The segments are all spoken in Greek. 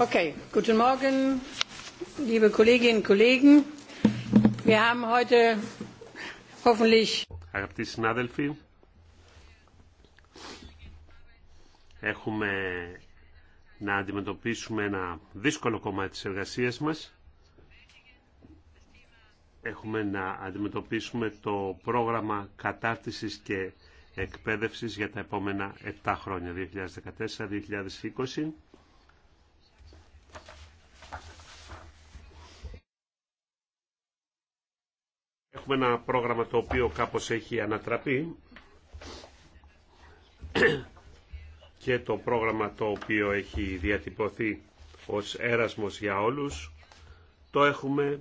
Αγαπητοί συνάδελφοι, έχουμε να αντιμετωπίσουμε ένα δύσκολο κομμάτι της εργασίας μας. Έχουμε να αντιμετωπίσουμε το πρόγραμμα κατάρτισης και εκπαίδευσης για τα επόμενα 7 χρόνια, 2014-2020. έχουμε ένα πρόγραμμα το οποίο κάπως έχει ανατραπεί και το πρόγραμμα το οποίο έχει διατυπωθεί ως έρασμος για όλους το έχουμε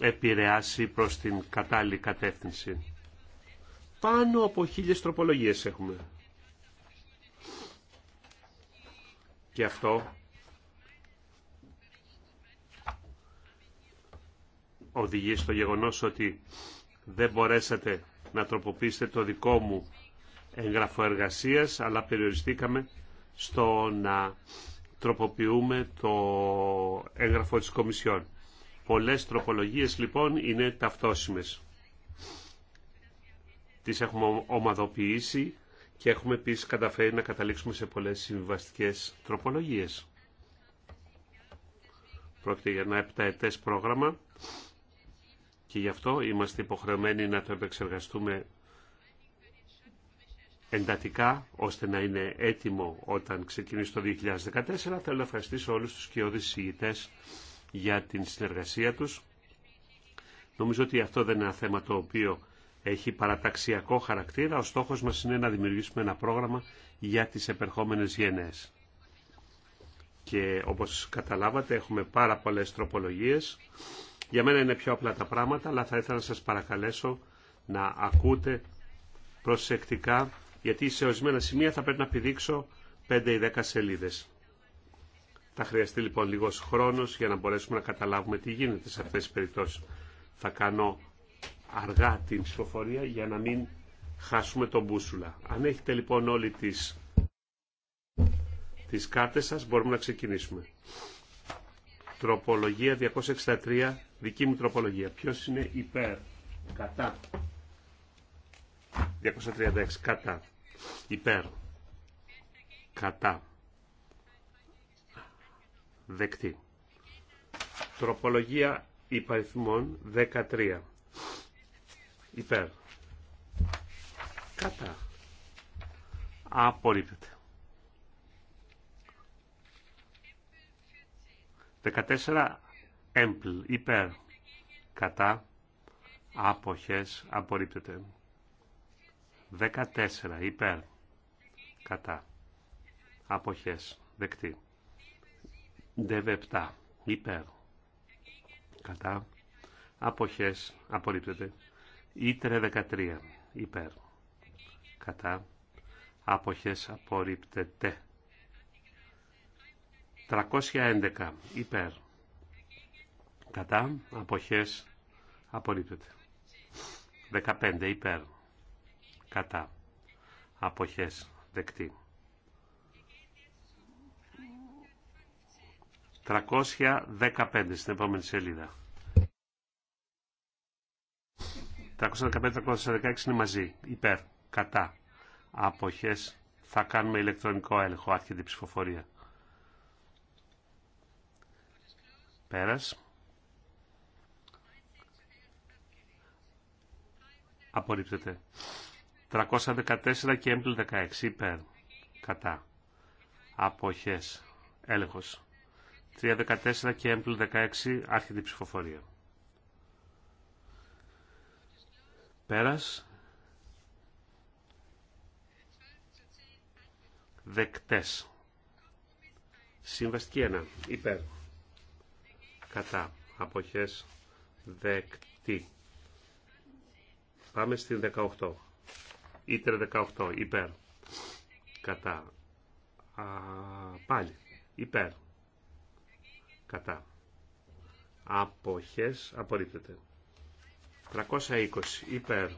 επηρεάσει προς την κατάλληλη κατεύθυνση. Πάνω από χίλιες τροπολογίες έχουμε. Και αυτό οδηγεί στο γεγονός ότι δεν μπορέσατε να τροποποιήσετε το δικό μου έγγραφο εργασίας, αλλά περιοριστήκαμε στο να τροποποιούμε το έγγραφο της Κομισιόν. Πολλές τροπολογίες λοιπόν είναι ταυτόσιμες. Τις έχουμε ομαδοποιήσει και έχουμε επίση καταφέρει να καταλήξουμε σε πολλές συμβαστικές τροπολογίες. Πρόκειται για ένα επταετές πρόγραμμα και γι' αυτό είμαστε υποχρεωμένοι να το επεξεργαστούμε εντατικά ώστε να είναι έτοιμο όταν ξεκινήσει το 2014. Θέλω να ευχαριστήσω όλους τους κοιόδης συγητές για την συνεργασία τους. Νομίζω ότι αυτό δεν είναι ένα θέμα το οποίο έχει παραταξιακό χαρακτήρα. Ο στόχος μας είναι να δημιουργήσουμε ένα πρόγραμμα για τις επερχόμενες γενναίες. Και όπως καταλάβατε έχουμε πάρα πολλές τροπολογίες για μένα είναι πιο απλά τα πράγματα, αλλά θα ήθελα να σας παρακαλέσω να ακούτε προσεκτικά, γιατί σε ορισμένα σημεία θα πρέπει να πηδήξω 5 ή 10 σελίδες. Θα χρειαστεί λοιπόν λίγος χρόνος για να μπορέσουμε να καταλάβουμε τι γίνεται σε αυτές τις περιπτώσεις. Θα κάνω αργά την ψηφοφορία για να μην χάσουμε τον μπούσουλα. Αν έχετε λοιπόν όλοι τις, τις κάρτες σας μπορούμε να ξεκινήσουμε. Τροπολογία 263, δική μου τροπολογία. Ποιο είναι υπέρ, κατά. 236, κατά. Υπέρ. Κατά. Δεκτή. Τροπολογία υπαριθμών 13. Υπέρ. Κατά. Απορρίπτεται. 14 έμπλ υπέρ κατά άποχες απορρίπτεται 14 υπέρ κατά άποχες δεκτή 17. υπέρ κατά άποχες απορρίπτεται Ήτρε 13 υπέρ κατά άποχες απορρίπτεται 311 υπέρ κατά αποχές απορρίπτεται 15 υπέρ κατά αποχές δεκτή 315 στην επόμενη σελίδα 315-316 είναι μαζί υπέρ κατά αποχές θα κάνουμε ηλεκτρονικό έλεγχο άρχεται η ψηφοφορία Πέρας. Απορρίπτεται. 314 και έμπλου 16 υπέρ. Κατά. Αποχές. Έλεγχος. 314 και έμπλου 16 άρχεται η ψηφοφορία. Πέρας. Δεκτές. Συμβαστική 1. Υπέρ κατά αποχές δεκτή. Πάμε στην 18. Ήτρε 18. Υπέρ. Κατά. Α, πάλι. Υπέρ. Κατά. Αποχές απορρίπτεται. 320. Υπέρ.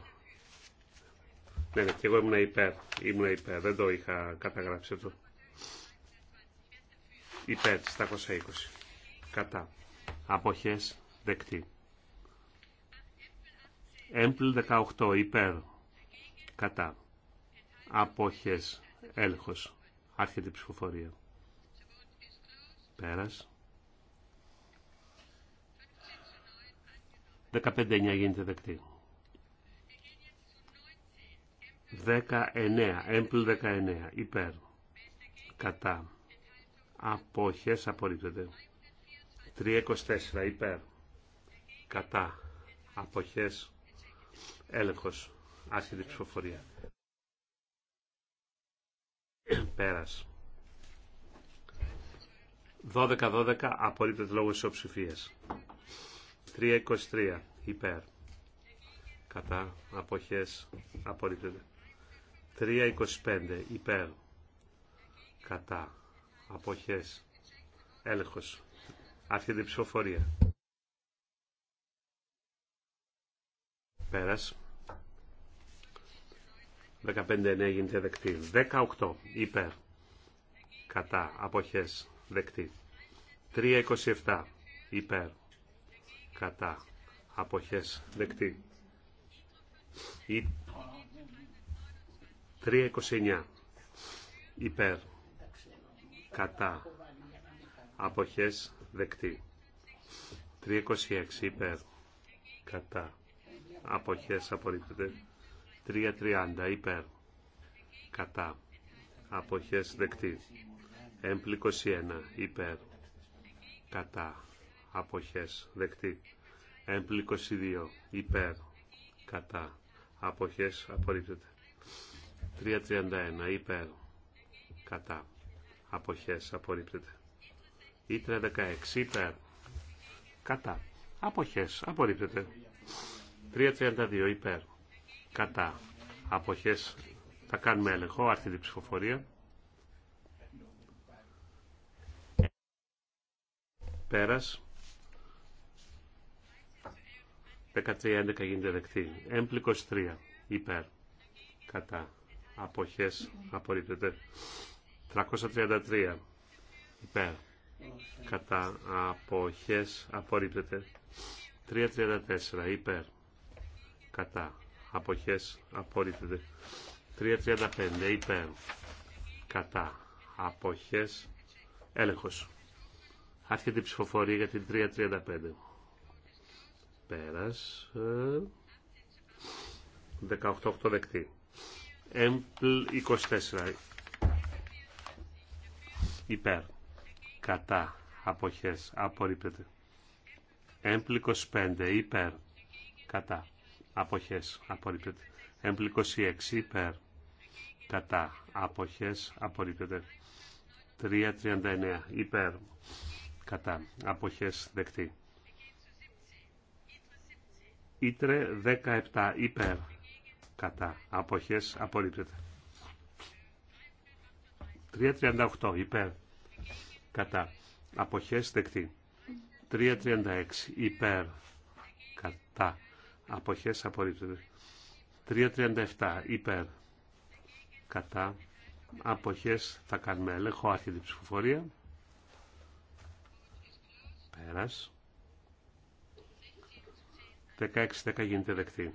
Ναι, ναι, και εγώ ήμουν υπέρ. Ήμουν υπέρ. Δεν το είχα καταγράψει αυτό. Υπέρ, 320 Κατά αποχές δεκτή. Έμπλ 18 υπέρ κατά αποχές έλχος άρχεται η ψηφοφορία. Πέρας. 15-9 γίνεται δεκτή. 19, έμπλ 19, υπέρ, κατά, απόχες απορρίπτεται. 324 υπέρ κατά αποχές άσχητη άσχετη ψηφοφορία πέρας 12-12 απορρίπτεται λόγω ισοψηφίας 323 υπέρ κατά αποχές απορρίπτεται 325 υπέρ κατά αποχές έλεγχος αυτή την ψηφοφορία. Πέρας. 15-9 γίνεται δεκτή. 18 υπέρ. Κατά. Αποχές. Δεκτή. υπέρ. Κατά. Αποχές. 3.29. υπέρ. Κατά. Αποχές δεκτή. 326 υπέρ κατά αποχές απορρίπτεται. 330 υπέρ κατά αποχές δεκτή. Έμπλη 21 υπέρ κατά αποχές δεκτή. Έμπλη 22 υπέρ κατά αποχές απορρίπτεται. 331 υπέρ κατά αποχές απορρίπτεται. Ή 16 υπέρ. Κατά. Αποχές. Απορρίπτεται. 3.32 υπέρ. Κατά. Αποχές. Θα κάνουμε έλεγχο. αρθει την ψηφοφορία. Πέρας. 13.11 γίνεται δεκτή. Έμπλικος 3 υπέρ. Κατά. Αποχές. Απορρίπτεται. 333 υπέρ κατά αποχές απορρίπτεται 3.34 υπέρ κατά αποχές απορρίπτεται 3.35 υπέρ κατά αποχές έλεγχος άρχεται η ψηφοφορία για την 3.35 πέρας 18.8 ε, δεκτή Εμπλ 24 υπέρ κατά αποχές απορρίπτεται. Έμπλικος 5 υπέρ κατά αποχές απορρίπτεται. Έμπλικος 6 υπέρ κατά αποχές απορρίπτεται. 3.39 υπέρ κατά αποχές δεκτή. Ήτρε 17 υπέρ κατά αποχές απορρίπτεται. 3.38 υπέρ κατά αποχές δεκτή 3.36 υπέρ κατά αποχές απορρίπτεται 3.37 υπέρ κατά αποχές θα κάνουμε έλεγχο άρχιδη ψηφοφορία πέρας 16-10 γίνεται δεκτή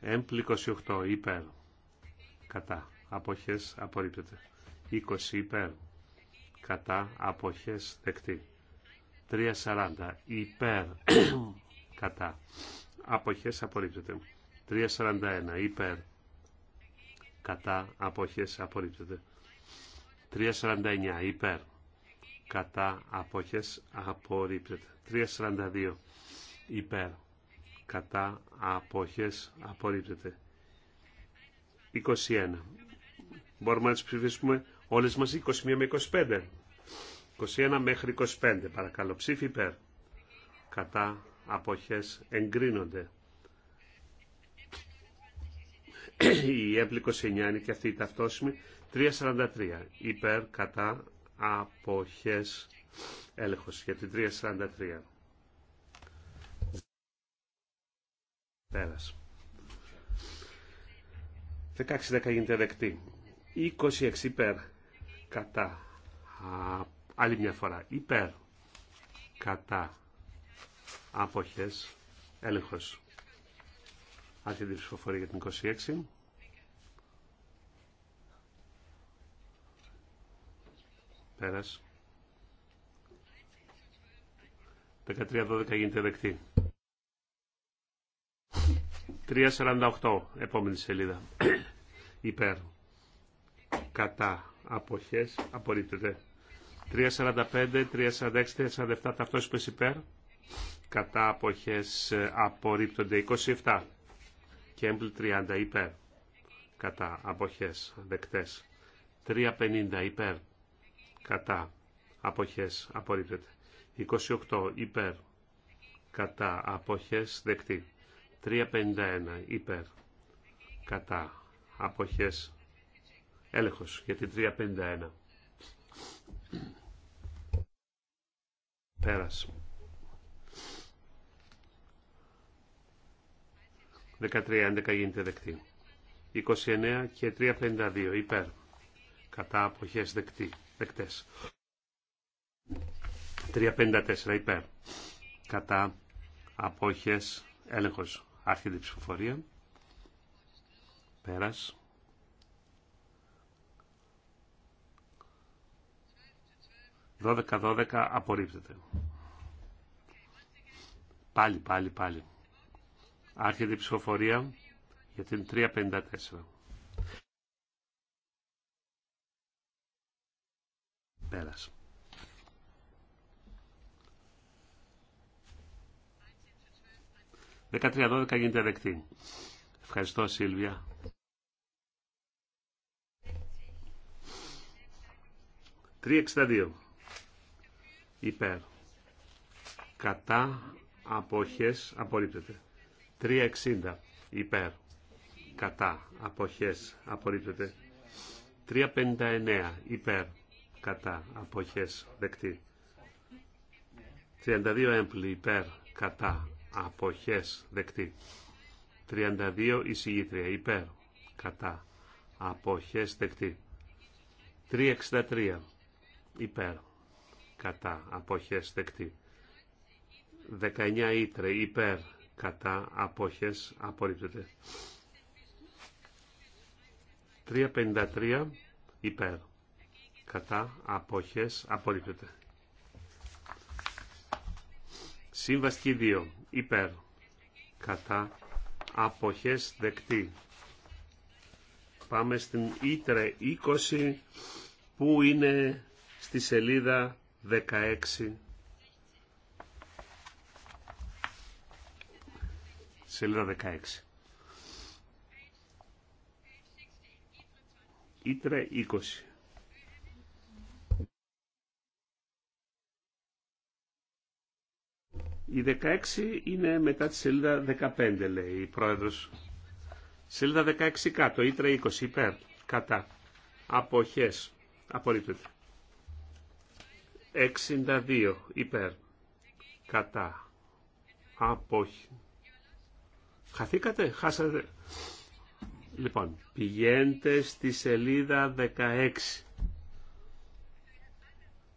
έμπλη 28 υπέρ κατά αποχές απορρίπτεται 20 υπέρ κατά αποχές δεκτή. 3.40 υπέρ κατά αποχές απορρίπτεται. 3.41 υπέρ κατά αποχές απορρίπτεται. 3.49 υπέρ κατά αποχές απορρίπτεται. 3.42 υπέρ κατά αποχές απορρίπτεται. 21. Μπορούμε να τις ψηφίσουμε όλες μαζί 21 με 25. 21 μέχρι 25 παρακαλώ ψήφι υπέρ κατά αποχές εγκρίνονται η έμπλη 29 είναι και αυτή η ταυτόσημη 343 υπέρ κατά αποχές έλεγχος για την 343 πέρας 16-10 γίνεται δεκτή 26 υπέρ κατά Άλλη μια φορά. Υπέρ. Κατά. Αποχές. Έλεγχος. Άρχεται η ψηφοφορία για την 26. Πέρας. 13-12 γίνεται δεκτή. 3.48, επόμενη σελίδα. Υπέρ. Κατά αποχές απορρίπτεται. 345, 346, 347 ταυτόσιμες υπέρ. Κατά αποχές ε, απορρίπτονται 27 και έμπλ 30 υπέρ. Κατά αποχές δεκτές. 350 υπέρ. Κατά αποχές απορρίπτονται. 28 υπέρ. Κατά αποχές δεκτή. 351 υπέρ. Κατά αποχές έλεγχος για την 351. Πέρας. 13-11 γίνεται δεκτή. 29 και 3-52 υπέρ. Κατά αποχές δεκτή. Δεκτές. 3-54 υπέρ. Κατά αποχές έλεγχος. Άρχεται η ψηφοφορία. Πέρας. 12-12 απορρίπτεται. Πάλι, πάλι, πάλι. Άρχεται η ψηφοφορία για την 354. Πέρασε. 13-12 γίνεται δεκτή. Ευχαριστώ Σίλβια. Τρία υπέρ κατά αποχές απορρίπτεται 360 υπέρ κατά αποχές απορρίπτεται 359 υπέρ κατά αποχές δεκτή 32 έμπλη υπέρ κατά αποχές δεκτή 32 εισηγήτρια υπέρ κατά αποχές δεκτή 363 υπέρ κατά αποχές δεκτή. 19 ήτρε υπέρ κατά αποχές απορρίπτεται. 353 υπέρ κατά αποχές απορρίπτεται. Σύμβαστη 2 υπέρ κατά αποχές δεκτή. Πάμε στην ήτρε 20 που είναι στη σελίδα 16 σελίδα 16 Ήτρε 20 Η 16 είναι μετά τη σελίδα 15 λέει η πρόεδρος Σελίδα 16 κάτω, Ήτρε 20 υπέρ κατά αποχές απορρίπτεται 62 υπέρ. Κατά. Απόχη. Χαθήκατε, χάσατε. Λοιπόν, πηγαίνετε στη σελίδα 16.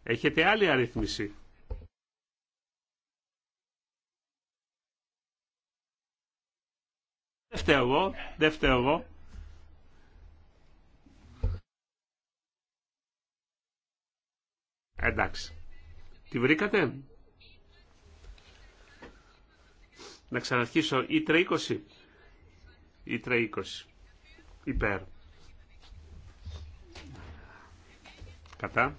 Έχετε άλλη αριθμίση. Δεν φταίω εγώ, δεν φταίω εγώ. Εντάξει. Τη βρήκατε? Να ξαναρχίσω. Η 20. Η 20. Υπέρ. Κατά.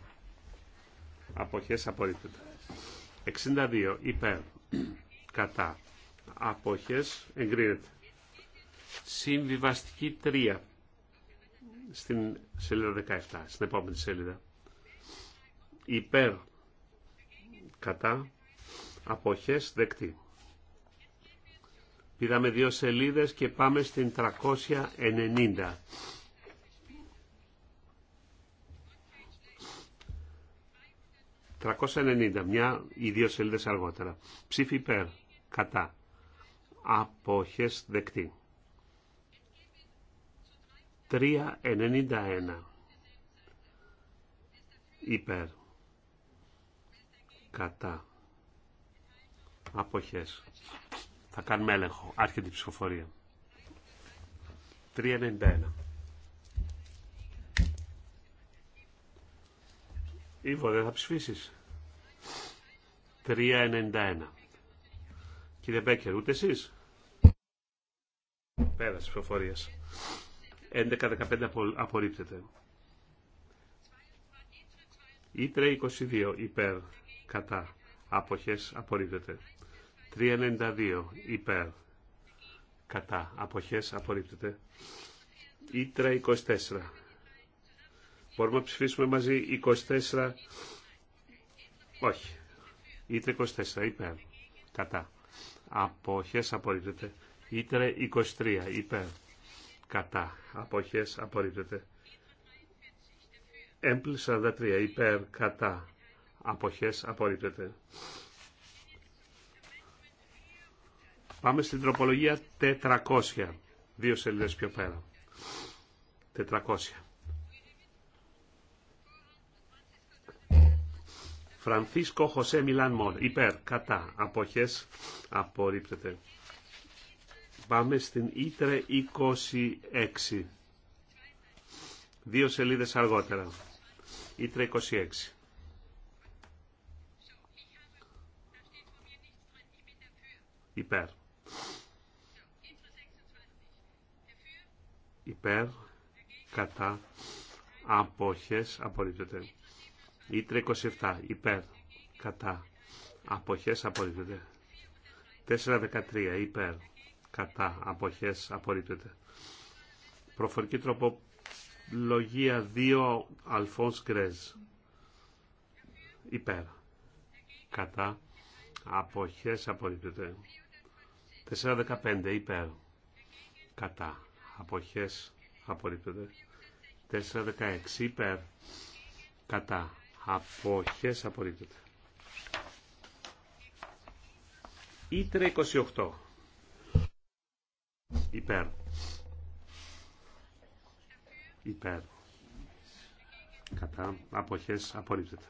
Αποχές απορρίπτεται. 62. Υπέρ. Κατά. Αποχές εγκρίνεται. Συμβιβαστική 3. Στην σελίδα 17. Στην επόμενη σελίδα υπέρ κατά αποχές δεκτή. Πήραμε δύο σελίδες και πάμε στην 390. ...390, μια ή δύο σελίδες αργότερα. Ψήφι υπέρ, κατά. Απόχες δεκτή. 391. Υπέρ κατά αποχές. Θα κάνουμε έλεγχο. Άρχεται η ψηφοφορία. 3.91. Ήβο, δεν θα ψηφίσεις. 3.91. Κύριε Μπέκερ, ούτε εσείς. Πέρασε ψηφοφορία 11.15 απορρίπτεται. Ήτρε 22 υπέρ κατά αποχές απορρίπτεται. 392 υπέρ κατά αποχές απορρίπτεται. Ήτρα 24. Μπορούμε να ψηφίσουμε μαζί 24. Όχι. Ήτρα 24 υπέρ κατά αποχές απορρίπτεται. Ήτρα 23 υπέρ κατά αποχές απορρίπτεται. Έμπλη 43 υπέρ κατά αποχές απορρίπτεται. Πάμε στην τροπολογία 400, δύο σελίδες πιο πέρα. 400. Φρανθίσκο Χωσέ Μιλάν Μον, υπέρ, κατά, αποχές, απορρίπτεται. Πάμε στην Ήτρε 26, δύο σελίδες αργότερα. Ήτρε 26. υπέρ. Υπέρ, κατά, αποχές, απορρίπτεται. Ήτρε 27, υπέρ, κατά, αποχές, απορρίπτεται. 413, υπέρ, κατά, αποχές, απορρίπτεται. Προφορική τροπολογία 2, Αλφόνς Γκρέζ. Υπέρ, κατά, αποχές, απορρίπτεται. 4.15 υπέρ. Κατά. Αποχές απορρίπτεται. 4.16 υπέρ. Κατά. Αποχές απορρίπτεται. Ήτρε 28. Υπέρ. Υπέρ. Κατά. Αποχές απορρίπτεται.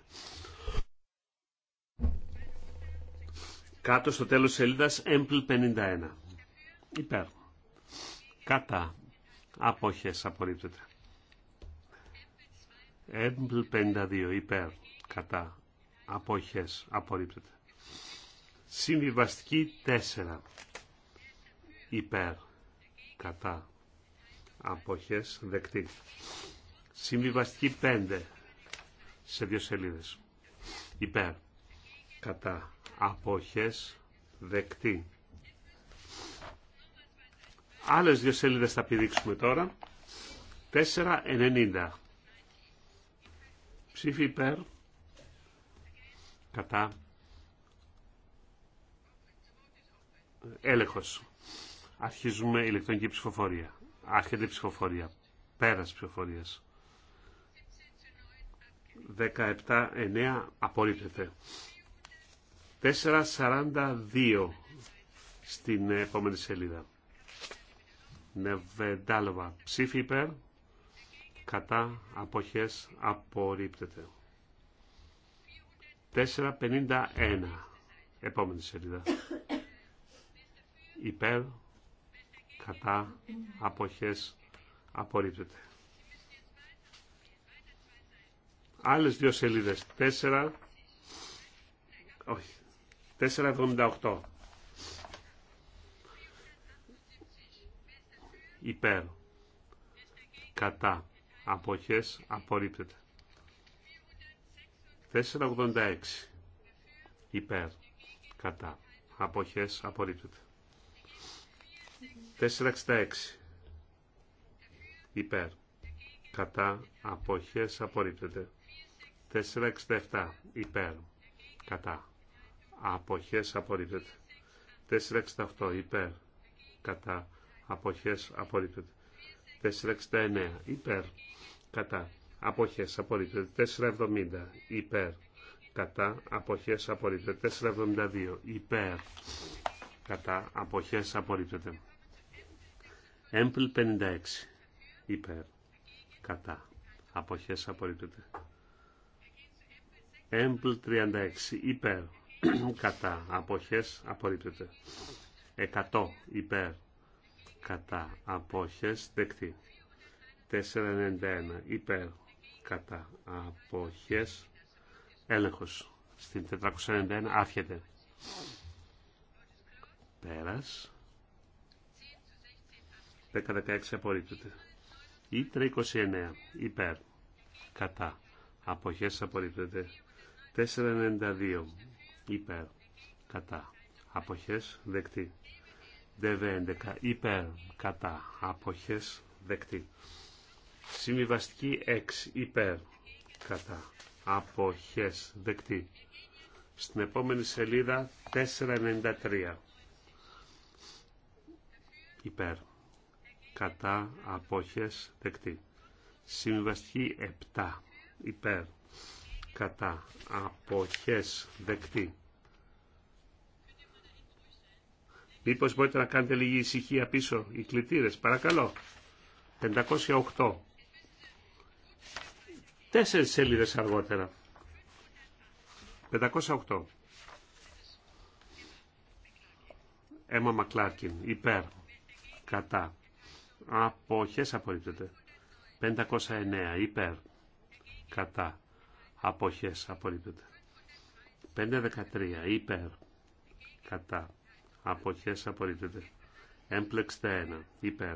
Κάτω στο τέλος της σελίδας, έμπλ 51. Υπέρ. Κατά. Απόχες απορρίπτεται. Έμπλ 52. Υπέρ. Κατά. Απόχες απορρίπτεται. Συμβιβαστική 4. Υπέρ. Κατά. Απόχες δεκτή. Συμβιβαστική 5. Σε δύο σελίδες. Υπέρ κατά αποχές δεκτή. Άλλες δύο σελίδες θα πηδήξουμε τώρα. 4.90. Ψήφι υπέρ. Κατά. Έλεγχος. Αρχίζουμε ηλεκτρονική ψηφοφορία. Άρχεται η ψηφοφορία. Πέρας ψηφοφορίας. 17.9. Απορρίπτεται. 4.42 στην επόμενη σελίδα. Νεβεντάλοβα. Ψήφι υπέρ. Κατά αποχές απορρίπτεται. 4.51. Επόμενη σελίδα. Υπέρ. Κατά αποχές απορρίπτεται. Άλλες δύο σελίδες. 4. Όχι. 478. Υπέρ. Κατά. Αποχές απορρίπτεται. 486. Υπέρ. Κατά. Αποχές απορρίπτεται. 466. Υπέρ. Κατά. Αποχές απορρίπτεται. 467. Υπέρ. Κατά αποχές απορρίπτεται. 468 υπέρ κατά αποχές απορρίπτεται. 469 υπέρ κατά αποχές απορρίπτεται. 470 υπέρ κατά αποχές απορρίπτεται. 472 υπέρ κατά αποχές απορρίπτεται. Έμπλ 56 υπέρ κατά αποχές απορρίπτεται. Έμπλ 36 υπέρ κατά αποχές απορρίπτεται. 100 υπέρ κατά αποχές δεκτή. 491 υπέρ κατά αποχές έλεγχος. Στην 491 άρχεται. 10,16 10-16 απορρίπτεται. Ή 329 υπέρ κατά αποχές απορρίπτεται. 492 υπέρ κατά αποχές δεκτή. ΔΒ11 υπέρ κατά αποχές δεκτή. Συμβιβαστική 6 υπέρ κατά αποχές δεκτή. Στην επόμενη σελίδα 493 υπέρ κατά αποχές δεκτή. Συμβιβαστική 7 υπέρ κατά αποχές δεκτή. Μήπως μπορείτε να κάνετε λίγη ησυχία πίσω οι κλητήρες, παρακαλώ. 508. Τέσσερις σελίδες αργότερα. 508. Έμα Μακλάρκιν, υπέρ, κατά. Αποχές απορρίπτεται. 509, υπέρ, κατά αποχές απορρίπτεται. 5.13 υπέρ κατά αποχές απορρίπτεται. Έμπλεξτε 1 υπέρ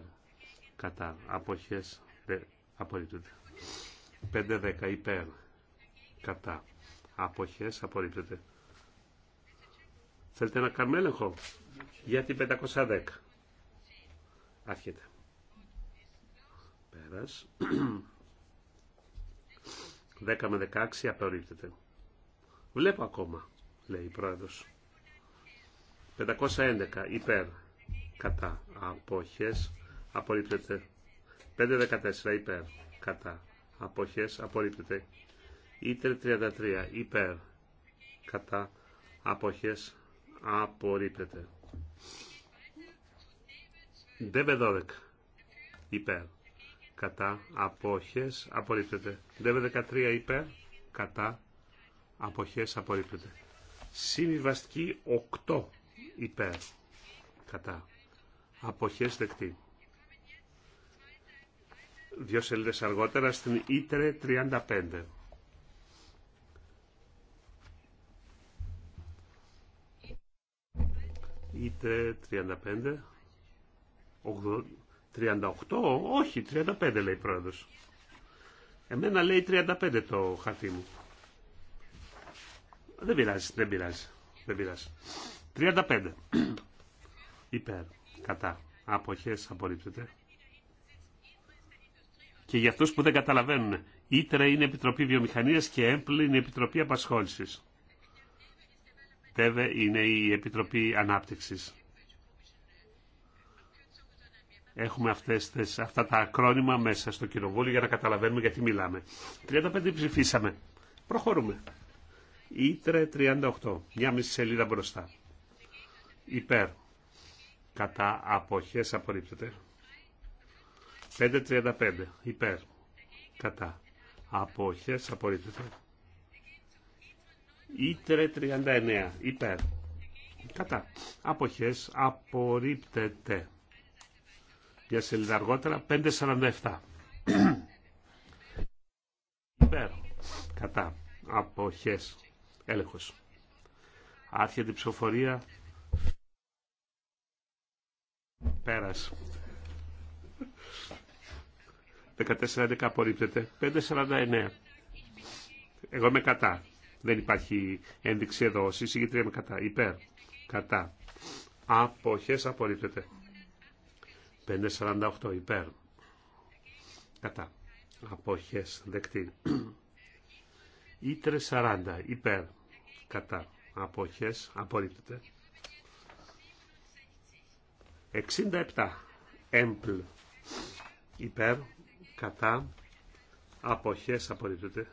κατά αποχές ε, απορρίπτεται. 5.10 υπέρ κατά αποχές απορρίπτεται. Θέλετε να κάνουμε έλεγχο για την 510. Άρχεται. Πέρας. 10 με 16 απορρίπτεται. Βλέπω ακόμα, λέει η πρόεδρος. 511 υπέρ κατά αποχές απορρίπτεται. 514 υπέρ κατά αποχές απορρίπτεται. Ήτρε 33 υπέρ κατά αποχές απορρίπτεται. Δεβε 12 υπέρ κατά αποχές απορρίπτεται. Δεύε 13 υπέρ κατά αποχές απορρίπτεται. Συμβιβαστική 8 υπέρ κατά αποχές δεκτή. Δύο σελίδες αργότερα στην ΙΤΡΕ 35. Είτε 35, 38, όχι, 35 λέει η πρόεδρος. Εμένα λέει 35 το χαρτί μου. Δεν πειράζει, δεν πειράζει, δεν πειράζει. 35. Υπέρ, κατά, αποχές, απορρίπτεται. Και για αυτούς που δεν καταλαβαίνουν, Ήτρε είναι Επιτροπή Βιομηχανίας και Έμπλη είναι Επιτροπή Απασχόλησης. Βέβαια είναι η Επιτροπή Ανάπτυξης έχουμε αυτές, τις, αυτά τα ακρόνημα μέσα στο κοινοβούλιο για να καταλαβαίνουμε γιατί μιλάμε. 35 ψηφίσαμε. Προχωρούμε. Ήτρε 38. Μια μισή σελίδα μπροστά. Υπέρ. Κατά αποχές απορρίπτεται. 5.35. Υπέρ. Κατά. Αποχές απορρίπτεται. Ήτρε 39. Υπέρ. Κατά. Αποχές απορρίπτεται μια σελίδα αργότερα, 547. Υπέρ, κατά, απόχέ. έλεγχος. Άρχεται την ψηφοφορία. Πέρας. 14-11 απορρίπτεται. 5-49. Εγώ είμαι κατά. Δεν υπάρχει ένδειξη εδώ. Συ, είμαι κατά. Υπέρ. Κατά. Αποχές απορρίπτεται. 548 υπέρ. Κατά. Αποχές δεκτή. Ήτρε 40 υπέρ. Κατά. Αποχές απορρίπτεται. 67 έμπλ υπέρ. Κατά. Αποχές απορρίπτεται.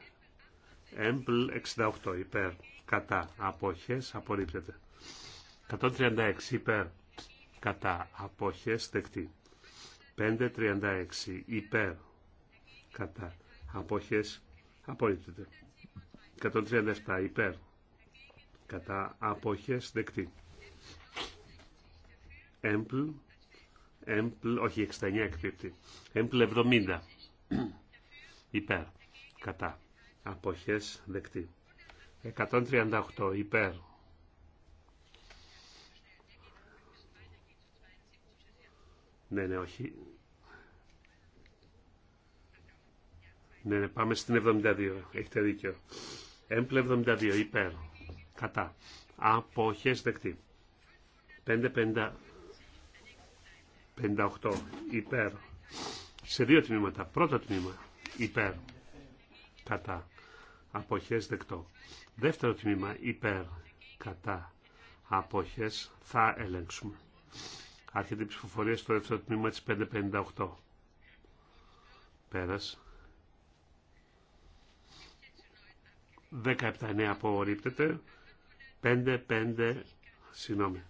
Έμπλ 68 υπέρ. Κατά. Αποχές απορρίπτεται. 136 υπέρ. Κατά. Αποχές δεκτή. 5.36 υπέρ κατά αποχές απορρίπτεται 137 υπέρ κατά αποχές δεκτή έμπλ έμπλ όχι 69 εκπίπτει έμπλ 70 υπέρ κατά αποχές δεκτή 138 υπέρ Ναι, ναι, όχι. Ναι, ναι, πάμε στην 72. Έχετε δίκιο. Έμπλε 72, υπέρ. Κατά. Αποχές δεκτή. 5.58. 58, υπέρ. Σε δύο τμήματα. Πρώτο τμήμα, υπέρ. Κατά. Αποχές δεκτό. Δεύτερο τμήμα, υπέρ. Κατά. Αποχές θα ελέγξουμε. Άρχεται η ψηφοφορία στο δεύτερο τμήμα της 558. Πέρας. 17-9 απορρίπτεται. 5-5, συγγνώμη,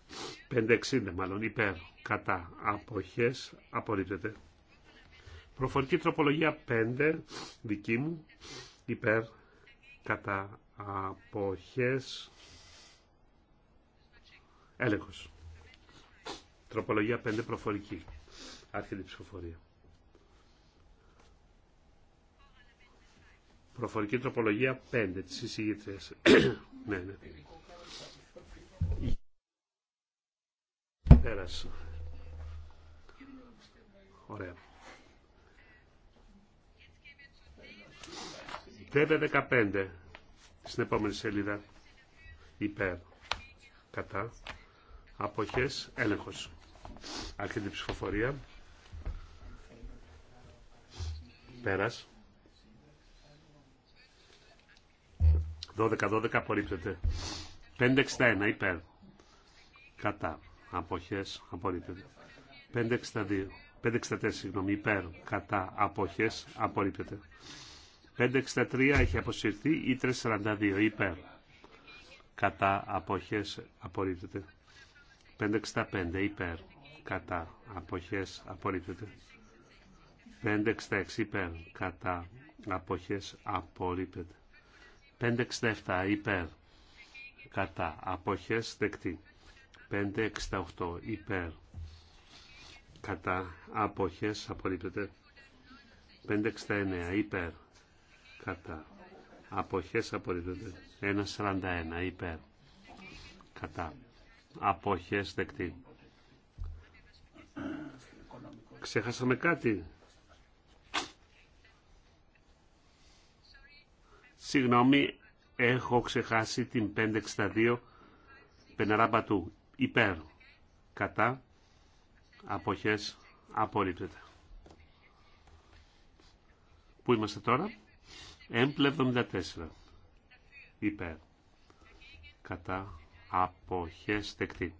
5-60 μάλλον, υπέρ, κατά, αποχές, απορρίπτεται. Προφορική τροπολογία 5, δική μου, υπέρ, κατά, αποχές, έλεγχος. Τροπολογία 5 προφορική. Άρχεται η ψηφοφορία. Προφορική τροπολογία 5 της εισηγήτριας. ναι, ναι. Πέρασε. Ωραία. Τέμπε 15. Στην επόμενη σελίδα. Υπέρ. Κατά. Αποχές. Έλεγχος. Άρχεται η ψηφοφορία. Πέρας. 12-12 απορρίπτεται. 5-61 υπέρ. Κατά. Αποχές απορρίπτεται. 5-62. 5-64 συγγνώμη υπέρ. Κατά. Αποχές απορρίπτεται. 5-63 έχει αποσυρθεί ή 3-42 υπέρ. Κατά. Αποχές απορρίπτεται. 5-65 υπέρ κατά αποχές απορρίπτεται. 566 υπέρ κατά αποχές απορρίπτεται. 567 υπέρ κατά αποχές δεκτή. 568 υπέρ κατά αποχές απορρίπτεται. 569 υπέρ κατά αποχές απορρίπτεται. 141 υπέρ κατά αποχές δεκτή. Ξέχασαμε κάτι. Συγγνώμη, έχω ξεχάσει την 562 πενεράμπα του υπέρ κατά αποχές απορρίπτεται. Πού είμαστε τώρα? Έμπλε 74 υπέρ κατά αποχές τεκτή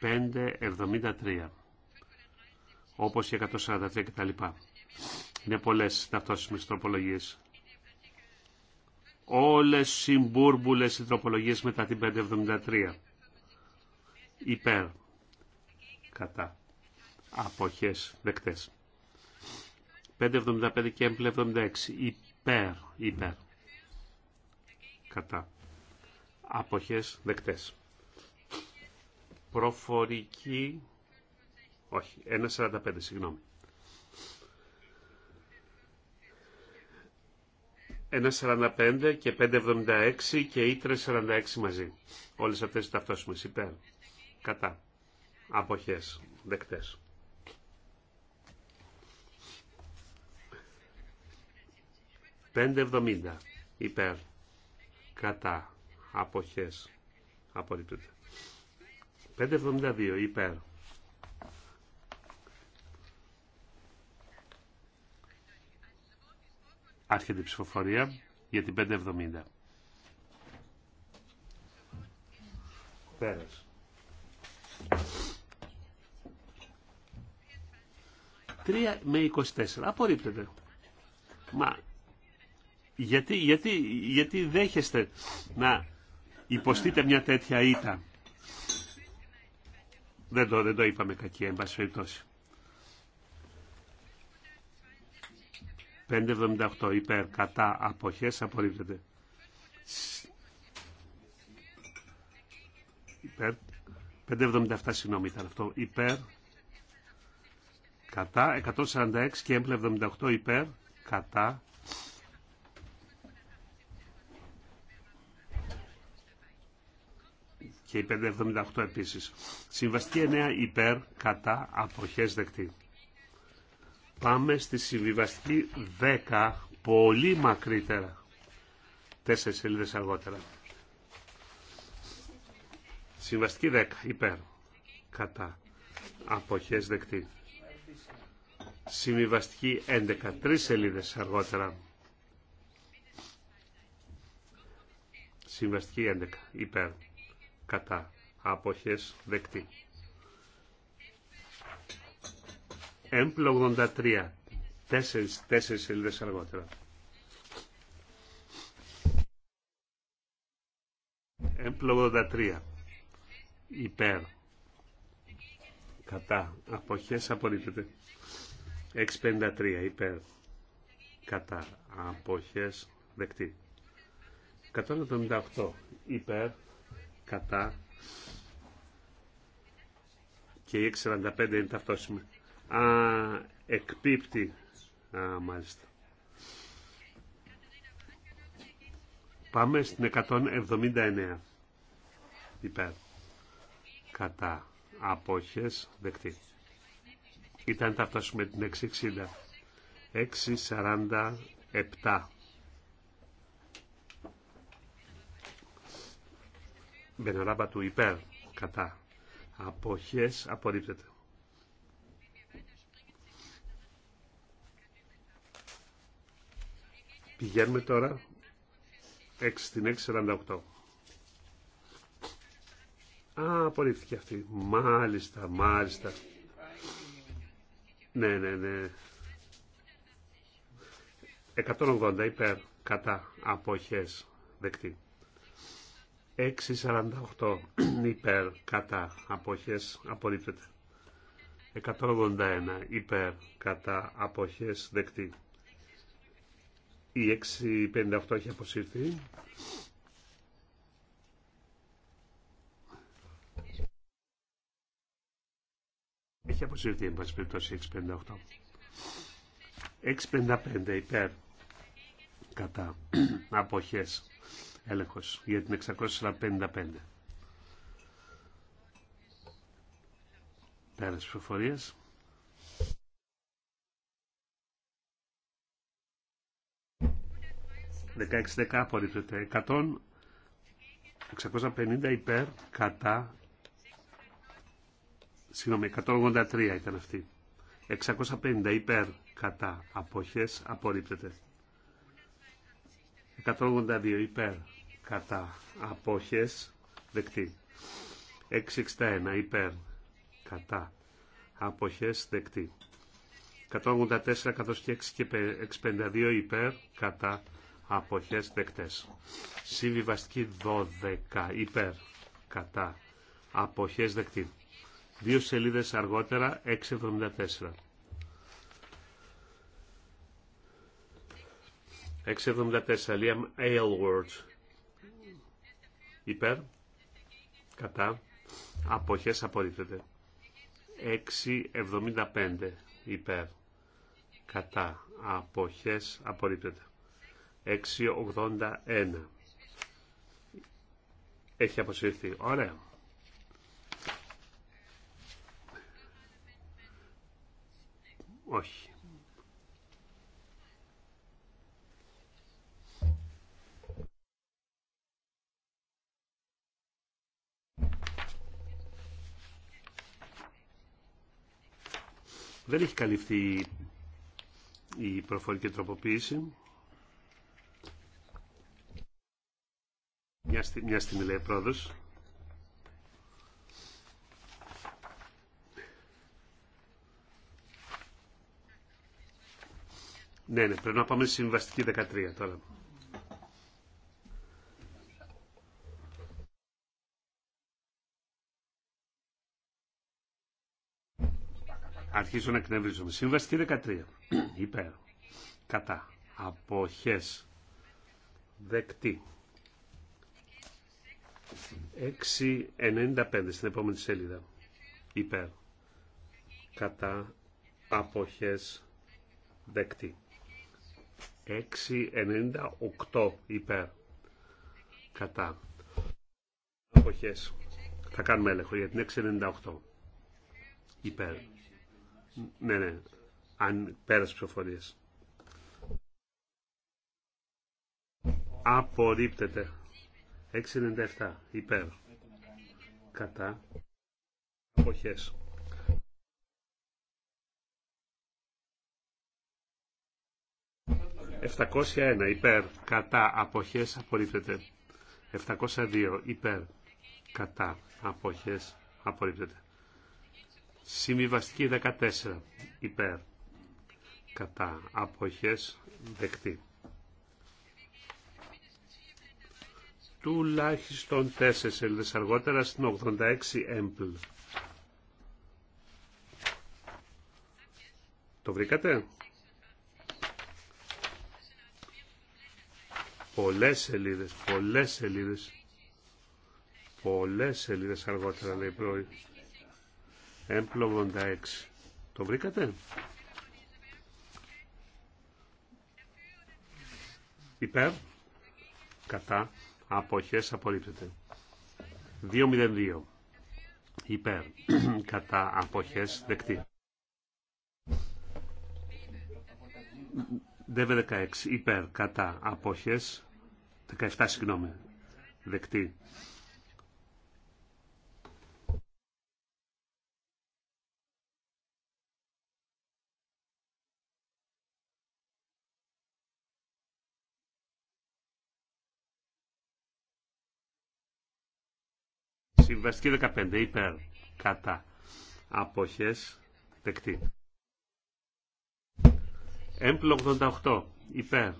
573 όπως η 143 κτλ. Είναι πολλές ταυτόσιμες τροπολογίες. Όλες συμπούρμπουλε οι τροπολογίες μετά την 573. Υπέρ. Κατά. Αποχές. Δεκτές. 575 και έμπλε 76. Υπέρ. Υπέρ. Κατά. Αποχές. Δεκτές προφορική, όχι, 1.45, συγγνώμη. 1.45 και 5.76 και ιτρε 46 μαζί. Όλες αυτές οι ταυτόσιμες υπέρ, κατά, αποχές, δεκτές. 5.70 υπέρ, κατά, αποχές, απορρίπτονται. 572 υπέρ. Άρχεται η ψηφοφορία για την 570. Πέρας. 3 με 24. Απορρίπτεται. Μα γιατί, γιατί, γιατί δέχεστε να υποστείτε μια τέτοια ήττα. Δεν το, δεν είπαμε κακή, εν πάση περιπτώσει. 578 υπέρ κατά αποχές απορρίπτεται. Υπέρ. 577 συγγνώμη ήταν αυτό. Υπέρ. Κατά 146 και έμπλε 78 υπέρ. Κατά και η 578 επίσης. Συμβαστική 9 υπέρ κατά αποχές δεκτή. Πάμε στη συμβιβαστική 10 πολύ μακρύτερα. Τέσσερις σελίδες αργότερα. Συμβαστική 10 υπέρ κατά αποχές δεκτή. Συμβιβαστική 11 τρεις σελίδες αργότερα. Συμβαστική 11 υπέρ κατά αποχές δεκτή. Έμπλο 83, τέσσερις, τέσσερις σελίδες αργότερα. Έμπλο 83, υπέρ, κατά, αποχές απορρίπτεται. 653, υπέρ, κατά, αποχές δεκτή. 178, υπέρ, κατά και η 645 είναι ταυτόσιμη. Α, εκπίπτει. Α, μάλιστα. Πάμε στην 179. Υπέρ. Κατά. Απόχες. Δεκτή. Ήταν ταυτόσιμη με την 660. 647 Μπεναράμπα του υπέρ κατά αποχές απορρίπτεται. Πηγαίνουμε τώρα 6 στην 6.48. Α, απορρίφθηκε αυτή. Μάλιστα, μάλιστα. Ναι, ναι, ναι. 180 υπέρ κατά αποχές δεκτή. 6.48 υπέρ κατά αποχές απορρίπτεται. 181 υπέρ κατά αποχές δεκτή. Η 6.58 έχει αποσυρθεί. Έχει αποσυρθεί εν πάση περιπτώσει 6.58. 6.55 υπέρ κατά αποχές έλεγχος για την 655. Πέρας ψηφοφορίας. Δεκαέξι-δεκά απορρίπτεται. 650 υπέρ, κατά, συγγνώμη, 183 ήταν αυτή. 650 υπέρ, κατά, αποχές, απορρίπτεται. 182 υπέρ κατά απόχες δεκτή. 661 υπέρ κατά απόχες δεκτή. 184, καθώς και 652 υπέρ κατά αποχές δεκτές. Συμβιβαστική 12 υπέρ κατά αποχές δεκτή. Δύο σελίδες αργότερα 674 674 Liam Aylward υπέρ κατά αποχές απορρίπτεται 675 υπέρ κατά αποχές απορρίπτεται 681 έχει αποσυρθεί ωραία όχι Δεν έχει καλυφθεί η προφορική τροποποίηση. Μια, στι... μια στιγμή λέει πρόεδρος. Ναι, ναι, πρέπει να πάμε στη συμβαστική 13 τώρα. αρχίζω να εκνευρίζομαι. Σύμβαστη 13. Υπέρ. Κατά. Αποχές. Δεκτή. 6.95 στην επόμενη σελίδα. Υπέρ. Κατά. Αποχές. Δεκτή. 6.98 υπέρ. Κατά. Αποχές. Θα κάνουμε έλεγχο για την 6.98. Υπέρ. Ναι, ναι. Αν πέρασε ψηφοφορίες. Απορρίπτεται. 697. Υπέρ. Κατά. Αποχές. «701 υπέρ, κατά, αποχές, απορρίπτεται». «702 υπέρ, κατά, αποχές, απορρίπτεται». Συμβιβαστική 14 υπέρ κατά αποχές δεκτή. Τουλάχιστον 4 σελίδες αργότερα στην 86 έμπλ. Το βρήκατε? Πολλές σελίδες, πολλές σελίδες. Πολλές σελίδες αργότερα λέει πρώην. Έμπλο 86. Το βρήκατε. Υπέρ. Κατά. Αποχές απορρίπτεται. 2-0-2. Υπέρ. Κατά. Αποχές δεκτή. ΔΕΒΕ 16. Υπέρ. Κατά. Αποχές. 17 συγγνώμη. Δεκτή. Συμβαστική 15 υπέρ κατά αποχές δεκτή. Έμπλο 88 υπέρ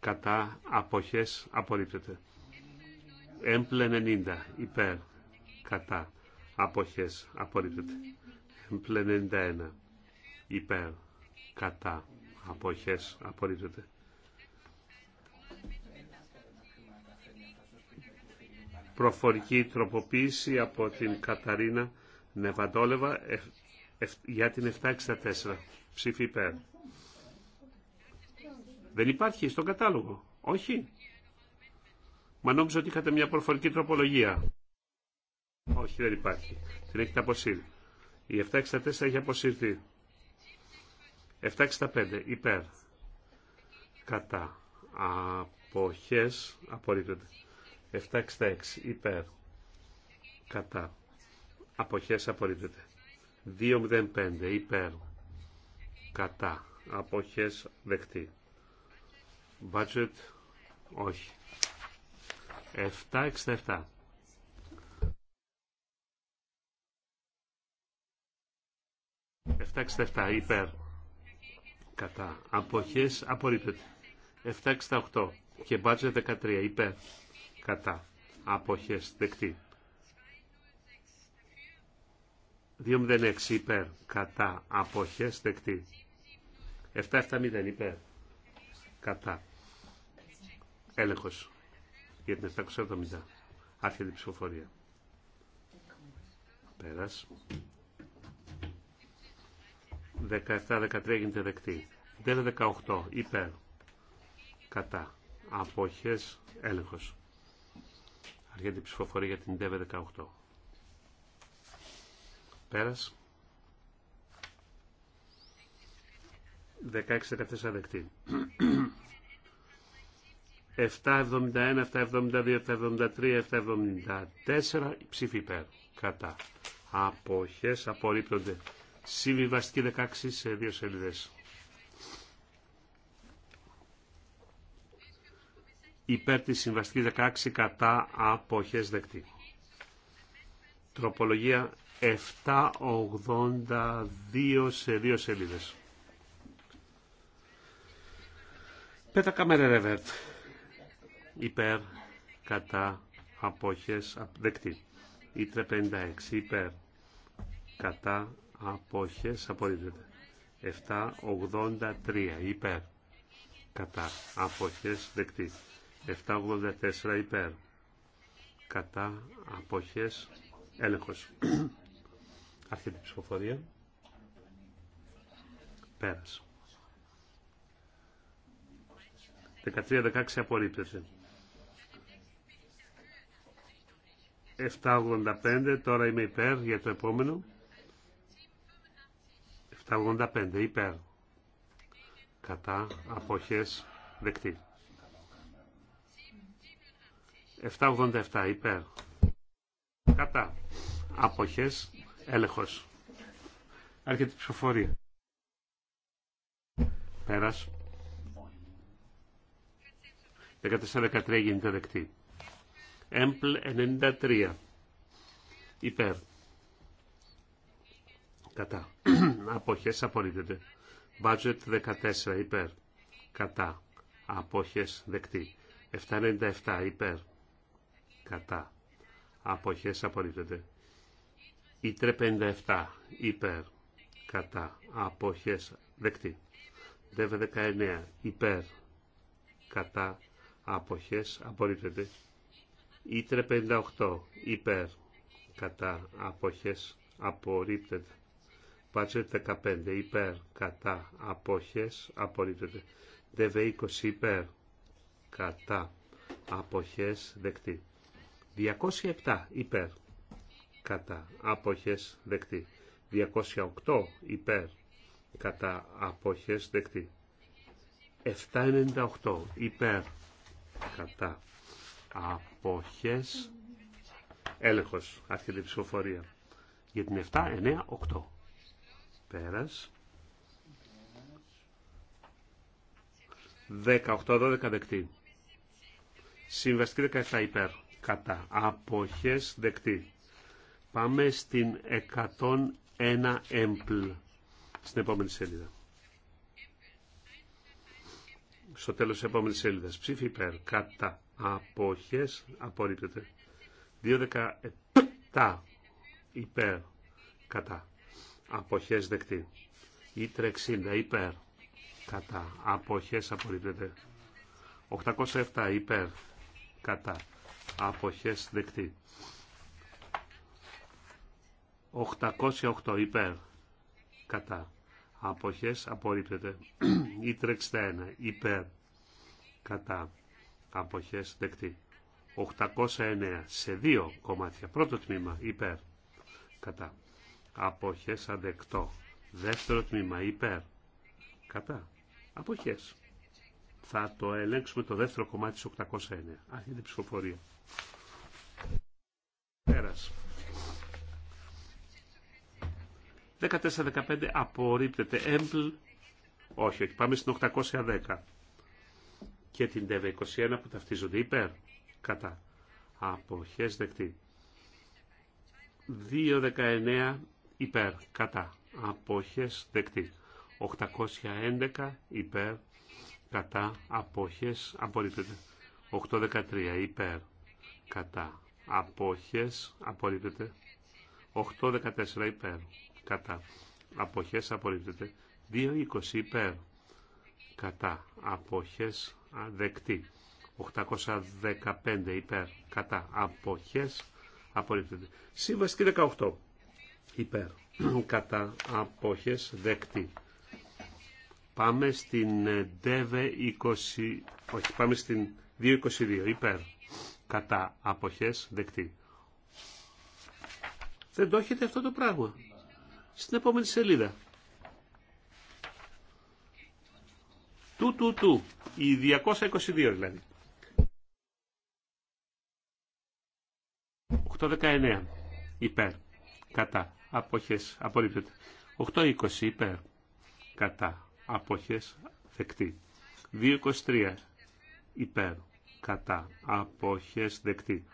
κατά αποχές απορρίπτεται. Έμπλε 90 υπέρ κατά αποχές απορρίπτεται. Έμπλε 91 υπέρ κατά αποχές απορρίπτεται. προφορική τροποποίηση από την Καταρίνα Νεβαντόλεβα ε, για την 764. Ψήφι υπέρ. Δεν υπάρχει στον κατάλογο. Όχι. Μα νόμιζα ότι είχατε μια προφορική τροπολογία. Όχι, δεν υπάρχει. Την έχετε αποσύρει. Η 764 έχει αποσύρθει. 765 υπέρ. Κατά. Αποχές απορρίπτονται. 766 υπέρ κατά αποχές απορρίπτεται 205 υπέρ κατά αποχές δεκτή budget όχι 767 767 υπέρ κατά αποχές απορρίπτεται 768 και budget 13 υπέρ κατά αποχές δεκτή. 206 υπέρ κατά αποχές δεκτή. 770 υπέρ κατά έλεγχος για την 770 άρχεται την ψηφοφορία. Πέρας. 17-13 γίνεται δεκτή. Δέλε 18 υπέρ κατά αποχές έλεγχος. Αρχίζει η ψηφοφορία για την ΔΕΒΕ 18. Πέρας. 16-14 δεκτή. 72 772, 773, 74 ψήφι υπέρ. Κατά. Αποχές απορρίπτονται. Συμβιβαστική 16 σε δύο σελίδες. υπέρ της συμβαστική 16 κατά αποχές δεκτή. Τροπολογία 782 σε δύο σελίδες. Πέτα κάμερα ρεβέρτ. Υπέρ κατά αποχές δεκτή. Ήτρε 56 υπέρ κατά αποχές απορρίπτεται. 783 υπέρ κατά αποχές δεκτή. 784 υπέρ. Κατά αποχές έλεγχος. Αρχή την ψηφοφορια πέρασε Πέρας. 13-16 απορρίπτεται. 785, τώρα είμαι υπέρ για το επόμενο. 785, υπέρ. Κατά αποχές δεκτή. 787 υπέρ. Κατά. Αποχές. Έλεγχος. Άρχεται η ψηφοφορία. Πέρας. 14-13 γίνεται δεκτή. Έμπλ 93. Υπέρ. Κατά. Αποχές απορρίπτεται. Budget 14. Υπέρ. Κατά. Αποχές δεκτή. 797. Υπέρ κατά αποχές απορρίπτεται. Ήτρε 57 υπέρ κατά αποχές δεκτή. Δεύε 19 υπέρ κατά αποχές απορρίπτεται. Ήτρε 58 υπέρ κατά αποχές απορρίπτεται. Πάτσε 15 υπέρ κατά αποχές απορρίπτεται. Δεύε 20 υπέρ κατά αποχές δεκτή. 207 υπέρ κατά άποχες δεκτή. 208 υπέρ κατά άποχες δεκτή. 798 υπέρ κατά αποχές έλεγχος άρχεται η ψηφοφορία για την 798. 9, 8 πέρας 18, 12 δεκτή συμβαστική 17 υπέρ κατά αποχές δεκτή. Πάμε στην 101 έμπλ, στην επόμενη σελίδα. Στο τέλος της επόμενης σελίδας. Ψήφι υπέρ, κατά αποχές, απορρίπτεται. 2.17 υπέρ, κατά αποχές δεκτή. Ή 60 υπέρ, κατά αποχές απορρίπτεται. 807 υπέρ, κατά αποχές δεκτή. 808 υπέρ κατά αποχές απορρίπτεται. Ή 61 υπέρ κατά αποχές δεκτή. 809 σε δύο κομμάτια. Πρώτο τμήμα υπέρ κατά αποχές αδεκτό. Δεύτερο τμήμα υπέρ κατά αποχές. Θα το ελέγξουμε το δεύτερο κομμάτι της 809. Α, είναι ψηφοφορία. 14 14-15 απορρίπτεται. Έμπλ. Όχι, όχι. Πάμε στην 810. Και την ΤΕΒΕ 21 που ταυτίζονται υπέρ. Κατά. Αποχές δεκτή. 2-19 υπέρ. Κατά. Αποχές δεκτή. 811 υπέρ. Κατά. Αποχές απορρίπτεται. 813 υπέρ κατά αποχές απορρίπτεται 8-14 υπέρ κατά αποχές απορρίπτεται 2-20 υπέρ κατά αποχές δεκτή 815 υπέρ κατά αποχές απορρίπτεται σύμβαση 18 υπέρ κατά αποχές δεκτή πάμε στην 22 ε, 20 όχι πάμε στην 222 υπέρ κατά αποχές δεκτή. Δεν το έχετε αυτό το πράγμα. Στην επόμενη σελίδα. Του, του, του. Η 222 δηλαδή. 819 υπέρ κατά αποχές απορρίπτεται. 820 υπέρ κατά αποχές δεκτή. 223 υπέρ κατά αποχές δεκτή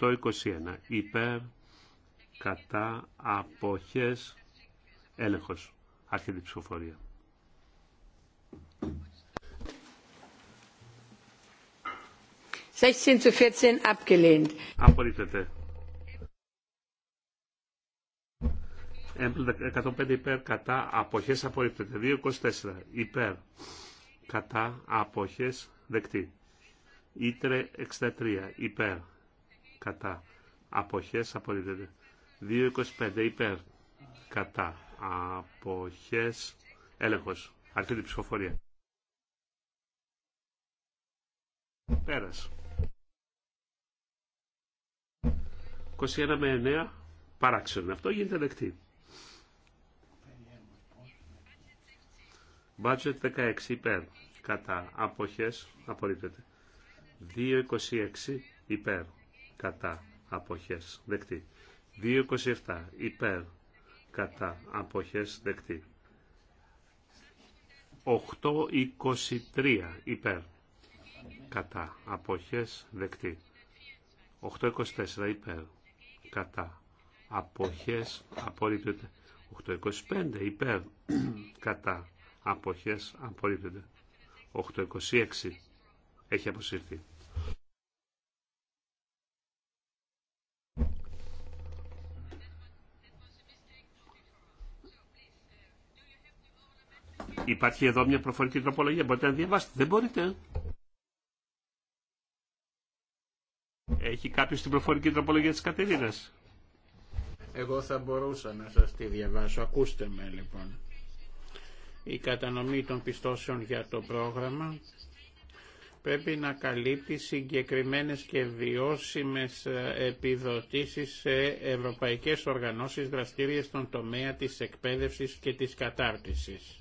821 υπέρ κατά αποχές έλεγχος άρχεται η ψηφοφορία Απορρίπτεται. 14 105 υπέρ κατά αποχές απορρίπτεται. 224 υπέρ κατά αποχές δεκτή. Ήτρε 63 υπέρ κατά αποχές απορρίπτεται. 2.25 υπέρ κατά αποχές έλεγχος. Αρχή την ψηφοφορία. Πέρας. 21 με 9 παράξενο. Αυτό γίνεται δεκτή. Budget 16 υπέρ κατά αποχές απορρίπτεται. 2.26 υπέρ κατά αποχές δεκτή. 2.27 υπέρ κατά αποχές δεκτή. 8.23 υπέρ κατά αποχές δεκτή. 8.24 υπέρ κατά αποχές απορρίπτεται. 8.25 υπέρ κατά αποχές απορρίπτεται. 8.26 έχει αποσυρθεί. Υπάρχει εδώ μια προφορική τροπολογία. Μπορείτε να διαβάσετε. Δεν μπορείτε. Ε. Έχει κάποιο την προφορική τροπολογία τη Κατερίνας. Εγώ θα μπορούσα να σας τη διαβάσω. Ακούστε με λοιπόν. Η κατανομή των πιστώσεων για το πρόγραμμα πρέπει να καλύπτει συγκεκριμένες και βιώσιμες ε, επιδοτήσεις σε ευρωπαϊκές οργανώσεις δραστήριες στον τομέα της εκπαίδευσης και της κατάρτισης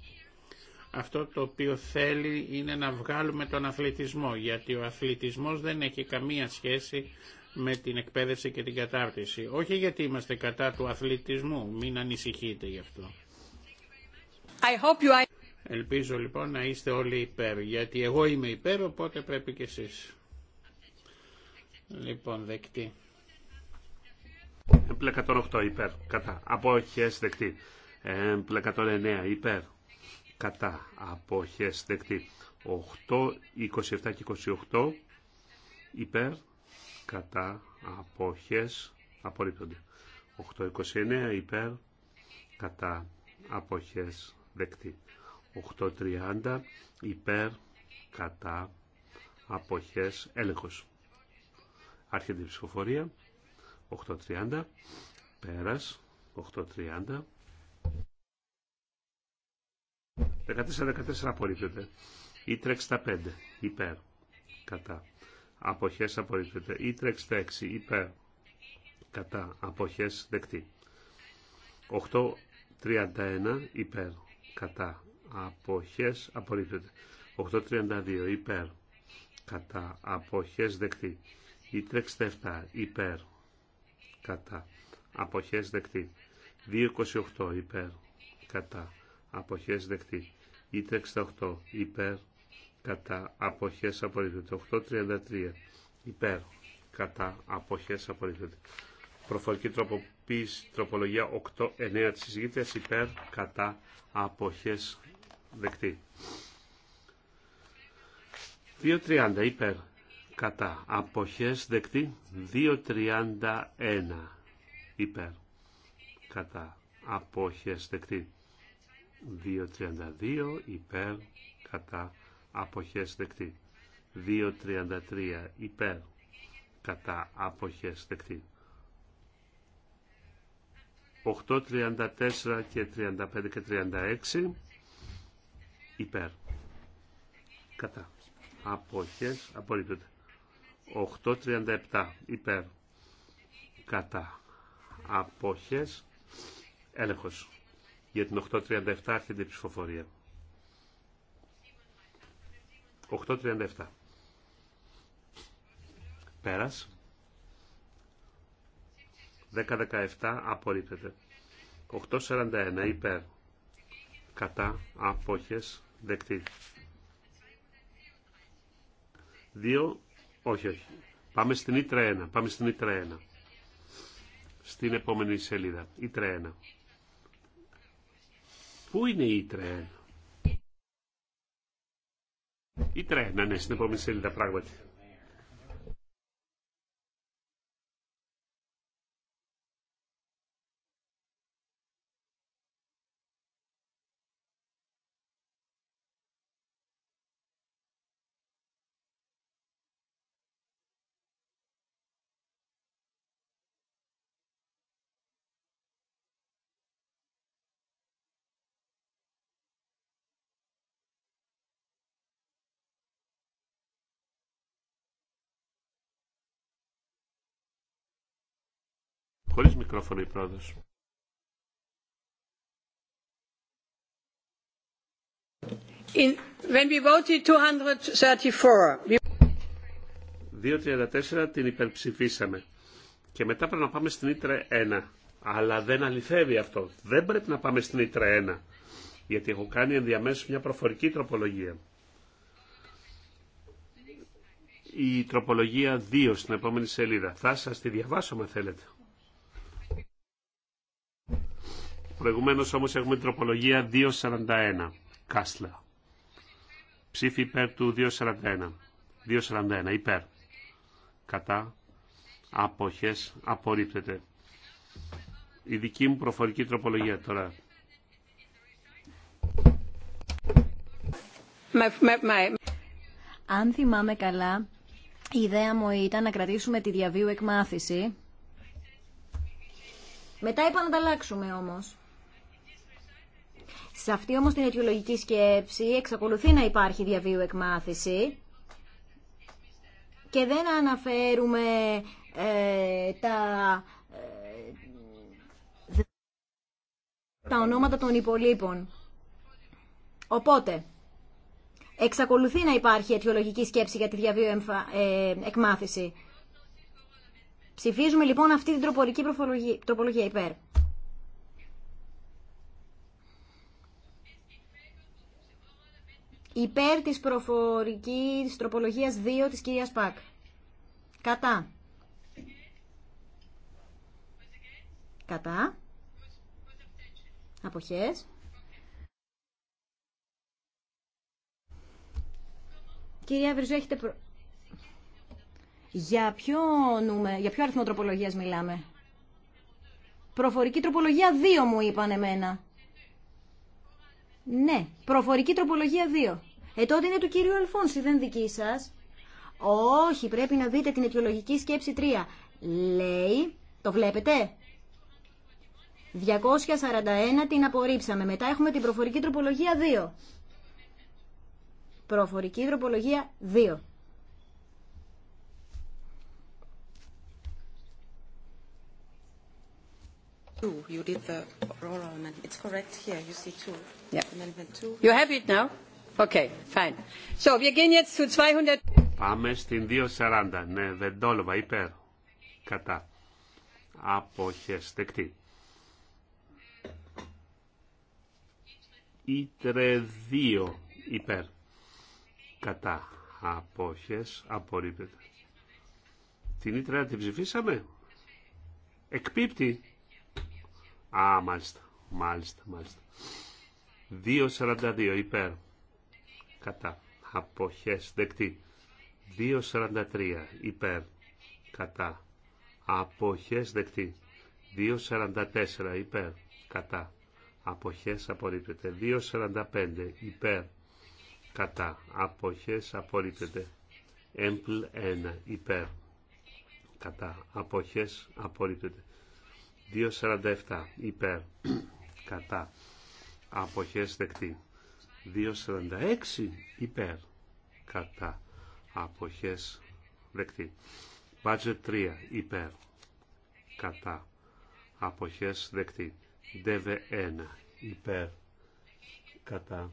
αυτό το οποίο θέλει είναι να βγάλουμε τον αθλητισμό, γιατί ο αθλητισμός δεν έχει καμία σχέση με την εκπαίδευση και την κατάρτιση. Όχι γιατί είμαστε κατά του αθλητισμού, μην ανησυχείτε γι' αυτό. Ελπίζω λοιπόν να είστε όλοι υπέρ, γιατί εγώ είμαι υπέρ, οπότε πρέπει και εσείς. Λοιπόν, δεκτή. υπέρ, κατά. Από δεκτή. 109 υπέρ, κατά αποχές δεκτή 8, 27 και 28 υπέρ κατά αποχές απορρίπτονται 8, 29 υπέρ κατά αποχές δεκτή 8, 30 υπέρ κατά αποχές έλεγχος άρχεται η ψηφοφορία 8.30 πέρας 8.30 14-14 απορρίπτεται. Ήτρε 5 υπέρ. Κατά. Αποχέ απορρίπτεται. Ήτρε 6 υπέρ. Κατά. Αποχές δεκτή. 8-31 υπέρ. Κατά. Κατά. απορριπτεται απορρίπτεται. 8-32 υπέρ. Κατά. Αποχέ δεκτή. Ήτρε 7 υπέρ. Αποχέ Αποχές δεκτή. 2-28 υπέρ. Κατά αποχές δεκτή. Ήτε 68 υπέρ κατά αποχές απορρίπτεται. 833 υπέρ κατά αποχές απορρίπτεται. Προφορική τροποποίηση, τροπολογία 8-9 της συζήτησης υπέρ κατά αποχές δεκτή. 2.30 υπέρ κατά αποχές δεκτή 2.31 υπέρ κατά αποχές δεκτή 2.32 υπέρ κατά αποχές δεκτή. 2.33 υπέρ κατά αποχές δεκτή. 8.34 και 35 και 36 υπέρ κατά αποχές απορρίπτονται. 8.37 υπέρ κατά αποχές έλεγχος. Για την 837 έρχεται η ψηφοφορία. 837. περας 10.17 10-17 απορρίπτεται. 841 υπέρ. Κατά απόχες δεκτή. 2. Όχι, όχι. Πάμε στην Ήτρα 1. Πάμε στην Ήτρα 1. Στην επόμενη σελίδα. Ήτρα 1. Πού είναι η τρένα. Η τρένα, να ναι, στην επόμενη σελίδα πράγματι. Χωρίς μικρόφωνο η πρόεδρος. In, when we voted 234, 234 την υπερψηφίσαμε. Και μετά πρέπει να πάμε στην Ήτρε 1. Αλλά δεν αληθεύει αυτό. Δεν πρέπει να πάμε στην Ήτρε 1. Γιατί έχω κάνει ενδιαμέσως μια προφορική τροπολογία. Η τροπολογία 2 στην επόμενη σελίδα. Θα σας τη διαβάσω αν θέλετε. Προηγουμένως όμως έχουμε τροπολογία 241. Κάσλα. Ψήφι υπέρ του 241. 241 υπέρ. Κατά. Αποχές. Απορρίπτεται. Η δική μου προφορική τροπολογία τώρα. Αν θυμάμαι καλά, η ιδέα μου ήταν να κρατήσουμε τη διαβίου εκμάθηση. Μετά είπα να τα αλλάξουμε όμως. Σε αυτή όμως την αιτιολογική σκέψη εξακολουθεί να υπάρχει διαβίου εκμάθηση και δεν αναφέρουμε ε, τα, ε, τα ονόματα των υπολείπων. Οπότε, εξακολουθεί να υπάρχει αιτιολογική σκέψη για τη διαβίου ε, εκμάθηση. Ψηφίζουμε λοιπόν αυτή την τροπολογική τροπολογία υπέρ. Υπέρ της προφορικής τροπολογίας 2 της κυρίας Πακ. Κατά. Κατά. Αποχές. Κυρία Βριζού, έχετε... Προ... Για ποιο, νούμε, για ποιο αριθμό τροπολογίας μιλάμε. Προφορική τροπολογία 2 μου είπαν εμένα. Ναι, προφορική τροπολογία 2. Ε, τότε είναι του κυρίου Αλφόνση, δεν δική σας. Όχι, πρέπει να δείτε την αιτιολογική σκέψη 3. Λέει, το βλέπετε, 241 την απορρίψαμε. Μετά έχουμε την προφορική τροπολογία 2. Προφορική τροπολογία 2. You did the It's correct here. You see two. Πάμε στην 240. Ναι, τόλβα, υπέρ. Κατά. Αποχές. Δεκτή. Ήτρε δύο Υπέρ. Κατά. Απόχες. Απορρίπτεται. Την Ήτρε να την ψηφίσαμε. Εκπίπτει. Α, μάλιστα. Μάλιστα, μάλιστα. 2.42 υπέρ κατά αποχές δεκτή 2.43 υπέρ κατά αποχές δεκτή 2.44 υπέρ κατά αποχές απορρίπτεται 2.45 υπέρ κατά αποχές απορρίπτεται έμπλ 1 υπέρ κατά αποχές απορρίπτεται 2.47 υπέρ κατά αποχές δεκτή. 2.46 υπέρ κατά αποχές δεκτή. Budget 3 υπέρ κατά αποχές δεκτή. DV1 υπέρ κατά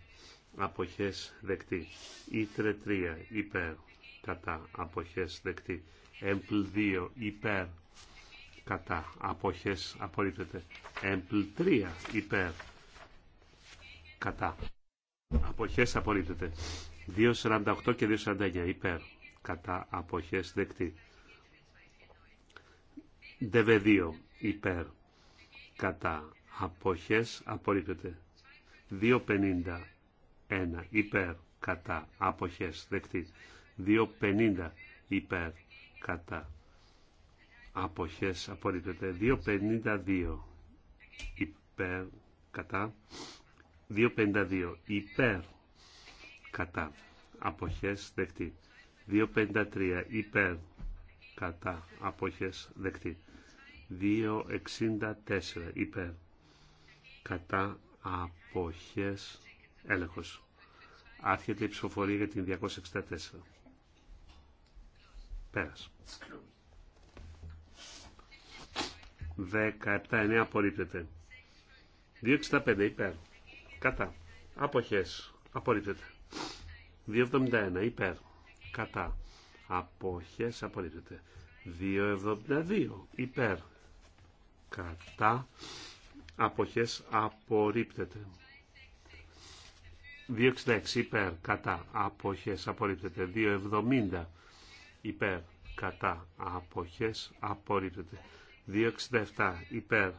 αποχές δεκτή. Ήτρε 3 υπέρ κατά αποχές δεκτή. EMPL 2 υπέρ κατά αποχές απορρίπτεται. EMPL 3 υπέρ κατά. Αποχές απορρίπτεται. 2.48 και 2.49 υπέρ. Κατά αποχές δεκτή. ΔΒ2 υπέρ. Κατά αποχές απορρίπτεται. 2.51 υπέρ. Κατά αποχές δεκτή. 2.50 υπέρ. Κατά αποχές απορρίπτεται. 2.52 υπέρ. Κατά 2.52 υπέρ κατά αποχές δεκτή. 2.53 υπέρ κατά αποχές δεκτή. 2.64 υπέρ κατά αποχές έλεγχος. Άρχεται η ψηφοφορία για την 264. Πέρας. 17-9 απορρίπτεται. 2.65 υπέρ κατά, αποχές, απορρίπτεται. 2.71 υπέρ, κατά, αποχές, απορρίπτεται. 2.72 υπέρ, κατά, αποχές, απορρίπτεται. 2.66 υπέρ, κατά, αποχές, απορρίπτεται. 2.70 υπέρ, κατά, αποχές, απορρίπτεται. 2.67 υπέρ,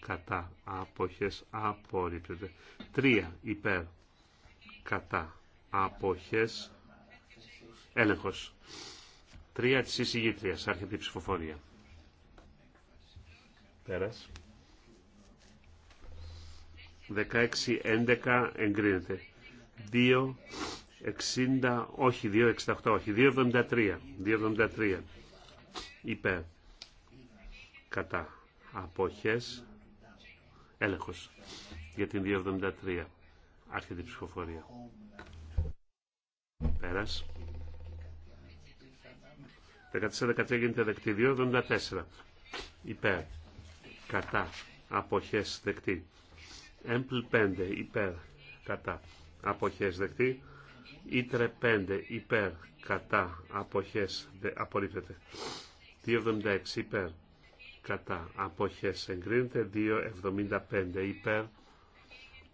κατά, αποχές, απορρίπτεται. 3 υπέρ κατά αποχές έλεγχος. Τρία της εισηγήτριας. Άρχεται η ψηφοφορία. Πέρας. 16-11 εγκρίνεται. 2 60, όχι 268, όχι 273, 273 υπέρ κατά αποχές έλεγχος για την 273. Άρχεται η ψηφοφορία. Πέρας. 14-13 γίνεται δεκτή. 274. Υπέρ. Κατά. Αποχές δεκτή. Έμπλ 5. Υπέρ. Κατά. Αποχές δεκτή. Ήτρε 5. Υπέρ. Κατά. Αποχές. Δε, απορρίπτεται. 276. Υπέρ. Κατά. Αποχές εγκρίνεται. 275. Υπέρ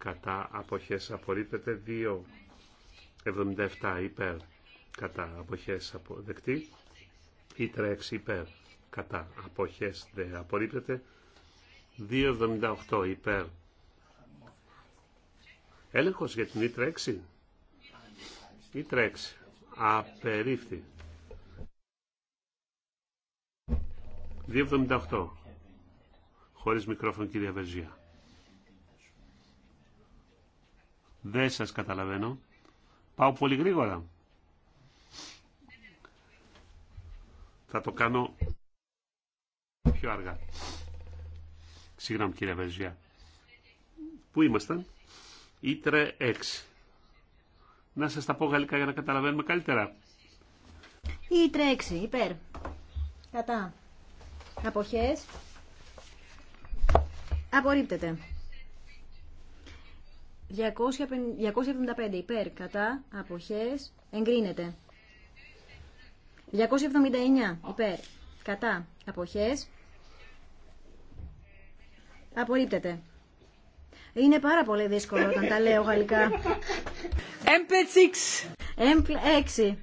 κατά αποχές απορρίπτεται 2.77 υπέρ κατά αποχές αποδεκτή δεκτή, 6 υπέρ κατά αποχές δε απορρίπτεται 2.78 υπέρ έλεγχος για την ή 6 ή 6 απερίφθη 2.78 χωρίς μικρόφωνο κυρία Βερζία Δεν σας καταλαβαίνω. Πάω πολύ γρήγορα. Θα το κάνω πιο αργά. Συγγνώμη κύριε Βεζιά. Πού ήμασταν. Ήτρε 6. Να σας τα πω γαλλικά για να καταλαβαίνουμε καλύτερα. Ήτρε 6. Υπέρ. Κατά. Αποχές. Απορρίπτεται. 275 υπέρ κατά αποχές εγκρίνεται. 279 υπέρ κατά αποχές απορρίπτεται. Είναι πάρα πολύ δύσκολο όταν τα λέω γαλλικά. MP6. MP6.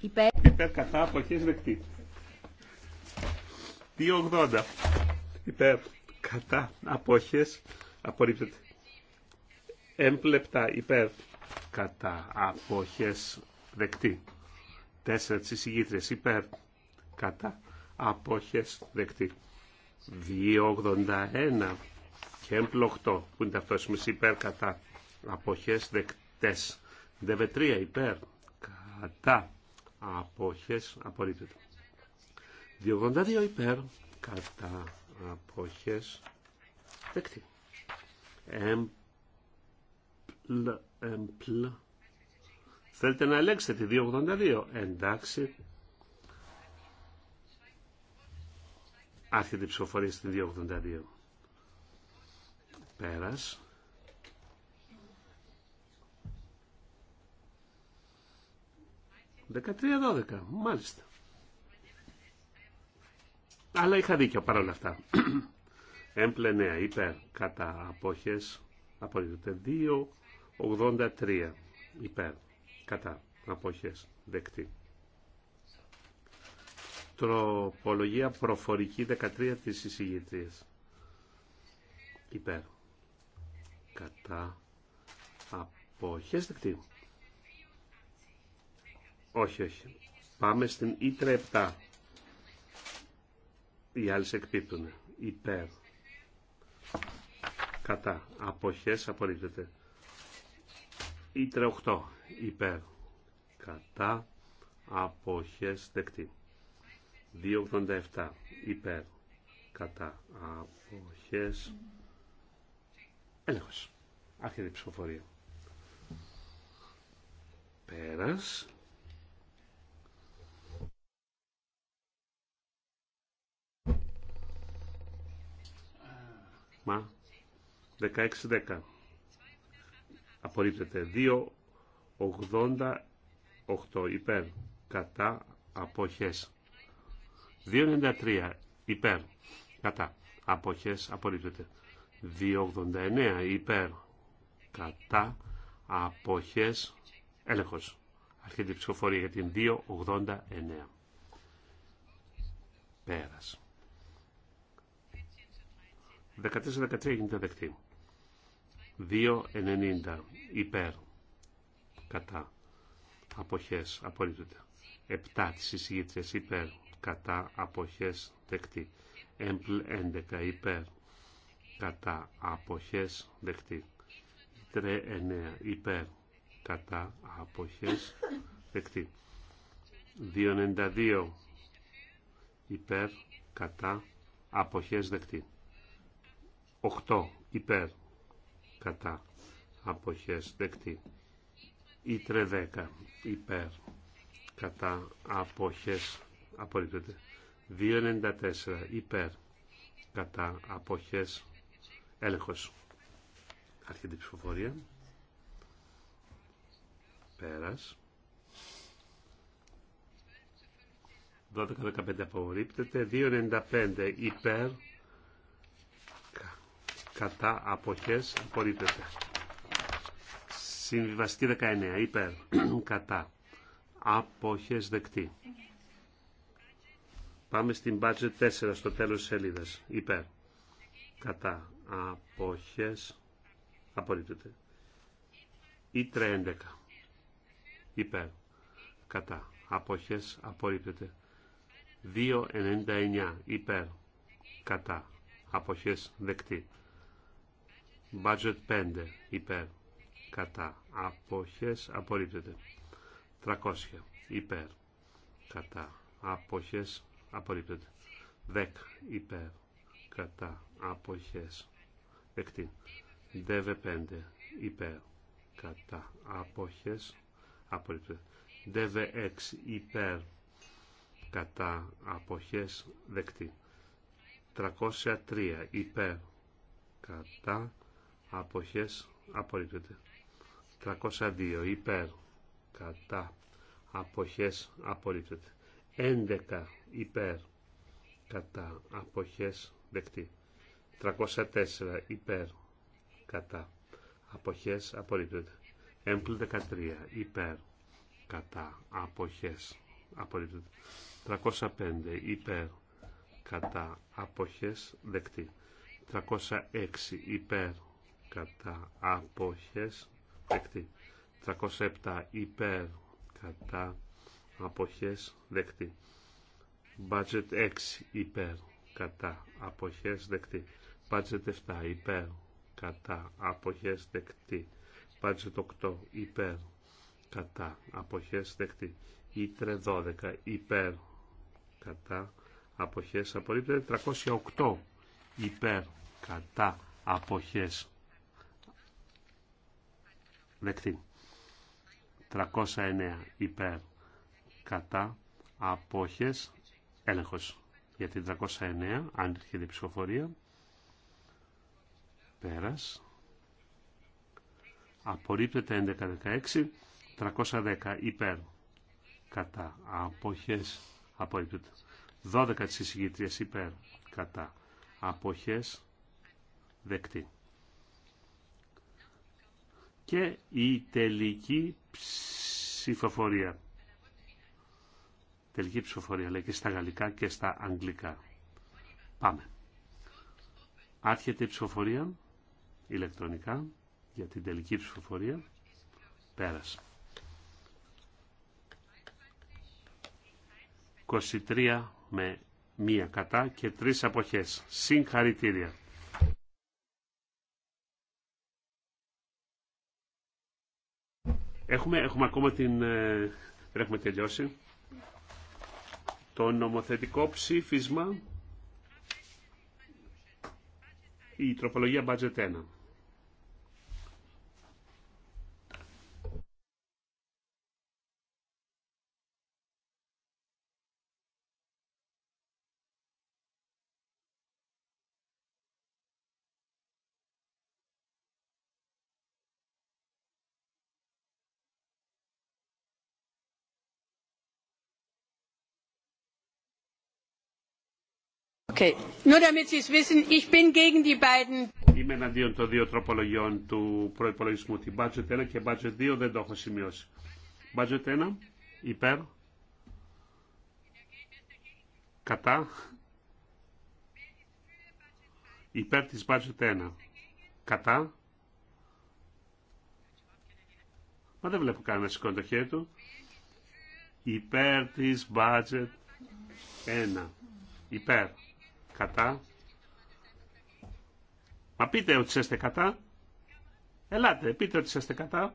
Υπέρ. Υπέρ κατά αποχές δεκτή. 280. Υπέρ κατά αποχές απορρίπτεται. Έμπλεπτα υπέρ κατά αποχές δεκτή. Τέσσερα της υπέρ κατά αποχές δεκτή. 281 και έμπλοχτο που είναι ταυτόσιμες υπέρ κατά αποχές δεκτές. Δεβετρία υπέρ κατά αποχές απορρίπτεται. 282 υπέρ κατά αποχές δεκτή. Εμπλ, Θέλετε να ελέγξετε τη 282. Εντάξει. Άρχεται η ψηφοφορία στην 282. Πέρας. Δεκατρία δώδεκα. Μάλιστα. Αλλά είχα δίκιο παρόλα αυτά. Έμπλε νέα υπέρ κατά αποχές το 2.83 υπέρ κατά αποχές δεκτή. Τροπολογία προφορική 13 της εισηγητρίας. Υπέρ. Κατά αποχές δεκτή. Όχι, όχι. Πάμε στην Ήτρε 7. Οι άλλες εκπίπτουν. Υπέρ κατά αποχές απορρίπτεται. Ήτρε 8 υπέρ κατά αποχές δεκτή. 2.87 υπέρ κατά αποχές έλεγχος. Άρχεται η ψηφοφορία. Πέρας. Μα 16-10. Απορρίπτεται. 2-88 υπέρ. Κατά αποχές. 2-93 υπέρ. Κατά αποχές. Απορρίπτεται. 2-89 υπέρ. Κατά αποχές. Έλεγχος. Αρχίζει η ψηφοφορία για την 2-89. Πέρας. 14-13 γίνεται δεκτή. 2.90 υπέρ κατά αποχές απορρίπτεται 7 της εισηγήτριας υπέρ κατά αποχές δεκτή έμπλ 11 υπέρ κατά αποχές δεκτή τρε 9 υπέρ κατά αποχές δεκτή 2.92 υπέρ κατά αποχές δεκτή 8 υπέρ κατά αποχές δεκτή. Η 10 υπέρ κατά αποχές απορρίπτεται. 2.94 υπέρ κατά αποχές έλεγχος. Άρχεται η ψηφοφορία. Πέρας. 12-15 απορρίπτεται. 2.95 υπέρ κατά αποχές απορρίπτεται. Συμβιβαστική 19 υπέρ κατά αποχές δεκτή. Πάμε στην budget 4 στο τέλος της σελίδας. Υπέρ. Κατά αποχές απορρίπτεται. Ήτρε 11. Υπέρ. Κατά αποχές απορρίπτεται. 2.99 υπέρ. Κατά αποχές δεκτή. Budget 5 υπέρ. Κατά. Αποχές απορρίπτεται. 300 υπέρ. Κατά. Αποχές απορρίπτεται. 10 υπέρ. Κατά. Αποχές. Δεκτή. ΔΕΒΕ 5 υπέρ. Κατά. Αποχές απορρίπτεται. ΔΕΒΕ 6 υπέρ. Κατά. Αποχές δεκτή. 303 υπέρ. Κατά αποχές απορρίπτεται 302 υπέρ κατά αποχές απορρίπτεται 11 υπέρ κατά αποχές δεκτή 304 υπέρ κατά αποχές απορρίπτεται έμπλου 13 υπέρ κατά αποχές απορρίπτεται 305 υπέρ κατά αποχές δεκτή 306 υπέρ κατά αποχές δεκτή 307 υπέρ κατά αποχές δεκτή budget 6 υπέρ κατά αποχές δεκτή budget 7 υπέρ κατά αποχές δεκτή budget 8 υπέρ κατά αποχές δεκτή ήτρε 12 υπέρ κατά αποχές απορρίπτεται 308 υπέρ κατά αποχές δεκτή. 309 υπέρ κατά απόχες έλεγχος. γιατί την 309 έρχεται η ψηφοφορία. Πέρας. 1116, 310 υπέρ κατά απόχες απορρίπτεται. 12 της εισηγήτριας υπέρ κατά απόχες δεκτή και η τελική ψηφοφορία. Τελική ψηφοφορία λέει και στα γαλλικά και στα αγγλικά. Πάμε. Άρχεται η ψηφοφορία ηλεκτρονικά για την τελική ψηφοφορία. Πέρασε. 23 με 1 κατά και 3 αποχές. Συγχαρητήρια. Έχουμε, έχουμε ακόμα την... Ε, δεν έχουμε τελειώσει. Το νομοθετικό ψήφισμα η τροπολογία budget 1. Okay. Nur damit Είμαι εναντίον των δύο τροπολογιών του προπολογισμού, την budget 1 και budget 2, δεν το έχω σημειώσει. Budget 1, υπέρ, κατά, υπέρ της budget 1, κατά, μα δεν βλέπω κανένα σηκώνει το χέρι του, υπέρ της budget 1, υπέρ, Κατά. Μα πείτε ότι είστε κατά. Ελάτε, πείτε ότι είστε κατά.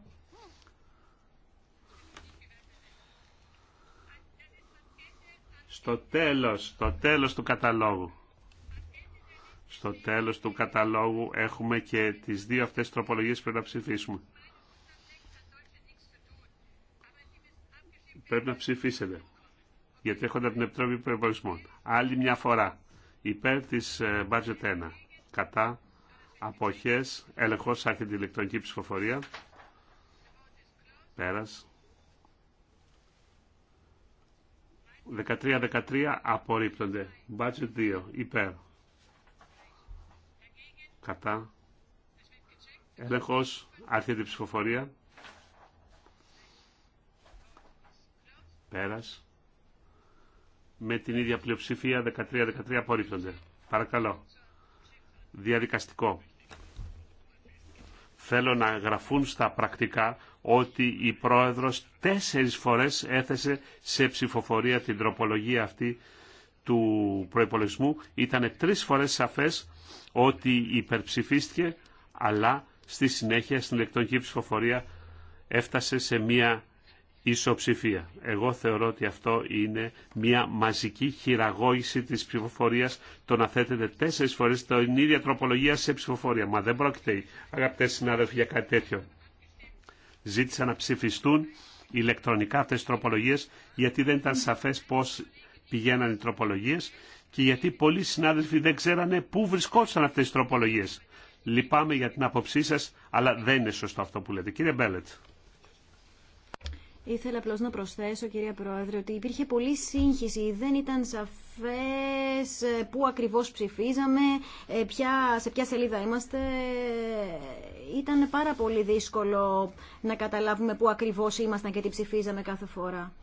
Στο τέλος, στο τέλος του καταλόγου. Στο τέλος του καταλόγου έχουμε και τις δύο αυτές τροπολογίες που πρέπει να ψηφίσουμε. Πρέπει να ψηφίσετε. Γιατί έχονται από την Επιτροπή Προϋπολισμών. Άλλη μια φορά υπέρ της ε, budget 1. Κατά αποχές, έλεγχος, άρχεται η ηλεκτρονική ψηφοφορία. Πέρας. 13-13 απορρίπτονται. Budget 2, υπέρ. Κατά. Έλεγχος, άρχεται η ψηφοφορία. Πέρας με την ίδια πλειοψηφία 13-13 απορρίπτονται. Παρακαλώ. Διαδικαστικό. Θέλω να γραφούν στα πρακτικά ότι η Πρόεδρος τέσσερις φορές έθεσε σε ψηφοφορία την τροπολογία αυτή του προϋπολογισμού. Ήταν τρεις φορές σαφές ότι υπερψηφίστηκε, αλλά στη συνέχεια στην ηλεκτρονική ψηφοφορία έφτασε σε μία ισοψηφία. Εγώ θεωρώ ότι αυτό είναι μια μαζική χειραγώγηση της ψηφοφορίας το να θέτετε τέσσερις φορές την ίδια τροπολογία σε ψηφοφορία. Μα δεν πρόκειται αγαπητές συνάδελφοι για κάτι τέτοιο. Ζήτησα να ψηφιστούν ηλεκτρονικά αυτές τις τροπολογίες γιατί δεν ήταν σαφές πώς πηγαίναν οι τροπολογίες και γιατί πολλοί συνάδελφοι δεν ξέρανε πού βρισκόντουσαν αυτές τις τροπολογίες. Λυπάμαι για την άποψή σας, αλλά δεν είναι σωστό αυτό που λέτε. Κύριε Μπέλετ. Ήθελα απλώ να προσθέσω, κυρία Πρόεδρε, ότι υπήρχε πολλή σύγχυση. Δεν ήταν σαφέ ε, πού ακριβώ ψηφίζαμε, ε, σε ποια σελίδα είμαστε. Ήταν πάρα πολύ δύσκολο να καταλάβουμε πού ακριβώ ήμασταν και τι ψηφίζαμε κάθε φορά.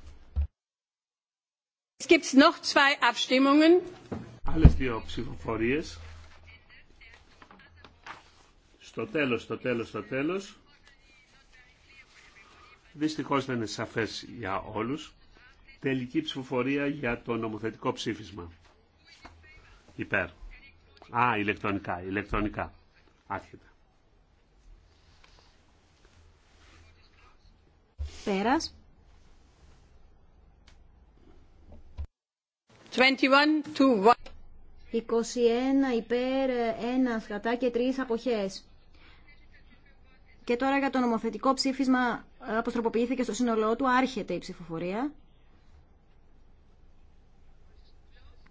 Άλλε δύο Στο τέλο, στο τέλο, στο τέλο. Δυστυχώς δεν είναι σαφές για όλους. Τελική ψηφοφορία για το νομοθετικό ψήφισμα. Υπέρ. Α, ηλεκτρονικά, ηλεκτρονικά. Άρχεται. Πέρας. 21 υπέρ, 1 κατά και 3 αποχές. Και τώρα για το νομοθετικό ψήφισμα, ε, αποστροποποιήθηκε στο σύνολό του, άρχεται η ψηφοφορία.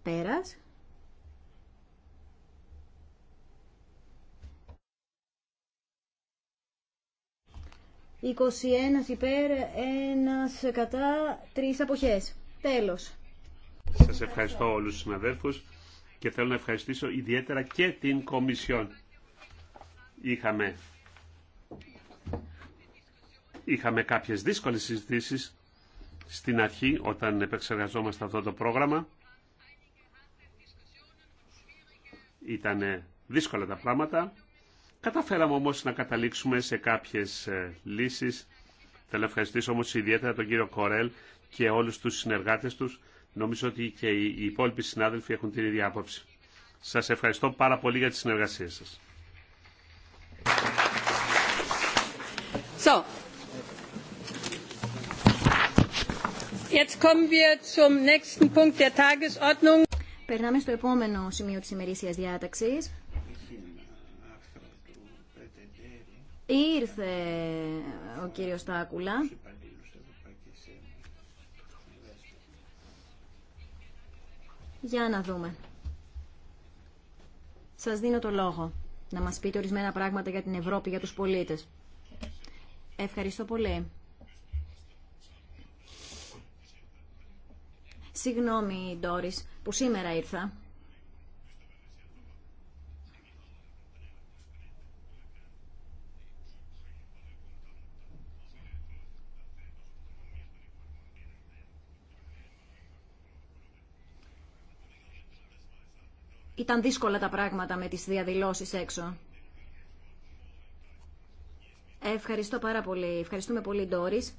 Πέρας. «21 υπέρ, 1 κατά, 3 αποχές». Τέλος. Σας ευχαριστώ όλους τους συναδέλφους και θέλω να ευχαριστήσω ιδιαίτερα και την Κομισιόν. Είχαμε Είχαμε κάποιες δύσκολες συζητήσεις στην αρχή όταν επεξεργαζόμαστε αυτό το πρόγραμμα. Ήταν δύσκολα τα πράγματα. Καταφέραμε όμως να καταλήξουμε σε κάποιες ε, λύσεις. Θέλω να ευχαριστήσω όμως ιδιαίτερα τον κύριο Κορέλ και όλους τους συνεργάτες τους. Νομίζω ότι και οι υπόλοιποι συνάδελφοι έχουν την ίδια άποψη. Σας ευχαριστώ πάρα πολύ για τη συνεργασία σας. Περνάμε στο επόμενο σημείο της ημερήσιας διάταξης. Ήρθε ο κύριος Τάκουλα. Για να δούμε. Σας δίνω το λόγο να μας πείτε ορισμένα πράγματα για την Ευρώπη, για τους πολίτες. Ευχαριστώ πολύ. Συγγνώμη, Ντόρις, που σήμερα ήρθα. Ήταν δύσκολα τα πράγματα με τις διαδηλώσεις έξω. Ευχαριστώ πάρα πολύ. Ευχαριστούμε πολύ, Ντόρις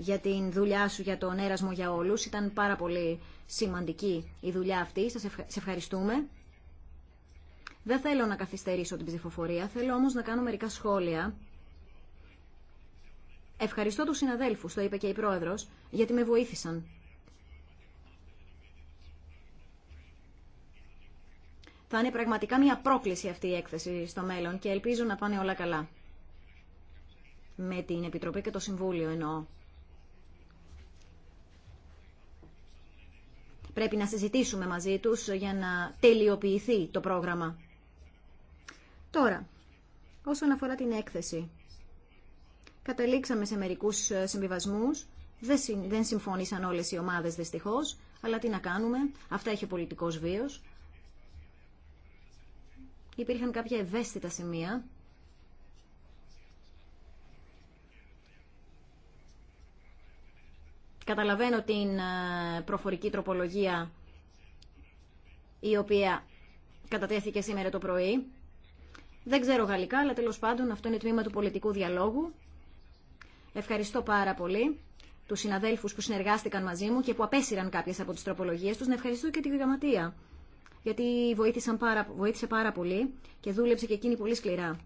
για την δουλειά σου για τον έρασμο για όλους. Ήταν πάρα πολύ σημαντική η δουλειά αυτή. Σας ευχαριστούμε. Δεν θέλω να καθυστερήσω την ψηφοφορία, θέλω όμως να κάνω μερικά σχόλια. Ευχαριστώ τους συναδέλφους, το είπε και η Πρόεδρος, γιατί με βοήθησαν. Θα είναι πραγματικά μια πρόκληση αυτή η έκθεση στο μέλλον και ελπίζω να πάνε όλα καλά. Με την Επιτροπή και το Συμβούλιο εννοώ. Πρέπει να συζητήσουμε μαζί τους για να τελειοποιηθεί το πρόγραμμα. Τώρα, όσον αφορά την έκθεση. Καταλήξαμε σε μερικούς συμβιβασμούς. Δεν συμφώνησαν όλες οι ομάδες δυστυχώς, αλλά τι να κάνουμε. Αυτά έχει ο πολιτικός βίος. Υπήρχαν κάποια ευαίσθητα σημεία Καταλαβαίνω την ε, προφορική τροπολογία η οποία κατατέθηκε σήμερα το πρωί. Δεν ξέρω γαλλικά, αλλά τέλος πάντων αυτό είναι το τμήμα του πολιτικού διαλόγου. Ευχαριστώ πάρα πολύ του συναδέλφου που συνεργάστηκαν μαζί μου και που απέσυραν κάποιε από τι τροπολογίε του. Να ευχαριστώ και τη γραμματεία. Γιατί βοήθησαν πάρα, βοήθησε πάρα πολύ και δούλεψε και εκείνη πολύ σκληρά.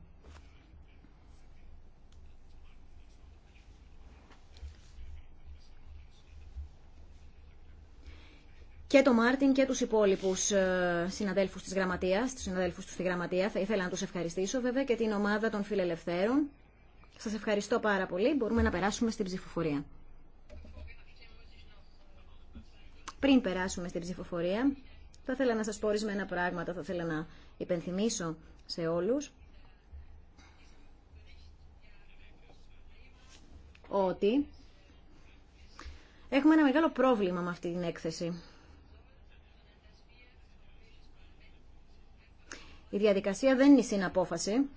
και τον Μάρτιν και τους υπόλοιπους ε, συναδέλφους της γραμματείας, τους συναδέλφους του στη γραμματεία. Θα ήθελα να τους ευχαριστήσω βέβαια και την ομάδα των φιλελευθέρων. Σας ευχαριστώ πάρα πολύ. Μπορούμε να περάσουμε στην ψηφοφορία. Πριν περάσουμε στην ψηφοφορία, θα ήθελα να σας πω ορισμένα πράγματα, θα ήθελα να υπενθυμίσω σε όλους. Ότι έχουμε ένα μεγάλο πρόβλημα με αυτή την έκθεση. Η διαδικασία δεν είναι η συναπόφαση.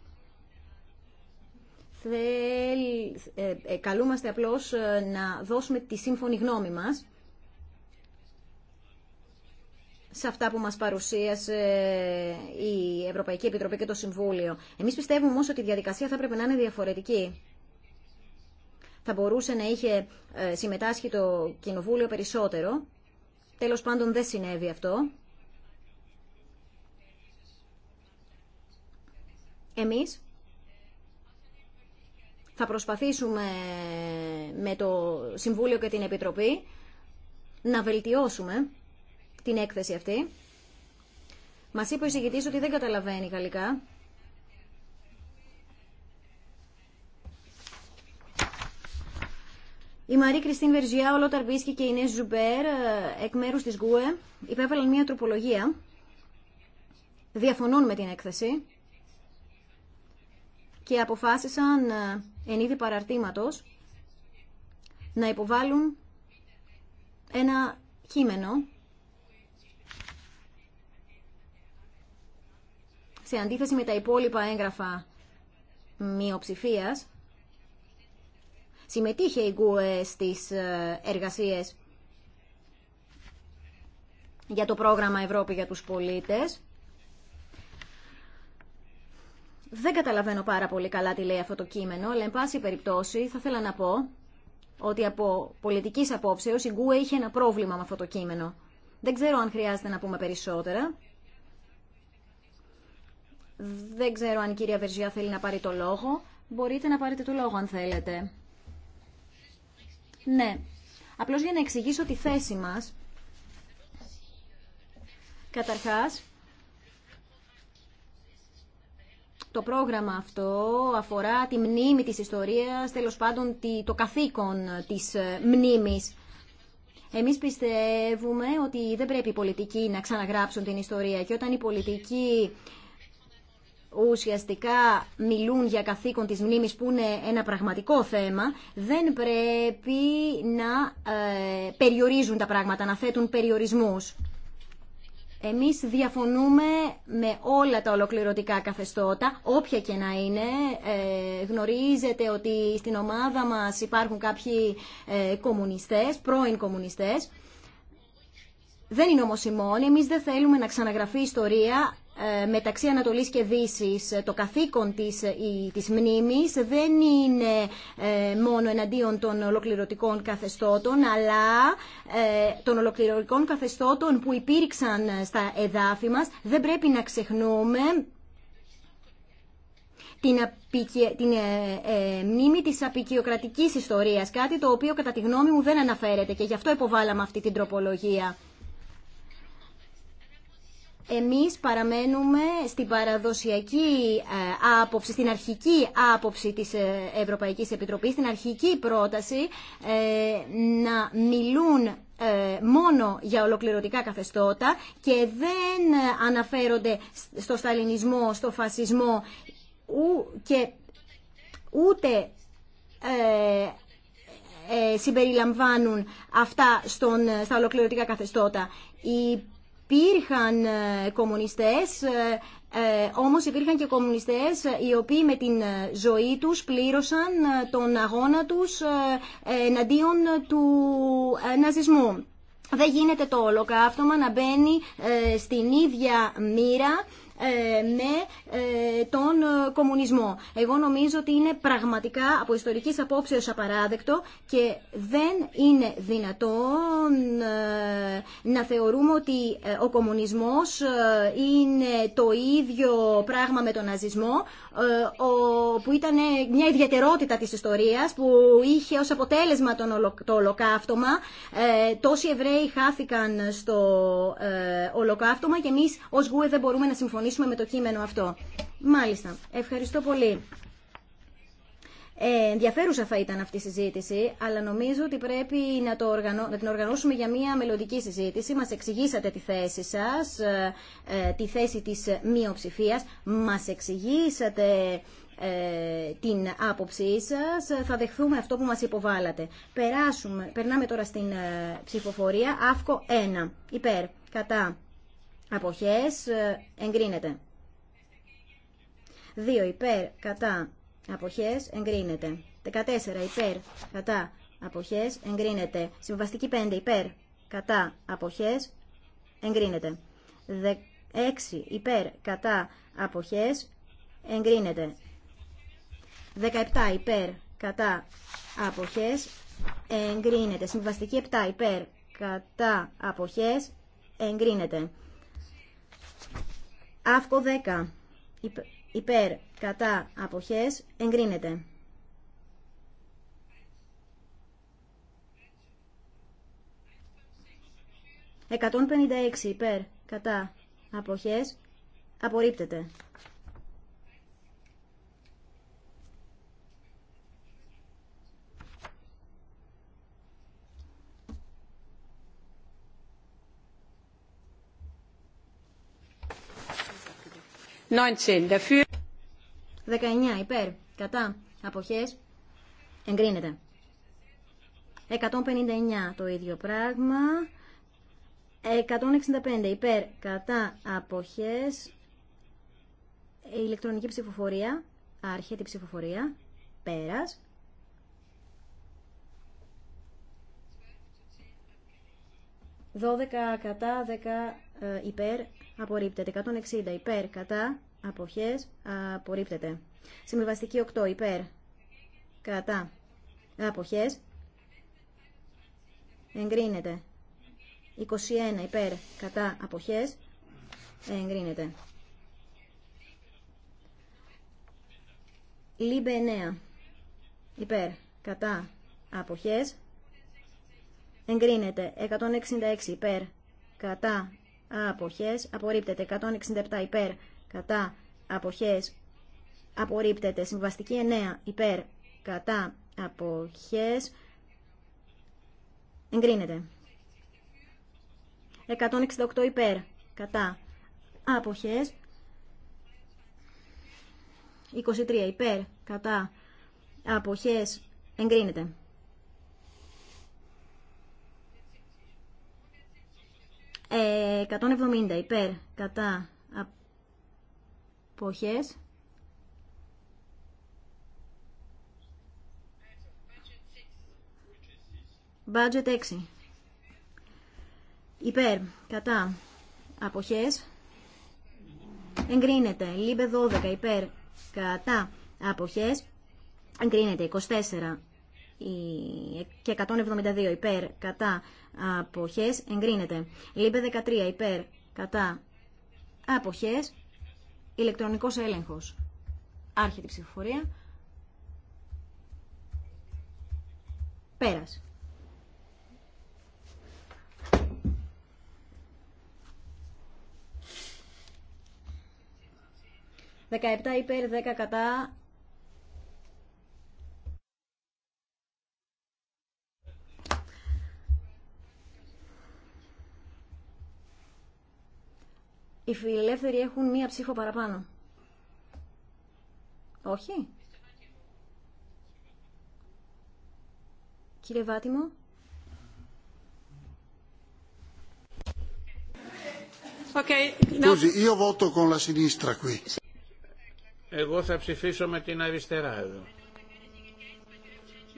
Ε, ε, καλούμαστε απλώς ε, να δώσουμε τη σύμφωνη γνώμη μας σε αυτά που μας παρουσίασε η Ευρωπαϊκή Επιτροπή και το Συμβούλιο. Εμείς πιστεύουμε όμως ότι η διαδικασία θα πρέπει να είναι διαφορετική. Θα μπορούσε να είχε συμμετάσχει το Κοινοβούλιο περισσότερο. Τέλος πάντων δεν συνέβη αυτό. Εμείς θα προσπαθήσουμε με το Συμβούλιο και την Επιτροπή να βελτιώσουμε την έκθεση αυτή. Μας είπε ο εισηγητής ότι δεν καταλαβαίνει γαλλικά. Η Μαρή Κριστίν Βερζιά, ο Λόταρ Μπίσκι και η Νέζ Ζουμπέρ, ε, εκ μέρους της ΓΚΟΕ, υπέβαλαν μια τροπολογία. Διαφωνούν με την έκθεση και αποφάσισαν ε, εν είδη παραρτήματος να υποβάλουν ένα κείμενο σε αντίθεση με τα υπόλοιπα έγγραφα μειοψηφία. Συμμετείχε η ΓΚΟΕ στις ε, εργασίες για το πρόγραμμα Ευρώπη για τους πολίτες δεν καταλαβαίνω πάρα πολύ καλά τι λέει αυτό το κείμενο, αλλά εν πάση περιπτώσει θα ήθελα να πω ότι από πολιτικής απόψεως η Γκουε είχε ένα πρόβλημα με αυτό το κείμενο. Δεν ξέρω αν χρειάζεται να πούμε περισσότερα. Δεν ξέρω αν η κυρία Βερζιά θέλει να πάρει το λόγο. Μπορείτε να πάρετε το λόγο αν θέλετε. Ναι. Απλώς για να εξηγήσω τη θέση μας. Καταρχάς, Το πρόγραμμα αυτό αφορά τη μνήμη της ιστορίας, τέλος πάντων το καθήκον της ε, μνήμης. Εμείς πιστεύουμε ότι δεν πρέπει οι πολιτικοί να ξαναγράψουν την ιστορία και όταν οι πολιτικοί ουσιαστικά μιλούν για καθήκον της μνήμης που είναι ένα πραγματικό θέμα, δεν πρέπει να ε, περιορίζουν τα πράγματα, να θέτουν περιορισμούς. Εμείς διαφωνούμε με όλα τα ολοκληρωτικά καθεστώτα, όποια και να είναι. Ε, γνωρίζετε ότι στην ομάδα μας υπάρχουν κάποιοι ε, κομμουνιστές, πρώην κομμουνιστές. Δεν είναι όμως η μόνη. Εμείς δεν θέλουμε να ξαναγραφεί η ιστορία ε, μεταξύ Ανατολής και Δύσης. Ε, το καθήκον της, ε, της μνήμης δεν είναι μόνο εναντίον των ολοκληρωτικών καθεστώτων, αλλά των ολοκληρωτικών καθεστώτων που υπήρξαν στα εδάφη μας. Δεν πρέπει να ξεχνούμε την μνήμη της απεικιοκρατικής ιστορίας, κάτι το οποίο κατά τη γνώμη μου δεν αναφέρεται και γι' αυτό υποβάλαμε αυτή την τροπολογία. Εμείς παραμένουμε στην παραδοσιακή ε, άποψη, στην αρχική άποψη της ε, Ευρωπαϊκής Επιτροπής, στην αρχική πρόταση ε, να μιλούν μόνο για ολοκληρωτικά καθεστώτα και δεν αναφέρονται στο σταλινισμό, στο φασισμό και ούτε συμπεριλαμβάνουν αυτά στον, στα ολοκληρωτικά καθεστώτα υπήρχαν ε, κομμουνιστές, ε, ε, όμως υπήρχαν και κομμουνιστές οι οποίοι με την ζωή τους πλήρωσαν τον αγώνα τους εναντίον του ναζισμού. Δεν γίνεται το ολοκαύτωμα να μπαίνει στην ίδια μοίρα ε, με ε, τον ε, κομμουνισμό. Εγώ νομίζω ότι είναι πραγματικά από ιστορική απόψεως απαράδεκτο και δεν είναι δυνατόν να θεωρούμε ότι ο κομμουνισμός είναι το ίδιο πράγμα με τον ναζισμό που ήταν μια ιδιαιτερότητα της ιστορίας που είχε ως αποτέλεσμα το ολοκαύτωμα. Τόσοι Εβραίοι χάθηκαν στο ολοκαύτωμα και εμείς ως ΓΟΕ δεν μπορούμε να συμφωνήσουμε συμφωνήσουμε με το κείμενο αυτό. Μάλιστα. Ευχαριστώ πολύ. Ε, ενδιαφέρουσα θα ήταν αυτή η συζήτηση, αλλά νομίζω ότι πρέπει να, το την οργανώσουμε για μια μελλοντική συζήτηση. Μας εξηγήσατε τη θέση σας, ε, ε, τη θέση της μειοψηφίας. Μας εξηγήσατε ε, την άποψή σας. Θα δεχθούμε αυτό που μας υποβάλατε. Περάσουμε, περνάμε τώρα στην ψηφοφορία. Αύκο 1. Υπέρ. Κατά αποχές ε, εγκρίνεται. 2 υπέρ κατά αποχές εγκρίνεται. 14 υπέρ κατά αποχές εγκρίνεται. Συμβαστική 5 υπέρ κατά αποχές εγκρίνεται. 6 υπέρ κατά αποχές εγκρίνεται. 17 υπέρ κατά αποχές εγκρίνεται. Συμβαστική 7 υπέρ κατά αποχές εγκρίνεται. Αύκο 10. Υπέρ, κατά, αποχές, εγκρίνεται. «156 υπέρ, κατά, αποχές, απορρίπτεται». 19 υπέρ. Κατά. Αποχές. Εγκρίνεται. 159 το ίδιο πράγμα. 165 υπέρ. Κατά. Αποχές. Ηλεκτρονική ψηφοφορία. Άρχεται η ψηφοφορία. Πέρας. 12 κατά 10 ε, υπέρ απορρίπτεται. 160 υπέρ, κατά, αποχές, απορρίπτεται. Συμβιβαστική 8 υπέρ, κατά, αποχές, εγκρίνεται. 21 υπέρ, κατά, αποχές, εγκρίνεται. Λίμπε 9 υπέρ, κατά, αποχές, εγκρίνεται. 166 υπέρ, κατά, αποχές απορρίπτεται 167 υπέρ κατά αποχές απορρίπτεται συμβαστική 9 υπέρ κατά αποχές εγκρίνεται 168 υπέρ κατά αποχές 23 υπέρ κατά αποχές εγκρίνεται 170 υπέρ κατά αποχές. Budget 6. Υπέρ κατά αποχές. Εγκρίνεται. Λίμπε 12 υπέρ κατά αποχές. Εγκρίνεται. 24 και 172 υπέρ κατά αποχές εγκρίνεται. Λίπε 13 υπέρ κατά αποχές ηλεκτρονικός έλεγχος. Άρχεται ψηφοφορία. Πέρας. 17 υπέρ, 10 κατά, Οι φιλελεύθεροι έχουν μία ψήφο παραπάνω. Όχι. Κύριε Βάτιμο. Εγώ θα ψηφίσω με την αριστερά εδώ.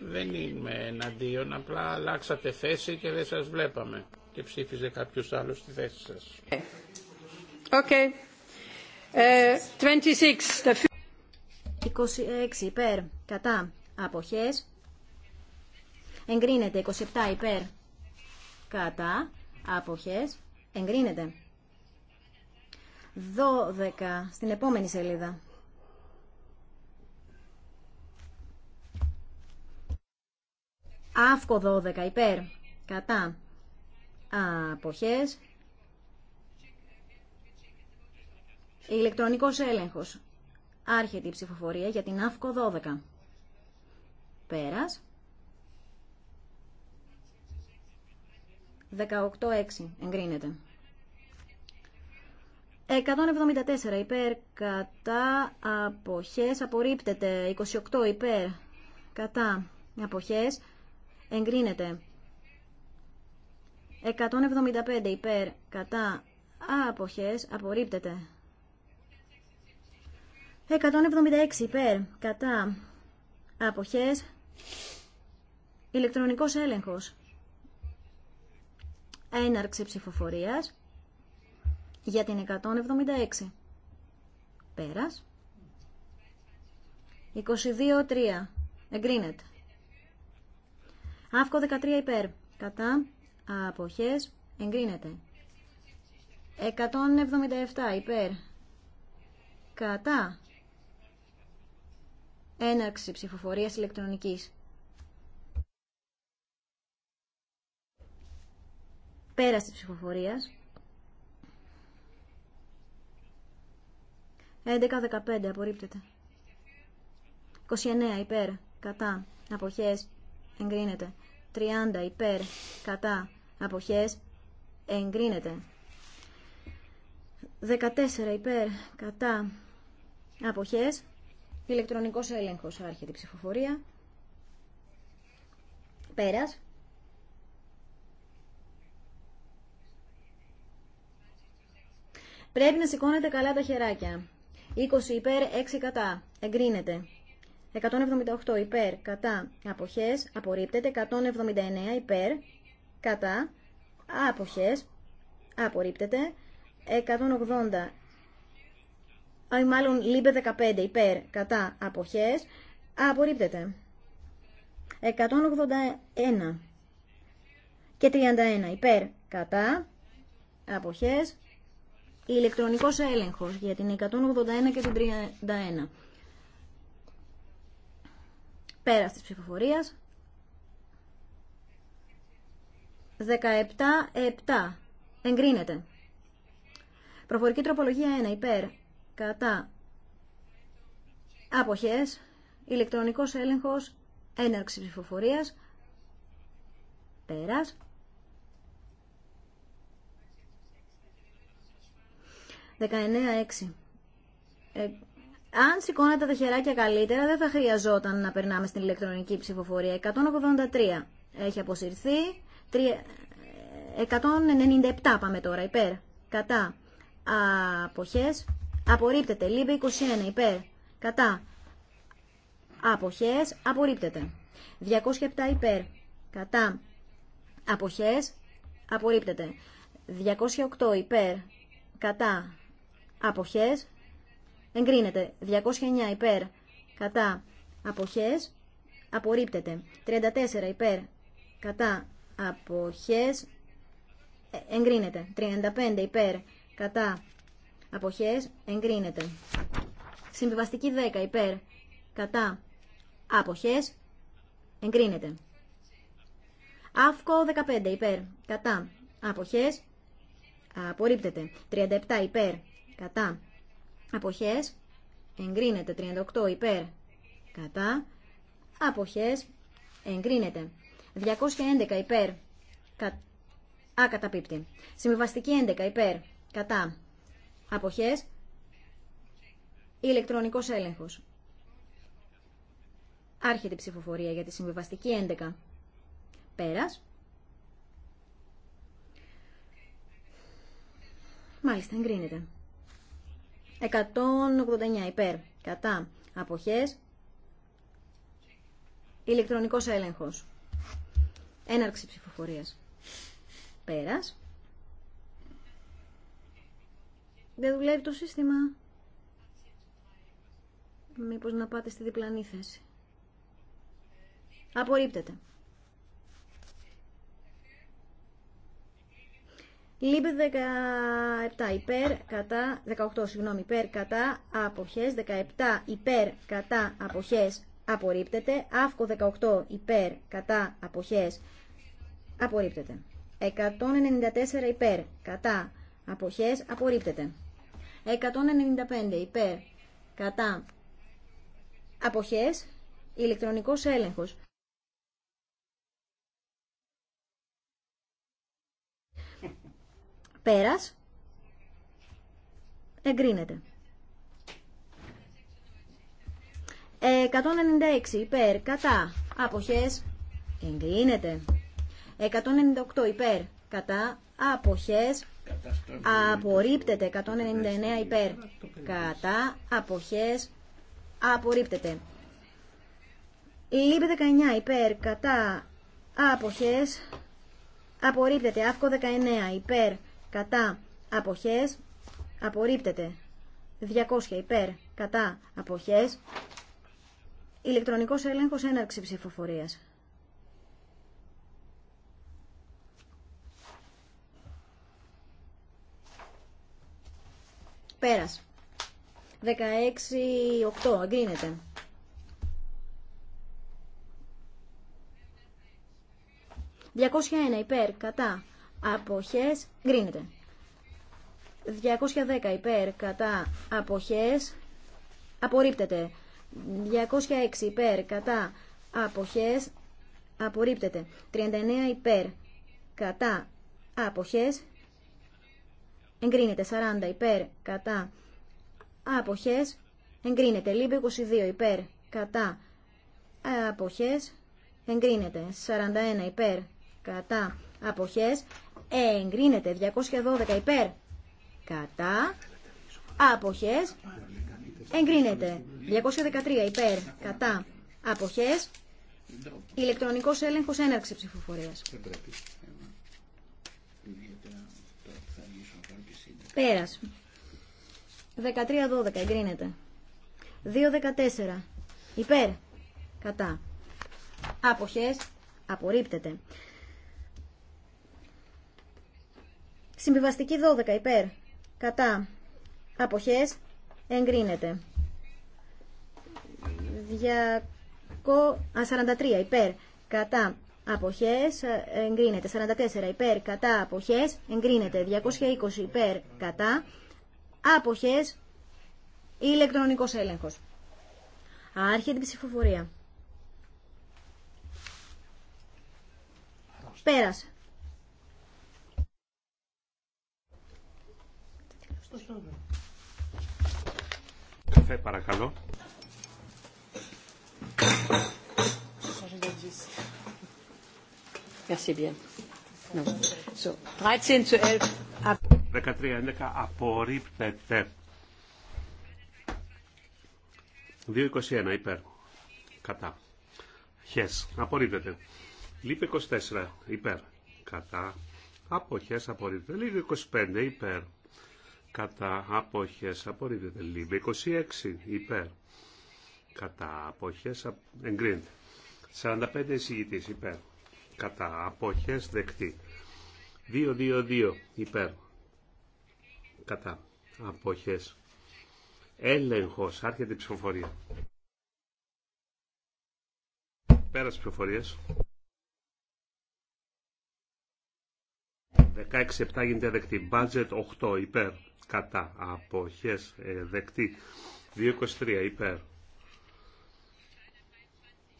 Δεν είμαι εναντίον, απλά αλλάξατε θέση και δεν σας βλέπαμε. Και ψήφιζε κάποιος άλλος στη θέση σας. Ε, 26. Ε, υπέρ κατά αποχές εγκρίνεται 27 υπέρ κατά αποχές εγκρίνεται 12 στην επόμενη σελίδα Αύκο 12 υπέρ κατά αποχές Ηλεκτρονικός έλεγχος. Άρχεται η ψηφοφορία για την ΑΦΚΟ 12. Πέρας. 18-6. Εγκρίνεται. 174 υπέρ κατά αποχές απορρίπτεται 28 υπέρ κατά αποχές εγκρίνεται 175 υπέρ κατά αποχές απορρίπτεται 176 υπέρ, κατά, αποχές, ηλεκτρονικός έλεγχος, έναρξη ψηφοφορίας για την 176. Πέρας. 22-3. Εγκρίνεται. Αύκο 13 υπέρ. Κατά. Αποχές. Εγκρίνεται. 177 υπέρ. Κατά. Έναρξη ψηφοφορίας ηλεκτρονικής. Πέραση της ψηφοφορίας. 11-15 απορρίπτεται. 29 υπέρ, κατά, αποχές, εγκρίνεται. 30 υπέρ, κατά, αποχές, εγκρίνεται. 14 υπέρ, κατά, αποχές, Ηλεκτρονικός έλεγχος άρχεται η ψηφοφορία. Πέρας. Πρέπει να σηκώνετε καλά τα χεράκια. 20 υπέρ, 6 κατά. Εγκρίνεται. 178 υπέρ, κατά. Αποχές. Απορρίπτεται. 179 υπέρ, κατά. Αποχές. Απορρίπτεται. 180 ή μάλλον λίμπε 15 υπέρ κατά αποχές απορρίπτεται. 181 και 31 υπέρ κατά αποχές ηλεκτρονικός έλεγχος για την 181 και την 31. Πέρας της ψηφοφορίας 17-7 εγκρίνεται. Προφορική τροπολογία 1 υπέρ κατά αποχές, ηλεκτρονικός έλεγχος, έναρξη ψηφοφορίας, πέρας. 19-6 ε, αν σηκώνατε τα χεράκια καλύτερα, δεν θα χρειαζόταν να περνάμε στην ηλεκτρονική ψηφοφορία. 183 έχει αποσυρθεί. 197 πάμε τώρα, υπέρ. Κατά αποχές, Απορρίπτεται. Λίμπε 21 υπέρ. Κατά. Αποχές. Απορρίπτεται. 207 υπέρ. Κατά. Αποχές. Απορρίπτεται. 208 υπέρ. Κατά. Αποχές. Εγκρίνεται. 209 υπέρ. Κατά. Αποχές. Απορρίπτεται. 34 υπέρ. Κατά. Αποχές. Ε, εγκρίνεται. 35 υπέρ. Κατά αποχές εγκρίνεται. Συμβιβαστική 10 υπέρ κατά αποχές εγκρίνεται. Αύκο 15 υπέρ κατά αποχές απορρίπτεται. 37 υπέρ κατά αποχές εγκρίνεται. 38 υπέρ κατά αποχές εγκρίνεται. 211 υπέρ Κατά. Α, Συμβιβαστική 11 υπέρ κατά αποχές, ηλεκτρονικός έλεγχος. Άρχεται η ψηφοφορία για τη συμβιβαστική 11. Πέρας. Μάλιστα, εγκρίνεται. 189 υπέρ, κατά, αποχές, ηλεκτρονικός έλεγχος. Έναρξη ψηφοφορίας. Πέρας. Δεν δουλεύει το σύστημα. Μήπως να πάτε στη διπλανή θέση. Απορρίπτεται. Λίπε 17 υπέρ κατά 18 συγγνώμη υπέρ κατά αποχές 17 υπέρ κατά αποχές απορρίπτεται αύκο 18 υπέρ κατά αποχές απορρίπτεται 194 υπέρ κατά αποχές απορρίπτεται 195 υπέρ κατά αποχές ηλεκτρονικός έλεγχος. Πέρας εγκρίνεται. 196 υπέρ κατά αποχές εγκρίνεται. 198 υπέρ κατά αποχές Απορρίπτεται 199 υπέρ. Κατά αποχές απορρίπτεται. ΛΥΠΕ 19 υπέρ. Κατά αποχές απορρίπτεται. Αύκο 19 υπέρ. Κατά αποχές απορρίπτεται. 200 υπέρ. Κατά αποχές. Ηλεκτρονικός έλεγχος έναρξη ψηφοφορίας. Πέρας. 16-8. Εγκρίνεται. 201 υπέρ, κατά, αποχές, γκρίνεται. 210 υπέρ, κατά, αποχές, απορρίπτεται. 206 υπέρ, κατά, αποχές, απορρίπτεται. 39 υπέρ, κατά, αποχές, εγκρίνεται 40 υπέρ κατά αποχές εγκρίνεται λίμπη 22 υπέρ κατά αποχές εγκρίνεται 41 υπέρ κατά αποχές εγκρίνεται 212 υπέρ κατά αποχές εγκρίνεται 213 υπέρ κατά αποχές ηλεκτρονικός έλεγχος έναρξη ψηφοφορίας Πέρας. 13-12 εγκρίνεται. 2-14 υπέρ. Κατά. Αποχές. Απορρίπτεται. Συμβιβαστική 12 υπέρ. Κατά. Αποχές. Εγκρίνεται. 243 υπέρ. Κατά αποχές ε, εγκρίνεται. 44 υπέρ κατά αποχές εγκρίνεται. 220 υπέρ κατά αποχές ηλεκτρονικός έλεγχος. Άρχεται την ψηφοφορία. Πέρασε. Καφέ παρακαλώ. Merci bien. 13 zu 11 απορρίπτεται. 2.21 υπέρ. Κατά. Χες. Απορρίπτεται. Λείπει 24 υπέρ. Κατά. Αποχέ. απορρίπτεται. Λείπει 25 υπέρ. Κατά. Αποχέ. απορρίπτεται. Λείπει 26 υπέρ. Κατά. Αποχές εγκρίνεται. 45 εισηγητής υπέρ κατά αποχές δεκτή. 2-2-2 υπέρ κατά αποχές έλεγχος άρχεται η ψηφοφορία Πέρας ψηφοφορίας 16-7 γίνεται δεκτή budget 8 υπέρ κατά αποχές ε, δεκτή 2-23 υπέρ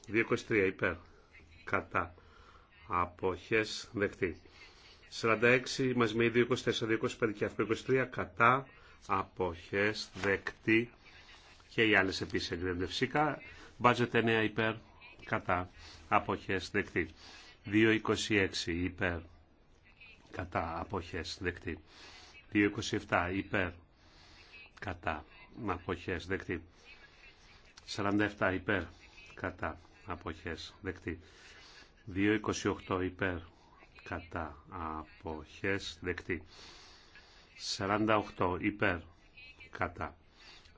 2-23 υπέρ κατά αποχές δεκτή. 46 μαζί με 2, 24, 25 και 23 κατά αποχές δεκτή και οι άλλες επίσης εγκρίνονται φυσικά. Budget 9 υπέρ κατά αποχές δεκτή. 2.26 υπέρ κατά αποχές δεκτή. 2.27 υπέρ κατά αποχές δεκτή. 47 υπέρ κατά αποχές δεκτή. 2.28 υπέρ κατά αποχές δεκτή. 48 υπέρ κατά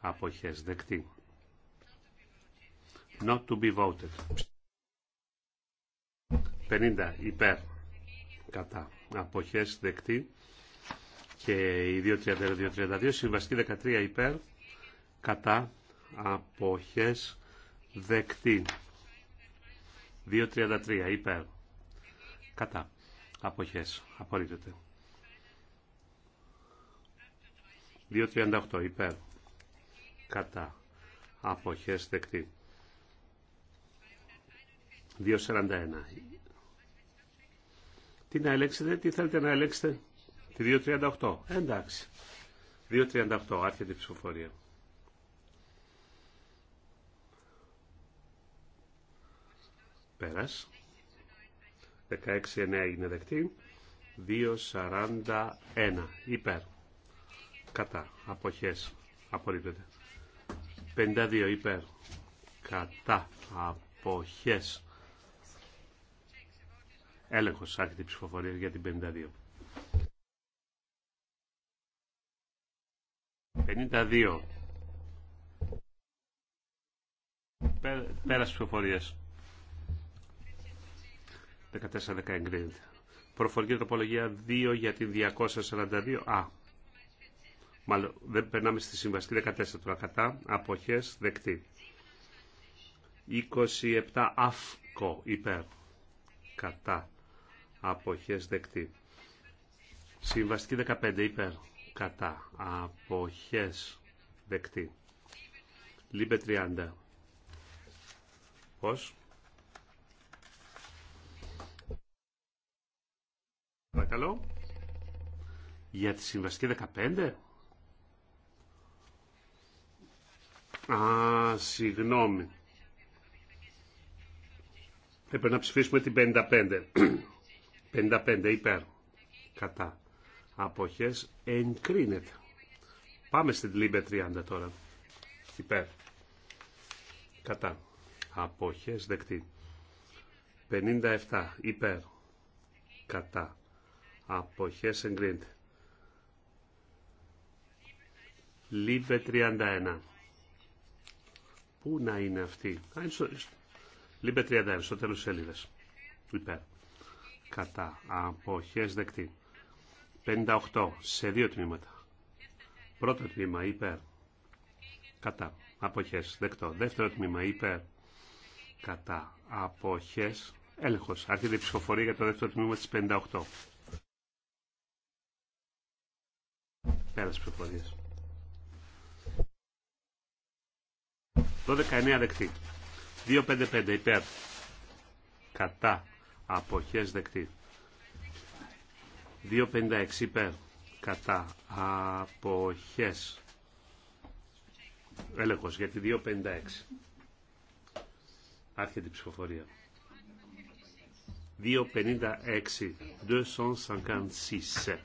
αποχές δεκτή. Not to be voted. 50 υπέρ κατά αποχές δεκτή και η 2.32 συμβαστή 13 υπέρ κατά αποχές δεκτή. 2.33 υπέρ. Κατά. Αποχές. Απορρίπτεται. 2.38 υπέρ. Κατά. Αποχές δεκτή. 2.41. Τι να ελέγξετε, τι θέλετε να ελέγξετε. Τη 2.38. Εντάξει. 2.38. Άρχεται η ψηφοφορία. Πέρας. 16-9 εγινε δεκτή. 2-41 υπέρ. Κατά. Αποχές. Απορρίπτεται. 52 υπέρ. Κατά. Αποχές. Έλεγχος άρχεται η ψηφοφορία για την 52. 52. Πέρας ψηφοφορίας. 14-10 εγκρίνεται. Προφορική τροπολογία 2 για την 242. Α. Μάλλον δεν περνάμε στη συμβαστική 14 τώρα. Κατά αποχές δεκτή. 27 ΑΦΚΟ υπέρ. Κατά αποχές δεκτή. Συμβαστική 15 υπέρ. Κατά αποχές δεκτή. Λίμπε 30. Πώς. Παρακαλώ. Για τη συμβαστική 15. Α, συγγνώμη. Έπρεπε να ψηφίσουμε την 55. 55 υπέρ. Κατά. Αποχές εγκρίνεται. Πάμε στην Λίμπε 30 τώρα. Υπέρ. Κατά. Αποχές δεκτή. 57 υπέρ. Κατά. Αποχές εγκρίνεται. Λίπε 31. Πού να είναι αυτή. Λίπε 31, στο τέλος της σελίδας. Υπέρ. Κατά. Αποχές δεκτή. 58. Σε δύο τμήματα. Πρώτο τμήμα υπέρ. Κατά. Αποχές δεκτό. Δεύτερο τμήμα υπέρ. Κατά. Αποχές έλεγχος. Άρχεται η ψηφοφορία για το δεύτερο τμήμα της 58. Πέρας ψηφοφορίας. 12-19 δεκτή. 2-5-5 υπέρ. Κατά. Αποχές δεκτή. 2-56 υπέρ. Κατά. Αποχές. Έλεγχος για τη 2-56. Άρχεται η ψηφοφορία. 256.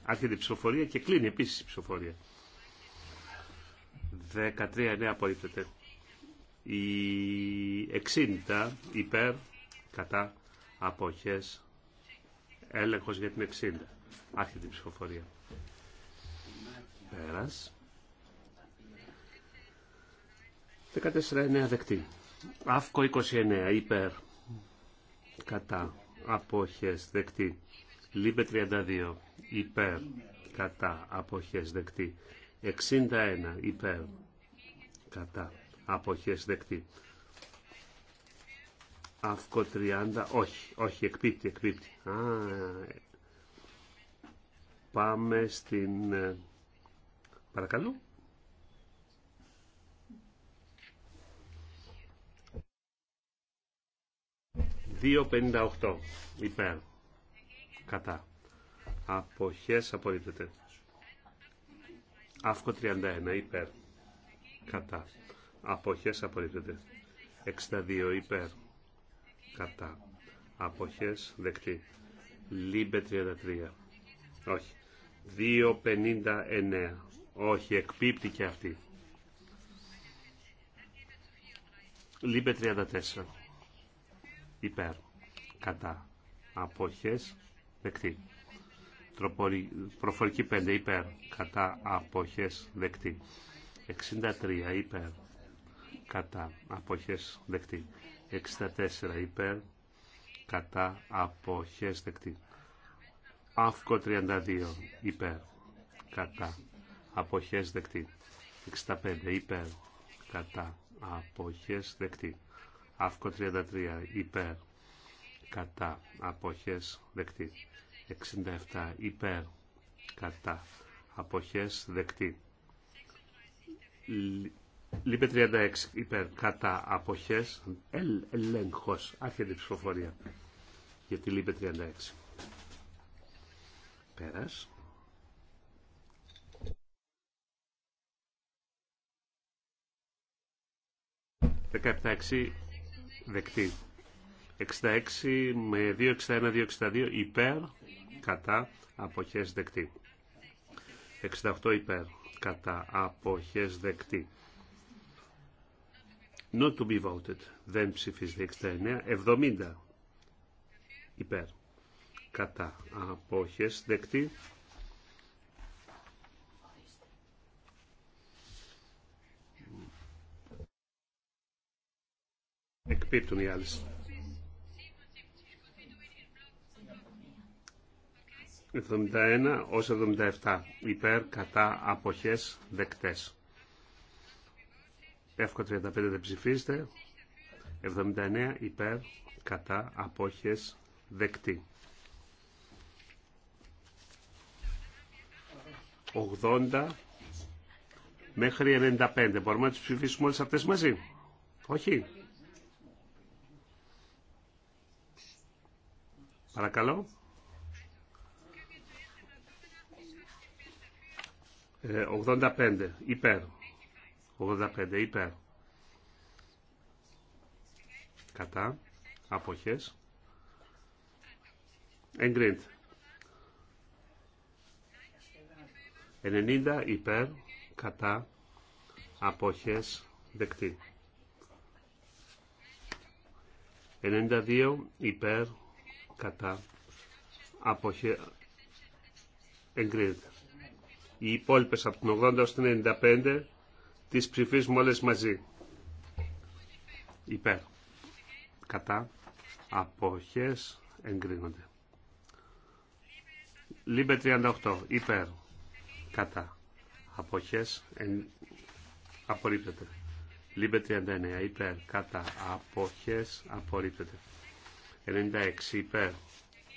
Άρχεται η ψηφοφορία και κλείνει επίση η ψηφοφορία. 13 νέα απορρίπτεται. Η 60 υπέρ κατά απόχέ. έλεγχο για την 60. Άρχεται η ψηφοφορία. Πέρα. 14 νέα δεκτή. Αύκο 29 υπέρ κατά αποχές δεκτή. Λίπε 32 υπέρ κατά αποχές δεκτή. 61 υπέρ κατά αποχές δεκτή. Αύκο 30, όχι, όχι, εκπίπτει, εκπίπτει. Α, πάμε στην... Ε, παρακαλώ. 2.58 υπέρ κατά αποχές απορρίπτεται αύκο 31 υπέρ κατά αποχές απορρίπτεται 62 υπέρ κατά αποχές δεκτή λίμπε 33 όχι 2.59 όχι εκπίπτει και αυτή λίμπε 34 υπέρ κατά αποχές δεκτή. Προφορική 5 υπέρ κατά αποχές δεκτή. 63 υπέρ κατά αποχές δεκτή. 64 υπέρ κατά αποχές δεκτή. Αύκο 32 υπέρ κατά αποχές δεκτή. 65 υπέρ κατά αποχές δεκτή. Αύκο 33 υπέρ κατά αποχές δεκτή. 67 υπέρ κατά αποχές δεκτή. Λίπε 36 υπέρ κατά αποχές ελ, ελέγχος. Άρχεται η ψηφοφορία για τη Λίπε 36. Πέρας. Δεκαεπτά δεκτή. 66 με 261, 262 υπέρ, κατά, αποχές δεκτή. 68 υπέρ, κατά, αποχές δεκτή. Not to be voted. Δεν ψηφίζεται 69. 70 υπέρ, κατά, αποχές δεκτή. εκπίπτουν οι άλλες. 71 ως 77 υπέρ κατά αποχές δεκτές. Εύκο 35 δεν ψηφίστε. 79 υπέρ κατά απόχες δεκτή. 80 μέχρι 95. Μπορούμε να τις ψηφίσουμε όλες αυτές μαζί. Όχι. Παρακαλώ. Ε, 85 υπέρ. 85 υπέρ. Κατά. Αποχές. Εγκρίντ. 90 υπέρ. Κατά. Αποχές. Δεκτή. 92 υπέρ κατά αποχε... εγκρίνεται. Οι υπόλοιπε από την 80 έως την 95 τις ψηφίζουμε όλες μαζί. Υπέρ. Κατά. Αποχές εγκρίνονται. Λίμπε 38. Υπέρ. Κατά. Αποχές εν... απορρίπτεται. Λίμπε 39. Υπέρ. Κατά. Αποχές απορρίπτεται. 96 υπέρ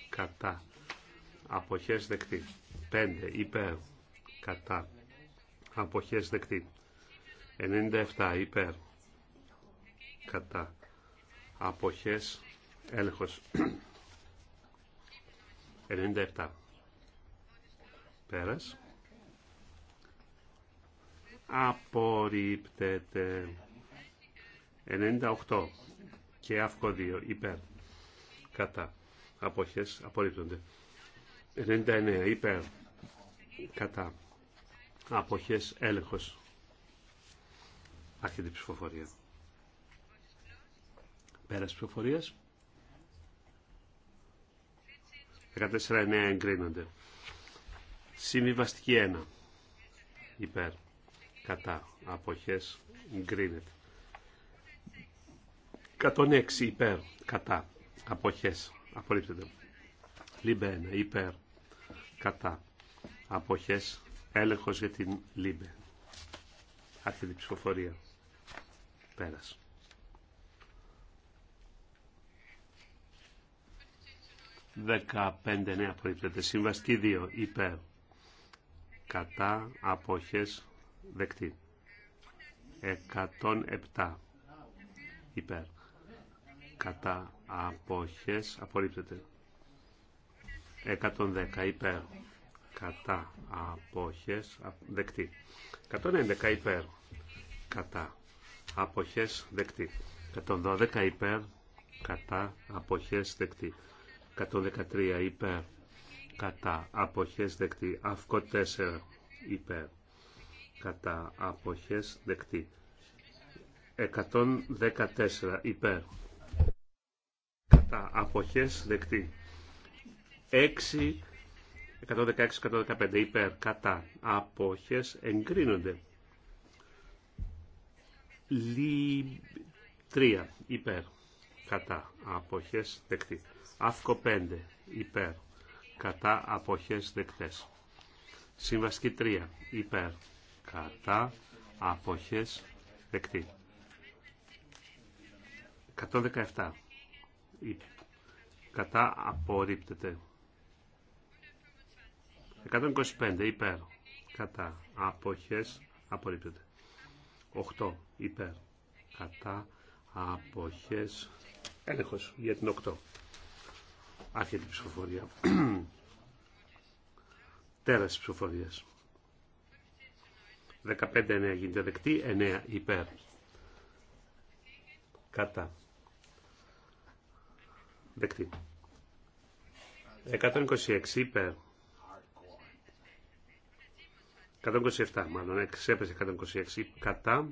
κατά αποχές δεκτή 5 υπέρ κατά αποχές δεκτή 97 υπέρ κατά αποχές έλεγχος 97 πέρας απορρίπτεται 98 και αύκο 2 υπέρ κατά αποχές απορρίπτονται. 99 υπέρ κατά αποχές έλεγχος. Άρχεται η ψηφοφορία. Πέρας ψηφοφορίας. 14-9 εγκρίνονται. Συμβιβαστική 1 υπέρ κατά αποχές εγκρίνεται. 106 υπέρ κατά Αποχές. Απορρίπτεται. Λίμπε 1. Υπέρ. Κατά. Αποχές. Έλεγχος για την Λίμπε. Άρχεται ψηφοφορία. περα 15 Ναι. απορρίπτεται. Σύμβαστη 2. Υπέρ. Κατά. Αποχές. Δεκτή. 107. Υπέρ κατά αποχές απορρίπτεται 110 υπέρ κατά αποχές δεκτή 111 υπέρ κατά αποχές δεκτή 112 υπέρ κατά αποχές δεκτή 113 υπέρ κατά αποχές δεκτή αυκό 4 υπέρ κατά αποχές δεκτή 114 υπέρ κατά αποχές δεκτή 6 116-115 υπέρ κατά αποχές εγκρίνονται Λι... 3 υπέρ κατά αποχές δεκτή Αύκο 5 υπέρ κατά αποχές δεκτές Συμβαστική 3 υπέρ κατά αποχές δεκτή 117 Κατά απορρίπτεται. 125 υπέρ. Κατά αποχές απορρίπτεται. 8 υπέρ. Κατά αποχές έλεγχος για την 8. Άρχεται η ψηφοφορία. Τέρας της ψηφοφορίας. 15-9 γίνεται δεκτή, 9 υπέρ. Κατά. Δεκτή. 126 υπέρ. 127 μάλλον, ναι, ξέπεσε 126 κατά,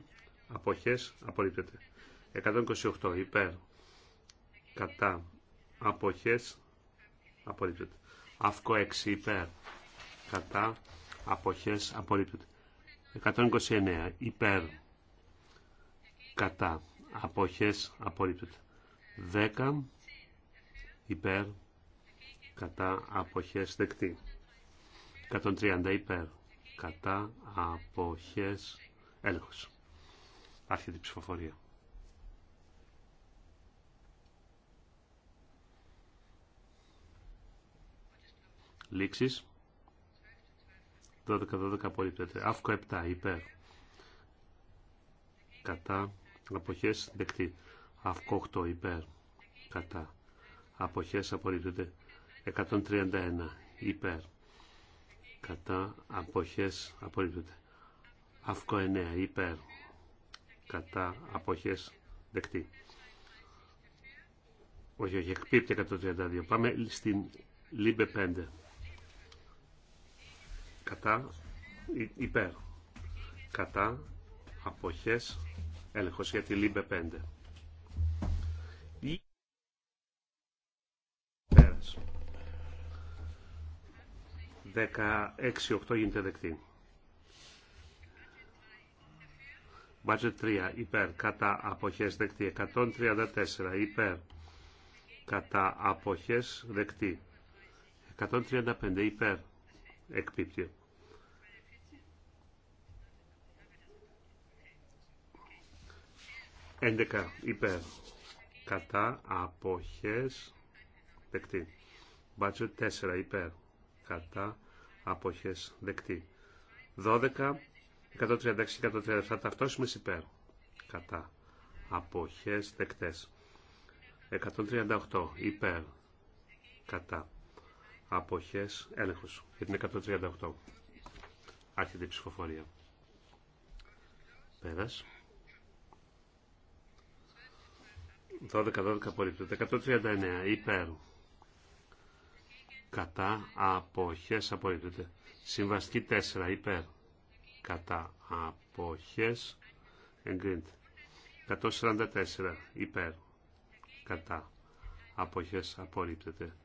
αποχές, απορρίπτεται. 128 υπέρ, κατά, αποχές, απορρίπτεται. Αύκο 6 υπέρ, κατά, αποχές, απορρίπτεται. 129 υπέρ, κατά, αποχές, απορρίπτεται. 10 υπέρ, κατά αποχές δεκτή. 130 υπέρ, κατά αποχές έλεγχος. Άρχεται η ψηφοφορία. Λήξεις. 12-12 απορρίπτεται. Αύκο 7 υπέρ. Κατά αποχές δεκτή. Αύκο 8 υπέρ. Κατά αποχές απορρίπτεται 131 υπέρ κατά αποχές απορρίπτεται αυκο 9 υπέρ κατά αποχές δεκτή όχι όχι εκπίπτει 132 πάμε στην λίμπε 5 κατά υπέρ κατά αποχές έλεγχος για τη λίμπε 5 16-8 γίνεται δεκτή. Budget 3 υπέρ κατά αποχές δεκτή. 134 υπέρ κατά αποχές δεκτή. 135 υπέρ εκπίπτει. Έντεκα υπέρ κατά αποχές δεκτή. Budget 4 υπέρ κατά αποχές δεκτή. 12, 136, 137 ταυτόσιμες υπέρ κατά αποχές δεκτές. 138 υπέρ κατά αποχές έλεγχος για την 138. Άρχεται η ψηφοφορία. Πέρας. 12-12 απορρίπτεται. 139 υπέρ κατά αποχές απορρίπτεται. Συμβαστική 4 υπέρ κατά αποχές εγκρίνεται. 144 υπέρ κατά αποχές απορρίπτεται.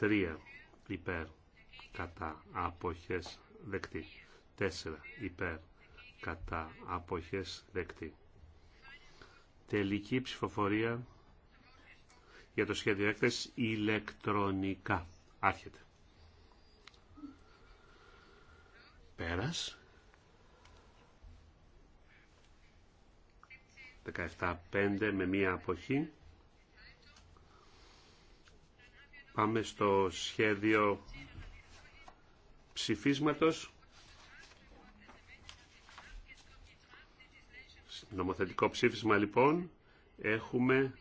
3 υπέρ κατά αποχές δεκτή. 4 υπέρ κατά αποχές δεκτή. Τελική ψηφοφορία για το σχέδιο έκθεση ηλεκτρονικά. Άρχεται. Πέρας. 17-5 με μία αποχή. Πάμε στο σχέδιο ψηφίσματος. Νομοθετικό ψήφισμα λοιπόν. Έχουμε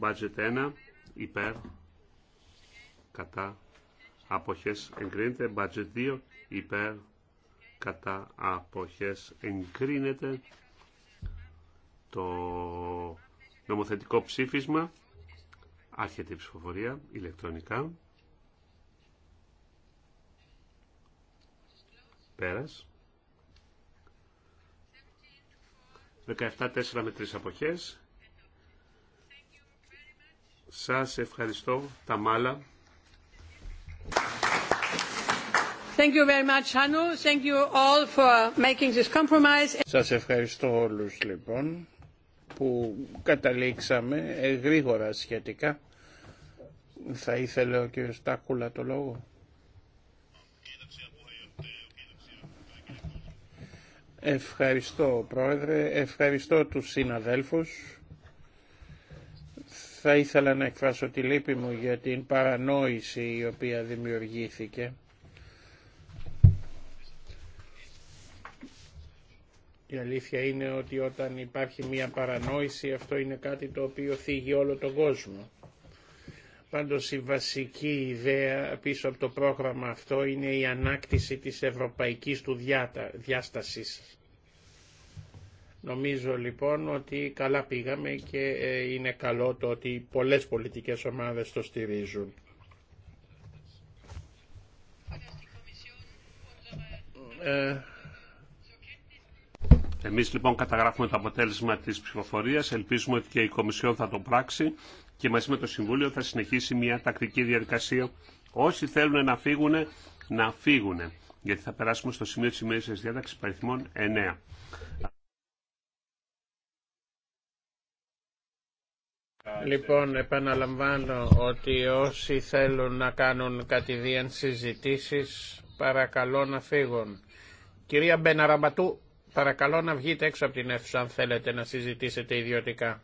Budget 1 υπέρ κατά αποχές εγκρίνεται. Budget 2 υπέρ κατά αποχές εγκρίνεται. Το νομοθετικό ψήφισμα άρχεται η ψηφοφορία ηλεκτρονικά. Πέρας. 17-4 με 3 αποχές σας ευχαριστώ. Τα μάλα. Thank you very much, Hanu. Thank you all for making this compromise. Σας ευχαριστώ όλους λοιπόν που καταλήξαμε ε, γρήγορα σχετικά. Θα ήθελε ο κ. Στάκουλα το λόγο. Ευχαριστώ Πρόεδρε, ευχαριστώ τους συναδέλφους θα ήθελα να εκφράσω τη λύπη μου για την παρανόηση η οποία δημιουργήθηκε. Η αλήθεια είναι ότι όταν υπάρχει μια παρανόηση αυτό είναι κάτι το οποίο θίγει όλο τον κόσμο. Πάντως η βασική ιδέα πίσω από το πρόγραμμα αυτό είναι η ανάκτηση της ευρωπαϊκής του διάστασης Νομίζω λοιπόν ότι καλά πήγαμε και ε, είναι καλό το ότι πολλές πολιτικές ομάδες το στηρίζουν. Ε, Εμείς λοιπόν καταγράφουμε το αποτέλεσμα της ψηφοφορίας, ελπίζουμε ότι και η Κομισιόν θα το πράξει και μαζί με το Συμβούλιο θα συνεχίσει μια τακτική διαδικασία. Όσοι θέλουν να φύγουν, να φύγουν, γιατί θα περάσουμε στο σημείο της ημέρησης διάταξης παριθμών 9. Λοιπόν, επαναλαμβάνω ότι όσοι θέλουν να κάνουν κατηδίαν συζητήσεις, παρακαλώ να φύγουν. Κυρία Μπεναραμπατού, παρακαλώ να βγείτε έξω από την αίθουσα αν θέλετε να συζητήσετε ιδιωτικά.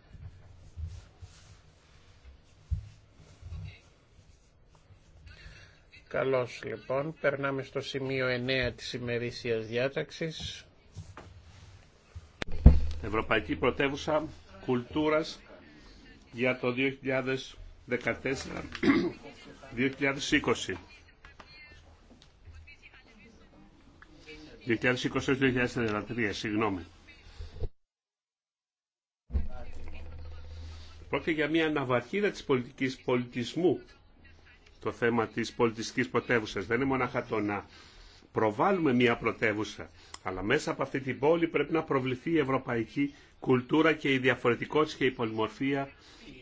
Καλώς λοιπόν, περνάμε στο σημείο 9 της ημερήσιας διάταξης. Ευρωπαϊκή Πρωτεύουσα Κουλτούρας για το 2014-2020. 2020-2013, συγγνώμη. Πρόκειται για μια αναβαρχίδα της πολιτικής πολιτισμού το θέμα της πολιτιστικής πρωτεύουσα. Δεν είναι μονάχα το να προβάλλουμε μια πρωτεύουσα, αλλά μέσα από αυτή την πόλη πρέπει να προβληθεί η ευρωπαϊκή κουλτούρα και η διαφορετικότητα και η πολυμορφία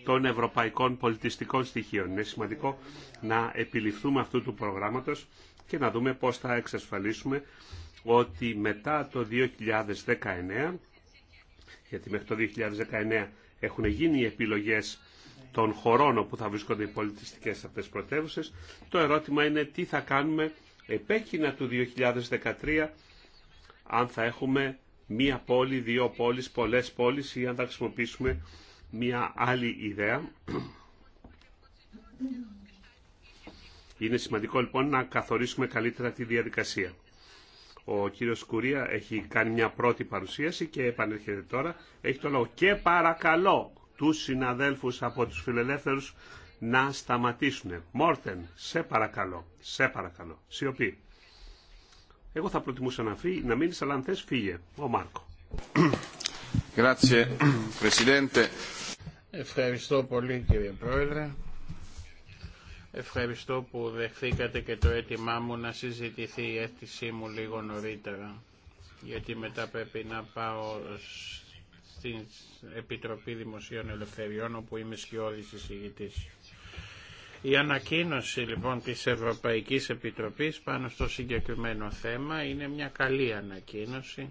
των ευρωπαϊκών πολιτιστικών στοιχείων. Είναι σημαντικό να επιληφθούμε αυτού του προγράμματος και να δούμε πώς θα εξασφαλίσουμε ότι μετά το 2019, γιατί μέχρι το 2019 έχουν γίνει οι επιλογές των χωρών όπου θα βρίσκονται οι πολιτιστικές αυτές πρωτεύουσες, το ερώτημα είναι τι θα κάνουμε επέκεινα του 2013 αν θα έχουμε μία πόλη, δύο πόλεις, πολλές πόλεις ή αν θα χρησιμοποιήσουμε Μία άλλη ιδέα. Είναι σημαντικό λοιπόν να καθορίσουμε καλύτερα τη διαδικασία. Ο κύριος Κουρία έχει κάνει μια πρώτη παρουσίαση και επανέρχεται τώρα. Έχει το λόγο. Και παρακαλώ τους συναδέλφους από τους φιλελεύθερους να σταματήσουν. Μόρτεν, σε παρακαλώ. Σε παρακαλώ. Σιωπή. Εγώ θα προτιμούσα να, φύγει, να μείνεις, αλλά αν θες φύγε. Ο Μάρκο. Ευχαριστώ πολύ κύριε Πρόεδρε. Ευχαριστώ που δεχθήκατε και το αίτημά μου να συζητηθεί η αίτησή μου λίγο νωρίτερα. Γιατί μετά πρέπει να πάω στην Επιτροπή Δημοσίων Ελευθεριών όπου είμαι σκιώδης εισηγητής. Η ανακοίνωση λοιπόν της Ευρωπαϊκής Επιτροπής πάνω στο συγκεκριμένο θέμα είναι μια καλή ανακοίνωση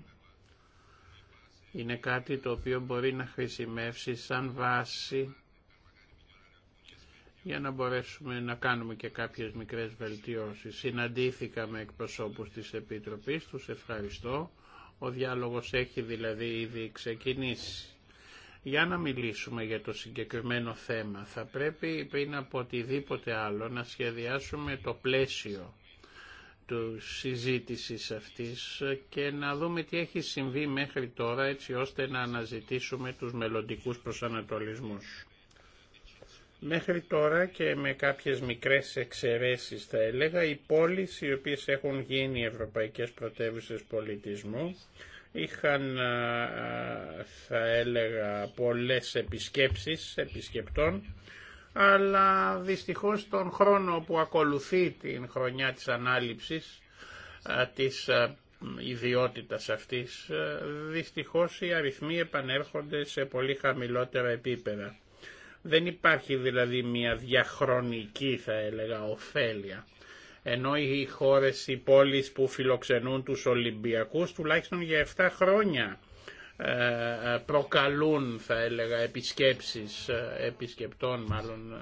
είναι κάτι το οποίο μπορεί να χρησιμεύσει σαν βάση για να μπορέσουμε να κάνουμε και κάποιες μικρές βελτιώσεις. Συναντήθηκα με εκπροσώπους της Επιτροπής, τους ευχαριστώ. Ο διάλογος έχει δηλαδή ήδη ξεκινήσει. Για να μιλήσουμε για το συγκεκριμένο θέμα, θα πρέπει πριν από οτιδήποτε άλλο να σχεδιάσουμε το πλαίσιο του συζήτησης αυτής και να δούμε τι έχει συμβεί μέχρι τώρα έτσι ώστε να αναζητήσουμε τους μελλοντικούς προσανατολισμούς. Μέχρι τώρα και με κάποιες μικρές εξαιρέσεις θα έλεγα, οι πόλεις οι οποίες έχουν γίνει ευρωπαϊκές πρωτεύουσες πολιτισμού είχαν θα έλεγα πολλές επισκέψεις επισκεπτών αλλά δυστυχώς τον χρόνο που ακολουθεί την χρονιά της ανάληψης ε, της ε, ιδιότητας αυτής, ε, δυστυχώς οι αριθμοί επανέρχονται σε πολύ χαμηλότερα επίπεδα. Δεν υπάρχει δηλαδή μια διαχρονική θα έλεγα ωφέλεια. Ενώ οι χώρες, οι πόλεις που φιλοξενούν τους Ολυμπιακούς τουλάχιστον για 7 χρόνια ε, ε, προκαλούν θα έλεγα επισκέψεις ε, επισκεπτών μάλλον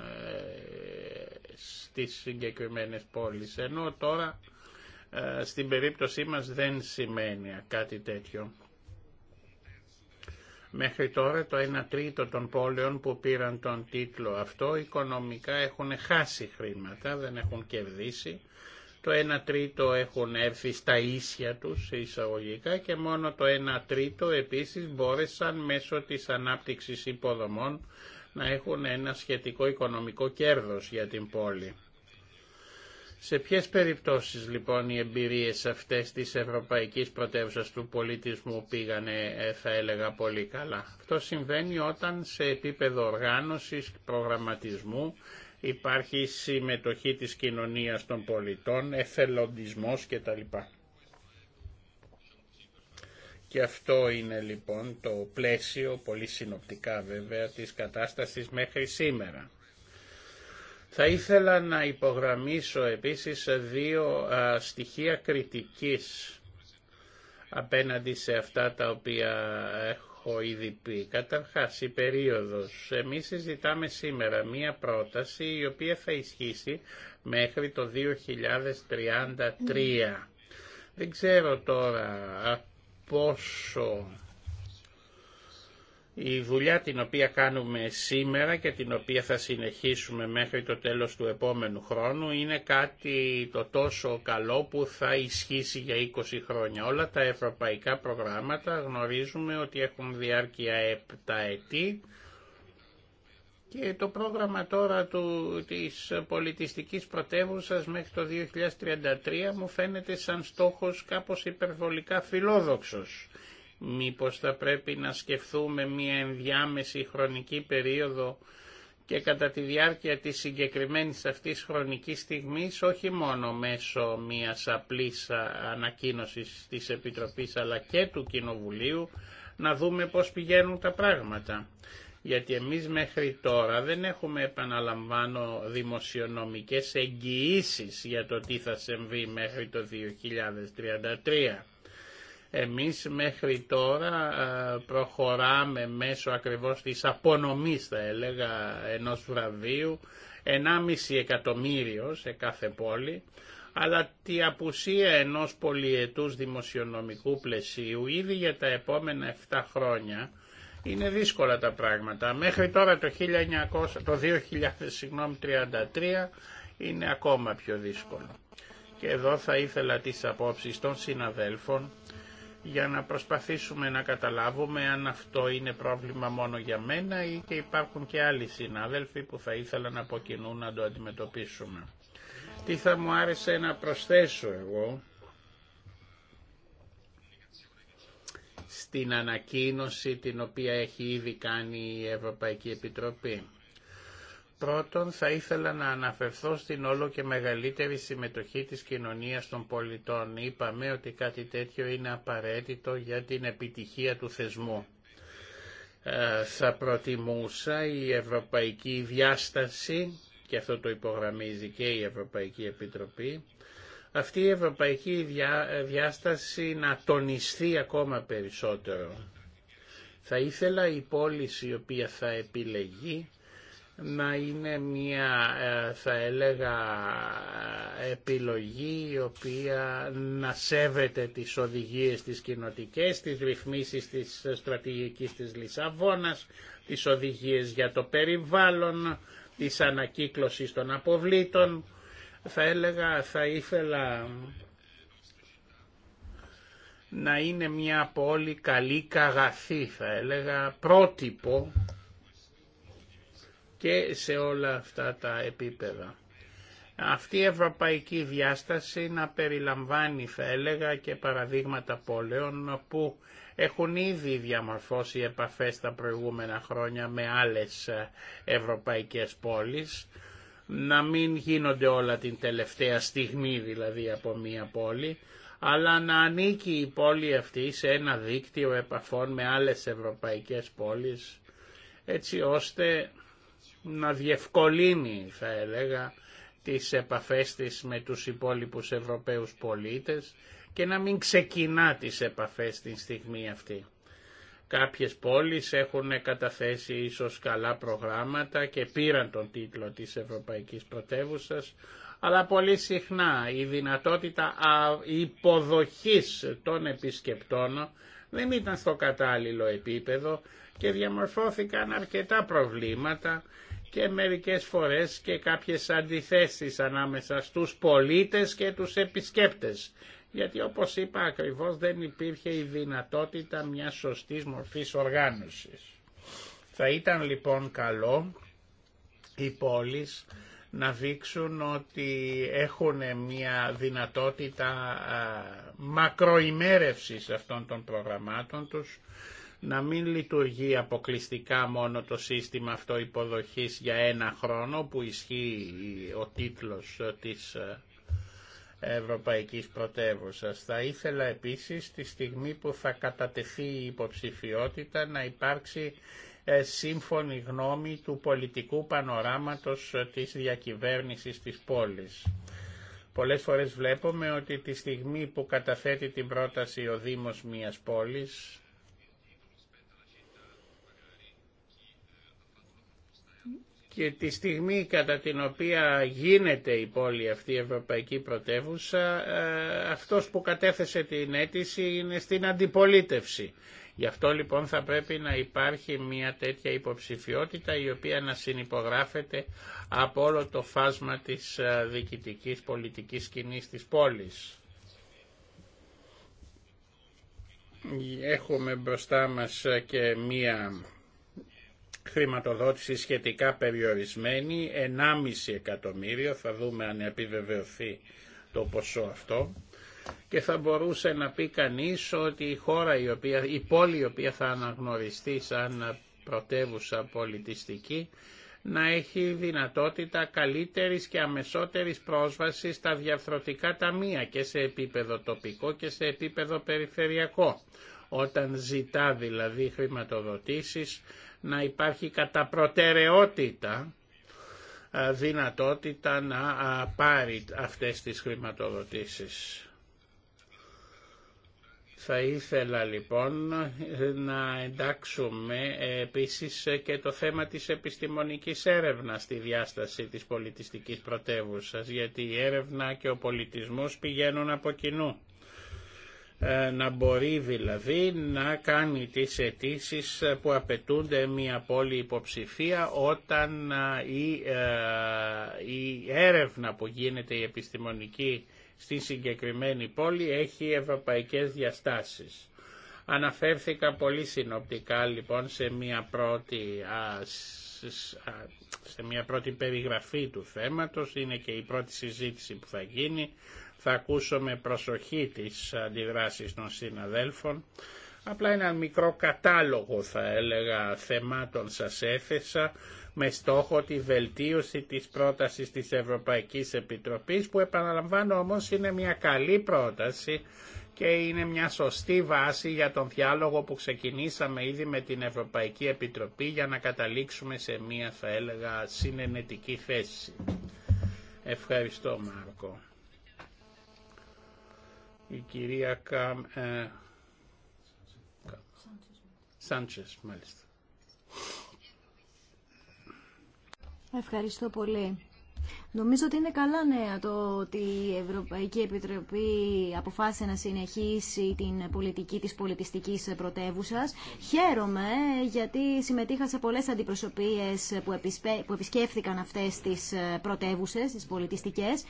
στις συγκεκριμένες πόλεις ενώ τώρα στην περίπτωσή μας δεν σημαίνει κάτι τέτοιο. Μέχρι τώρα το 1 τρίτο των πόλεων που πήραν τον τίτλο αυτό οικονομικά έχουν χάσει χρήματα, δεν έχουν κερδίσει το 1 τρίτο έχουν έρθει στα ίσια τους εισαγωγικά και μόνο το 1 τρίτο επίσης μπόρεσαν μέσω της ανάπτυξης υποδομών να έχουν ένα σχετικό οικονομικό κέρδος για την πόλη. Σε ποιες περιπτώσεις λοιπόν οι εμπειρίες αυτές της Ευρωπαϊκής Πρωτεύουσας του Πολιτισμού πήγανε ε, θα έλεγα πολύ καλά. Αυτό συμβαίνει όταν σε επίπεδο οργάνωσης, προγραμματισμού υπάρχει συμμετοχή της κοινωνίας των πολιτών, εθελοντισμός κτλ. Και αυτό είναι λοιπόν το πλαίσιο, πολύ συνοπτικά βέβαια, της κατάστασης μέχρι σήμερα. Θα ήθελα να υπογραμμίσω επίσης δύο στοιχεία κριτικής απέναντι σε αυτά τα οποία έχω. Καταρχά Καταρχάς, η περίοδος. Εμείς συζητάμε σήμερα μία πρόταση η οποία θα ισχύσει μέχρι το 2033. Ναι. Δεν ξέρω τώρα πόσο η δουλειά την οποία κάνουμε σήμερα και την οποία θα συνεχίσουμε μέχρι το τέλος του επόμενου χρόνου είναι κάτι το τόσο καλό που θα ισχύσει για 20 χρόνια. Όλα τα ευρωπαϊκά προγράμματα γνωρίζουμε ότι έχουν διάρκεια 7 ετή και το πρόγραμμα τώρα του, της πολιτιστικής πρωτεύουσας μέχρι το 2033 μου φαίνεται σαν στόχος κάπως υπερβολικά φιλόδοξος Μήπως θα πρέπει να σκεφτούμε μια ενδιάμεση χρονική περίοδο και κατά τη διάρκεια της συγκεκριμένης αυτής χρονικής στιγμής, όχι μόνο μέσω μιας απλής ανακοίνωσης της Επιτροπής αλλά και του Κοινοβουλίου, να δούμε πώς πηγαίνουν τα πράγματα. Γιατί εμείς μέχρι τώρα δεν έχουμε, επαναλαμβάνω, δημοσιονομικές εγγυήσεις για το τι θα συμβεί μέχρι το 2033. Εμείς μέχρι τώρα ε, προχωράμε μέσω ακριβώς της απονομής θα έλεγα ενός βραβείου 1,5 εκατομμύριο σε κάθε πόλη αλλά τη απουσία ενός πολιετούς δημοσιονομικού πλαισίου ήδη για τα επόμενα 7 χρόνια είναι δύσκολα τα πράγματα. Μέχρι τώρα το, 1900, το 2033 είναι ακόμα πιο δύσκολο. Και εδώ θα ήθελα τις απόψεις των συναδέλφων για να προσπαθήσουμε να καταλάβουμε αν αυτό είναι πρόβλημα μόνο για μένα ή και υπάρχουν και άλλοι συνάδελφοι που θα ήθελαν από κοινού να το αντιμετωπίσουμε. Τι θα μου άρεσε να προσθέσω εγώ στην ανακοίνωση την οποία έχει ήδη κάνει η Ευρωπαϊκή Επιτροπή. Πρώτον, θα ήθελα να αναφερθώ στην όλο και μεγαλύτερη συμμετοχή της κοινωνίας των πολιτών. Είπαμε ότι κάτι τέτοιο είναι απαραίτητο για την επιτυχία του θεσμού. Ε, θα προτιμούσα η Ευρωπαϊκή Διάσταση, και αυτό το υπογραμμίζει και η Ευρωπαϊκή Επιτροπή, αυτή η Ευρωπαϊκή Διάσταση να τονιστεί ακόμα περισσότερο. Θα ήθελα η πόλη η οποία θα επιλεγεί να είναι μια ε, θα έλεγα επιλογή η οποία να σέβεται τις οδηγίες της κοινοτικές, τις ρυθμίσεις της στρατηγικής της Λισαβόνας, τις οδηγίες για το περιβάλλον, της ανακύκλωσης των αποβλήτων. Θα έλεγα, θα ήθελα να είναι μια πολύ καλή καγαθή, θα έλεγα, πρότυπο και σε όλα αυτά τα επίπεδα. Αυτή η ευρωπαϊκή διάσταση να περιλαμβάνει θα έλεγα και παραδείγματα πόλεων που έχουν ήδη διαμορφώσει επαφές τα προηγούμενα χρόνια με άλλες ευρωπαϊκές πόλεις, να μην γίνονται όλα την τελευταία στιγμή δηλαδή από μία πόλη, αλλά να ανήκει η πόλη αυτή σε ένα δίκτυο επαφών με άλλες ευρωπαϊκές πόλεις, έτσι ώστε να διευκολύνει θα έλεγα τις επαφές της με τους υπόλοιπους Ευρωπαίους πολίτες και να μην ξεκινά τις επαφές την στιγμή αυτή. Κάποιες πόλεις έχουν καταθέσει ίσως καλά προγράμματα και πήραν τον τίτλο της Ευρωπαϊκής Πρωτεύουσας, αλλά πολύ συχνά η δυνατότητα υποδοχής των επισκεπτών δεν ήταν στο κατάλληλο επίπεδο και διαμορφώθηκαν αρκετά προβλήματα και μερικές φορές και κάποιες αντιθέσεις ανάμεσα στους πολίτες και τους επισκέπτες. Γιατί όπως είπα ακριβώς δεν υπήρχε η δυνατότητα μιας σωστής μορφής οργάνωσης. Θα ήταν λοιπόν καλό οι πόλεις να δείξουν ότι έχουν μια δυνατότητα μακροημέρευσης αυτών των προγραμμάτων τους να μην λειτουργεί αποκλειστικά μόνο το σύστημα αυτό υποδοχής για ένα χρόνο που ισχύει ο τίτλος της ε, Ευρωπαϊκής Πρωτεύουσας. Θα ήθελα επίσης τη στιγμή που θα κατατεθεί η υποψηφιότητα να υπάρξει ε, σύμφωνη γνώμη του πολιτικού πανοράματος ε, της διακυβέρνησης της πόλης. Πολλές φορές βλέπουμε ότι τη στιγμή που καταθέτει την πρόταση ο Δήμος μιας πόλης και τη στιγμή κατά την οποία γίνεται η πόλη αυτή η Ευρωπαϊκή Πρωτεύουσα, ε, αυτός που κατέθεσε την αίτηση είναι στην αντιπολίτευση. Γι' αυτό λοιπόν θα πρέπει να υπάρχει μια τέτοια υποψηφιότητα η οποία να συνυπογράφεται από όλο το φάσμα της ε, διοικητικής πολιτικής σκηνής της πόλης. Έχουμε μπροστά μας ε, και μία χρηματοδότηση σχετικά περιορισμένη, 1,5 εκατομμύριο, θα δούμε αν επιβεβαιωθεί το ποσό αυτό και θα μπορούσε να πει κανείς ότι η χώρα, η, οποία, η πόλη η οποία θα αναγνωριστεί σαν πρωτεύουσα πολιτιστική να έχει δυνατότητα καλύτερης και αμεσότερης πρόσβασης στα διαφθρωτικά ταμεία και σε επίπεδο τοπικό και σε επίπεδο περιφερειακό. Όταν ζητά δηλαδή χρηματοδοτήσεις να υπάρχει κατά προτεραιότητα δυνατότητα να πάρει αυτές τις χρηματοδοτήσεις. Θα ήθελα λοιπόν να εντάξουμε ε, επίσης ε, και το θέμα της επιστημονικής έρευνας στη διάσταση της πολιτιστικής πρωτεύουσας, γιατί η έρευνα και ο πολιτισμός πηγαίνουν από κοινού. Ε, να μπορεί δηλαδή να κάνει τις αιτήσει ε, που απαιτούνται μια πόλη υποψηφία όταν ε, η, η έρευνα που γίνεται η επιστημονική στη συγκεκριμένη πόλη έχει ευρωπαϊκές διαστάσεις. Αναφέρθηκα πολύ συνοπτικά λοιπόν σε μια πρώτη, σε μια πρώτη περιγραφή του θέματος, είναι και η πρώτη συζήτηση που θα γίνει, θα ακούσω με προσοχή τις αντιδράσεις των συναδέλφων. Απλά ένα μικρό κατάλογο θα έλεγα θεμάτων σας έθεσα με στόχο τη βελτίωση της πρότασης της Ευρωπαϊκής Επιτροπής που επαναλαμβάνω όμως είναι μια καλή πρόταση και είναι μια σωστή βάση για τον διάλογο που ξεκινήσαμε ήδη με την Ευρωπαϊκή Επιτροπή για να καταλήξουμε σε μια θα έλεγα συνενετική θέση. Ευχαριστώ Μάρκο. Η κυρία Καμ... Ε, μάλιστα. Ευχαριστώ πολύ. Νομίζω ότι είναι καλά νέα το ότι η Ευρωπαϊκή Επιτροπή αποφάσισε να συνεχίσει την πολιτική της πολιτιστικής πρωτεύουσα. Χαίρομαι γιατί συμμετείχα σε πολλές αντιπροσωπείες που επισκέφθηκαν αυτές τις πρωτεύουσε, τις πολιτιστικές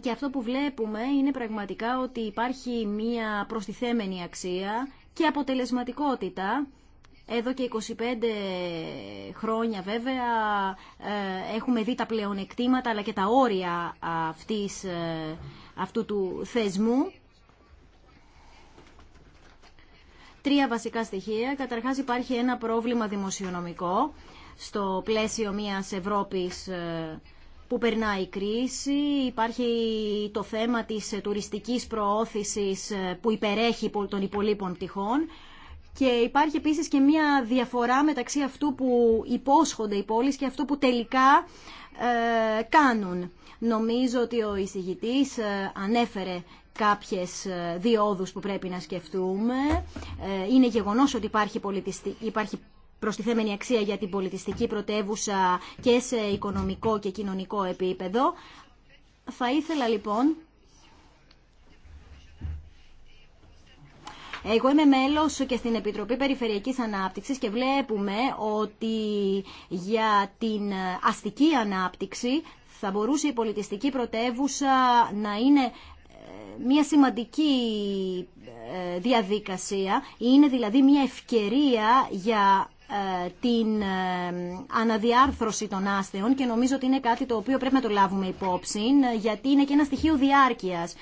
και αυτό που βλέπουμε είναι πραγματικά ότι υπάρχει μία προστιθέμενη αξία και αποτελεσματικότητα. Εδώ και 25 χρόνια βέβαια ε, έχουμε δει τα πλεονεκτήματα αλλά και τα όρια αυτής, ε, αυτού του θεσμού. Τρία βασικά στοιχεία. Καταρχάς υπάρχει ένα πρόβλημα δημοσιονομικό στο πλαίσιο μιας Ευρώπης ε, που περνάει η κρίση, υπάρχει το θέμα της τουριστικής προώθησης που υπερέχει των υπολείπων πτυχών και υπάρχει επίσης και μια διαφορά μεταξύ αυτού που υπόσχονται οι πόλεις και αυτού που τελικά ε, κάνουν. Νομίζω ότι ο εισηγητής ε, ανέφερε κάποιες ε, διόδους που πρέπει να σκεφτούμε. Είναι γεγονός ότι υπάρχει, πολιτιστη... υπάρχει προστιθέμενη αξία για την πολιτιστική πρωτεύουσα και σε οικονομικό και κοινωνικό επίπεδο. Θα ήθελα λοιπόν Εγώ είμαι μέλος και στην Επιτροπή Περιφερειακής Ανάπτυξης και βλέπουμε ότι για την αστική ανάπτυξη θα μπορούσε η πολιτιστική πρωτεύουσα να είναι ε, μια σημαντική ε, διαδικασία. Είναι δηλαδή μια ευκαιρία για την ε, αναδιάρθρωση των άστεων και νομίζω ότι είναι κάτι το οποίο πρέπει να το λάβουμε υπόψη γιατί είναι και ένα στοιχείο διάρκειας.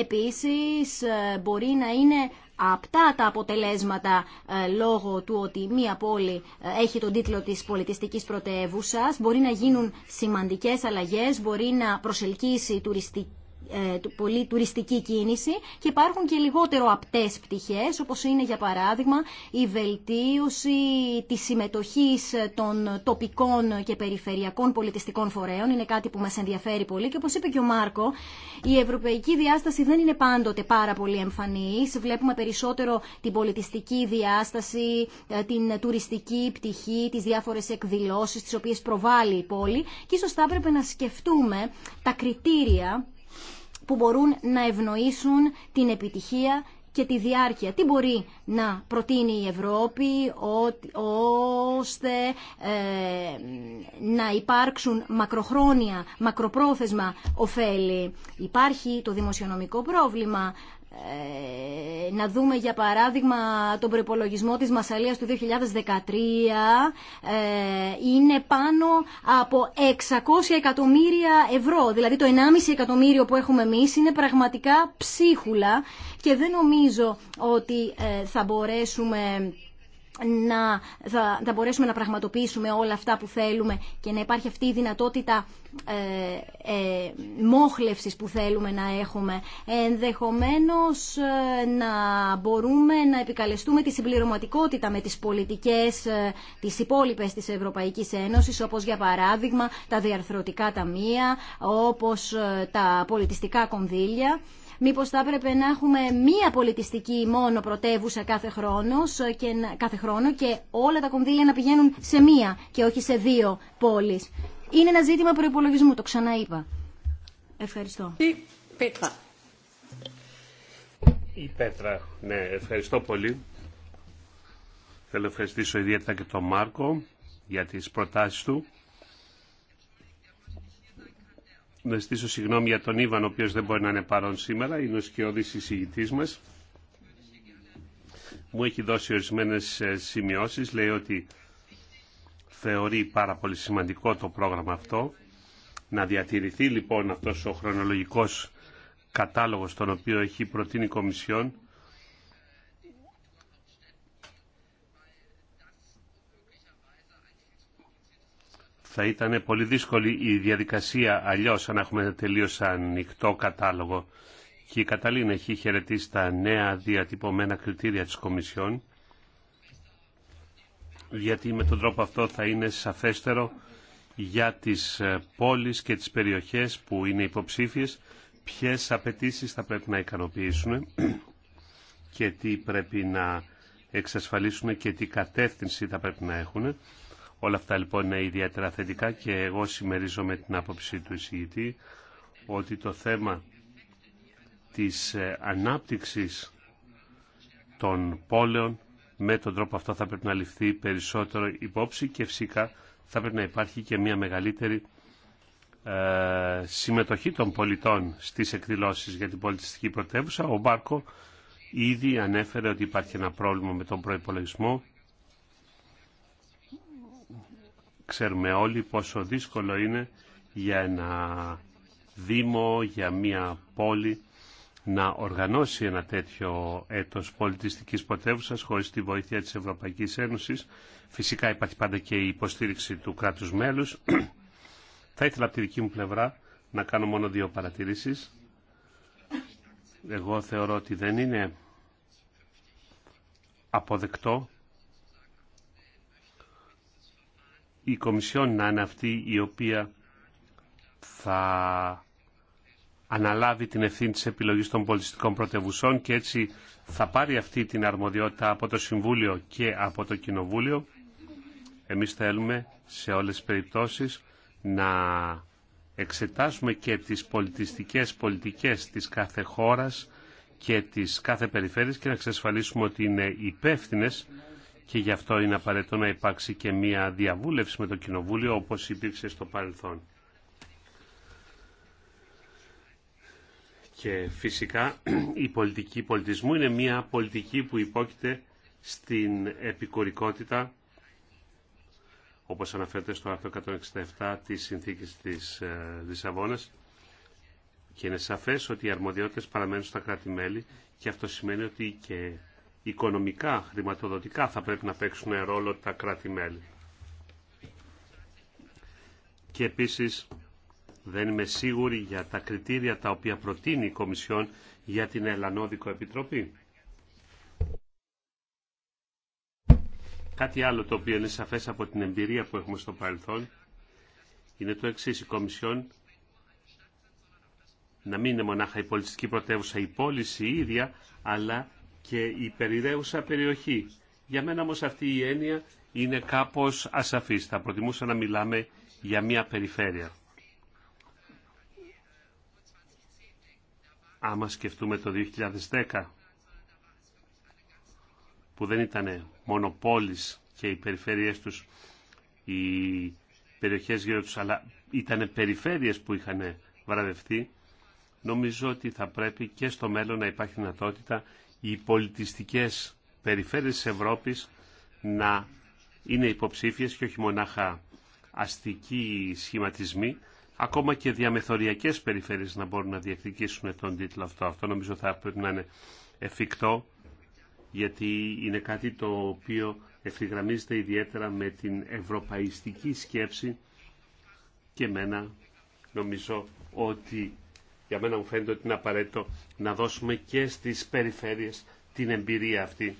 Επίσης ε, μπορεί να είναι αυτά τα αποτελέσματα ε, λόγω του ότι μία πόλη έχει τον τίτλο της πολιτιστικής πρωτεύουσας, μπορεί να γίνουν σημαντικές αλλαγές, μπορεί να προσελκύσει τουριστική ε, πολύ τουριστική κίνηση και υπάρχουν και λιγότερο απτές πτυχές, όπως είναι για παράδειγμα η βελτίωση της συμμετοχής των τοπικών και περιφερειακών πολιτιστικών φορέων. Είναι κάτι που μας ενδιαφέρει πολύ και όπως είπε και ο Μάρκο, η ευρωπαϊκή διάσταση δεν είναι πάντοτε πάρα πολύ εμφανής. Βλέπουμε περισσότερο την πολιτιστική διάσταση, ε, την τουριστική πτυχή, τις διάφορες εκδηλώσεις τις οποίες προβάλλει η πόλη και ίσως θα έπρεπε να σκεφτούμε τα κριτήρια που μπορούν να ευνοήσουν την επιτυχία και τη διάρκεια. Τι μπορεί να προτείνει η Ευρώπη ώστε ε, να υπάρξουν μακροχρόνια, μακροπρόθεσμα ωφέλη. Υπάρχει το δημοσιονομικό πρόβλημα. Ε, να δούμε για παράδειγμα τον προπολογισμό της Μασαλίας του 2013 ε, είναι πάνω από 600 εκατομμύρια ευρώ δηλαδή το 1,5 εκατομμύριο που έχουμε εμείς είναι πραγματικά ψίχουλα και δεν νομίζω ότι ε, θα μπορέσουμε να, θα, μπορέσουμε να πραγματοποιήσουμε όλα αυτά που θέλουμε και να υπάρχει αυτή η δυνατότητα ε, ε μόχλευσης που θέλουμε να έχουμε. Ενδεχομένως ε, να μπορούμε να επικαλεστούμε τη συμπληρωματικότητα με τις πολιτικές ε, υπόλοιπε υπόλοιπες της Ευρωπαϊκής Ένωσης όπως για παράδειγμα τα διαρθρωτικά ταμεία, όπως ε, τα πολιτιστικά κονδύλια Μήπως θα έπρεπε να έχουμε μία πολιτιστική μόνο πρωτεύουσα κάθε χρόνο και, κάθε χρόνο και όλα τα κονδύλια να πηγαίνουν σε μία και όχι σε δύο πόλεις. Είναι ένα ζήτημα προπολογισμού, το ξαναείπα. Ευχαριστώ. Η Πέτρα. Η Πέτρα, ναι, ευχαριστώ πολύ. Θέλω να ευχαριστήσω ιδιαίτερα και τον Μάρκο για τις προτάσεις του να ζητήσω συγγνώμη για τον Ήβαν, ο οποίο δεν μπορεί να είναι παρόν σήμερα, είναι ο σκιώδη συζητητή μα. Μου έχει δώσει ορισμένε ε, σημειώσεις, λέει ότι θεωρεί πάρα πολύ σημαντικό το πρόγραμμα αυτό. Να διατηρηθεί λοιπόν αυτός ο χρονολογικός κατάλογος τον οποίο έχει προτείνει η Κομισιόν Θα ήταν πολύ δύσκολη η διαδικασία αλλιώς αν έχουμε τελείως ανοιχτό κατάλογο. Και η Καταλήνα έχει χαιρετήσει τα νέα διατυπωμένα κριτήρια της Κομισιόν γιατί με τον τρόπο αυτό θα είναι σαφέστερο για τις ε, πόλεις και τις περιοχές που είναι υποψήφιες ποιες απαιτήσει θα πρέπει να ικανοποιήσουν και τι πρέπει να εξασφαλίσουν και τι κατεύθυνση θα πρέπει να έχουν Όλα αυτά λοιπόν είναι ιδιαίτερα θετικά και εγώ συμμερίζομαι την άποψη του εισηγητή ότι το θέμα της ε, ανάπτυξης των πόλεων με τον τρόπο αυτό θα πρέπει να ληφθεί περισσότερο υπόψη και φυσικά θα πρέπει να υπάρχει και μια μεγαλύτερη ε, συμμετοχή των πολιτών στις εκδηλώσεις για την πολιτιστική πρωτεύουσα. Ο Μπάρκο ήδη ανέφερε ότι υπάρχει ένα πρόβλημα με τον προϋπολογισμό Ξέρουμε όλοι πόσο δύσκολο είναι για ένα δήμο, για μια πόλη να οργανώσει ένα τέτοιο έτος πολιτιστικής πρωτεύουσας χωρίς τη βοήθεια της Ευρωπαϊκής Ένωσης. Φυσικά υπάρχει πάντα και η υποστήριξη του κράτους μέλους. Θα ήθελα από τη δική μου πλευρά να κάνω μόνο δύο παρατηρήσεις. Εγώ θεωρώ ότι δεν είναι αποδεκτό η Κομισιόν να είναι αυτή η οποία θα αναλάβει την ευθύνη της επιλογής των πολιτιστικών πρωτευουσών και έτσι θα πάρει αυτή την αρμοδιότητα από το Συμβούλιο και από το Κοινοβούλιο. Εμείς θέλουμε σε όλες τις περιπτώσεις να εξετάσουμε και τις πολιτιστικές πολιτικές της κάθε χώρας και της κάθε περιφέρειας και να εξασφαλίσουμε ότι είναι υπεύθυνε και γι' αυτό είναι απαραίτητο να υπάρξει και μία διαβούλευση με το Κοινοβούλιο όπως υπήρξε στο παρελθόν. Και φυσικά η πολιτική πολιτισμού είναι μία πολιτική που υπόκειται στην επικουρικότητα όπως αναφέρεται στο άρθρο 167 της Συνθήκης της ε, Λισαβόνας και είναι σαφές ότι οι αρμοδιότητες παραμένουν στα κράτη-μέλη και αυτό σημαίνει ότι και οικονομικά, χρηματοδοτικά θα πρέπει να παίξουν ρόλο τα κράτη-μέλη. Και επίσης δεν είμαι σίγουρη για τα κριτήρια τα οποία προτείνει η Κομισιόν για την Ελλανόδικο Επιτροπή. Κάτι άλλο το οποίο είναι σαφές από την εμπειρία που έχουμε στο παρελθόν είναι το εξής. Η Κομισιόν να μην είναι μονάχα η πολιτιστική πρωτεύουσα, η πόλη η ίδια, αλλά και η περιραίουσα περιοχή. Για μένα όμως αυτή η έννοια είναι κάπως ασαφής. Θα προτιμούσα να μιλάμε για μια περιφέρεια. Άμα σκεφτούμε το 2010, που δεν ήταν μόνο πόλεις και οι περιφέρειές τους, οι περιοχές γύρω τους, αλλά ήταν περιφέρειες που είχαν βραδευτεί, νομίζω ότι θα πρέπει και στο μέλλον να υπάρχει δυνατότητα οι πολιτιστικές περιφέρειες της Ευρώπης να είναι υποψήφιες και όχι μονάχα αστικοί σχηματισμοί, ακόμα και διαμεθοριακές περιφέρειες να μπορούν να διεκδικήσουν τον τίτλο αυτό. Αυτό νομίζω θα πρέπει να είναι εφικτό, γιατί είναι κάτι το οποίο ευθυγραμμίζεται ιδιαίτερα με την ευρωπαϊστική σκέψη και μένα νομίζω ότι για μένα μου φαίνεται ότι είναι απαραίτητο να δώσουμε και στις περιφέρειες την εμπειρία αυτή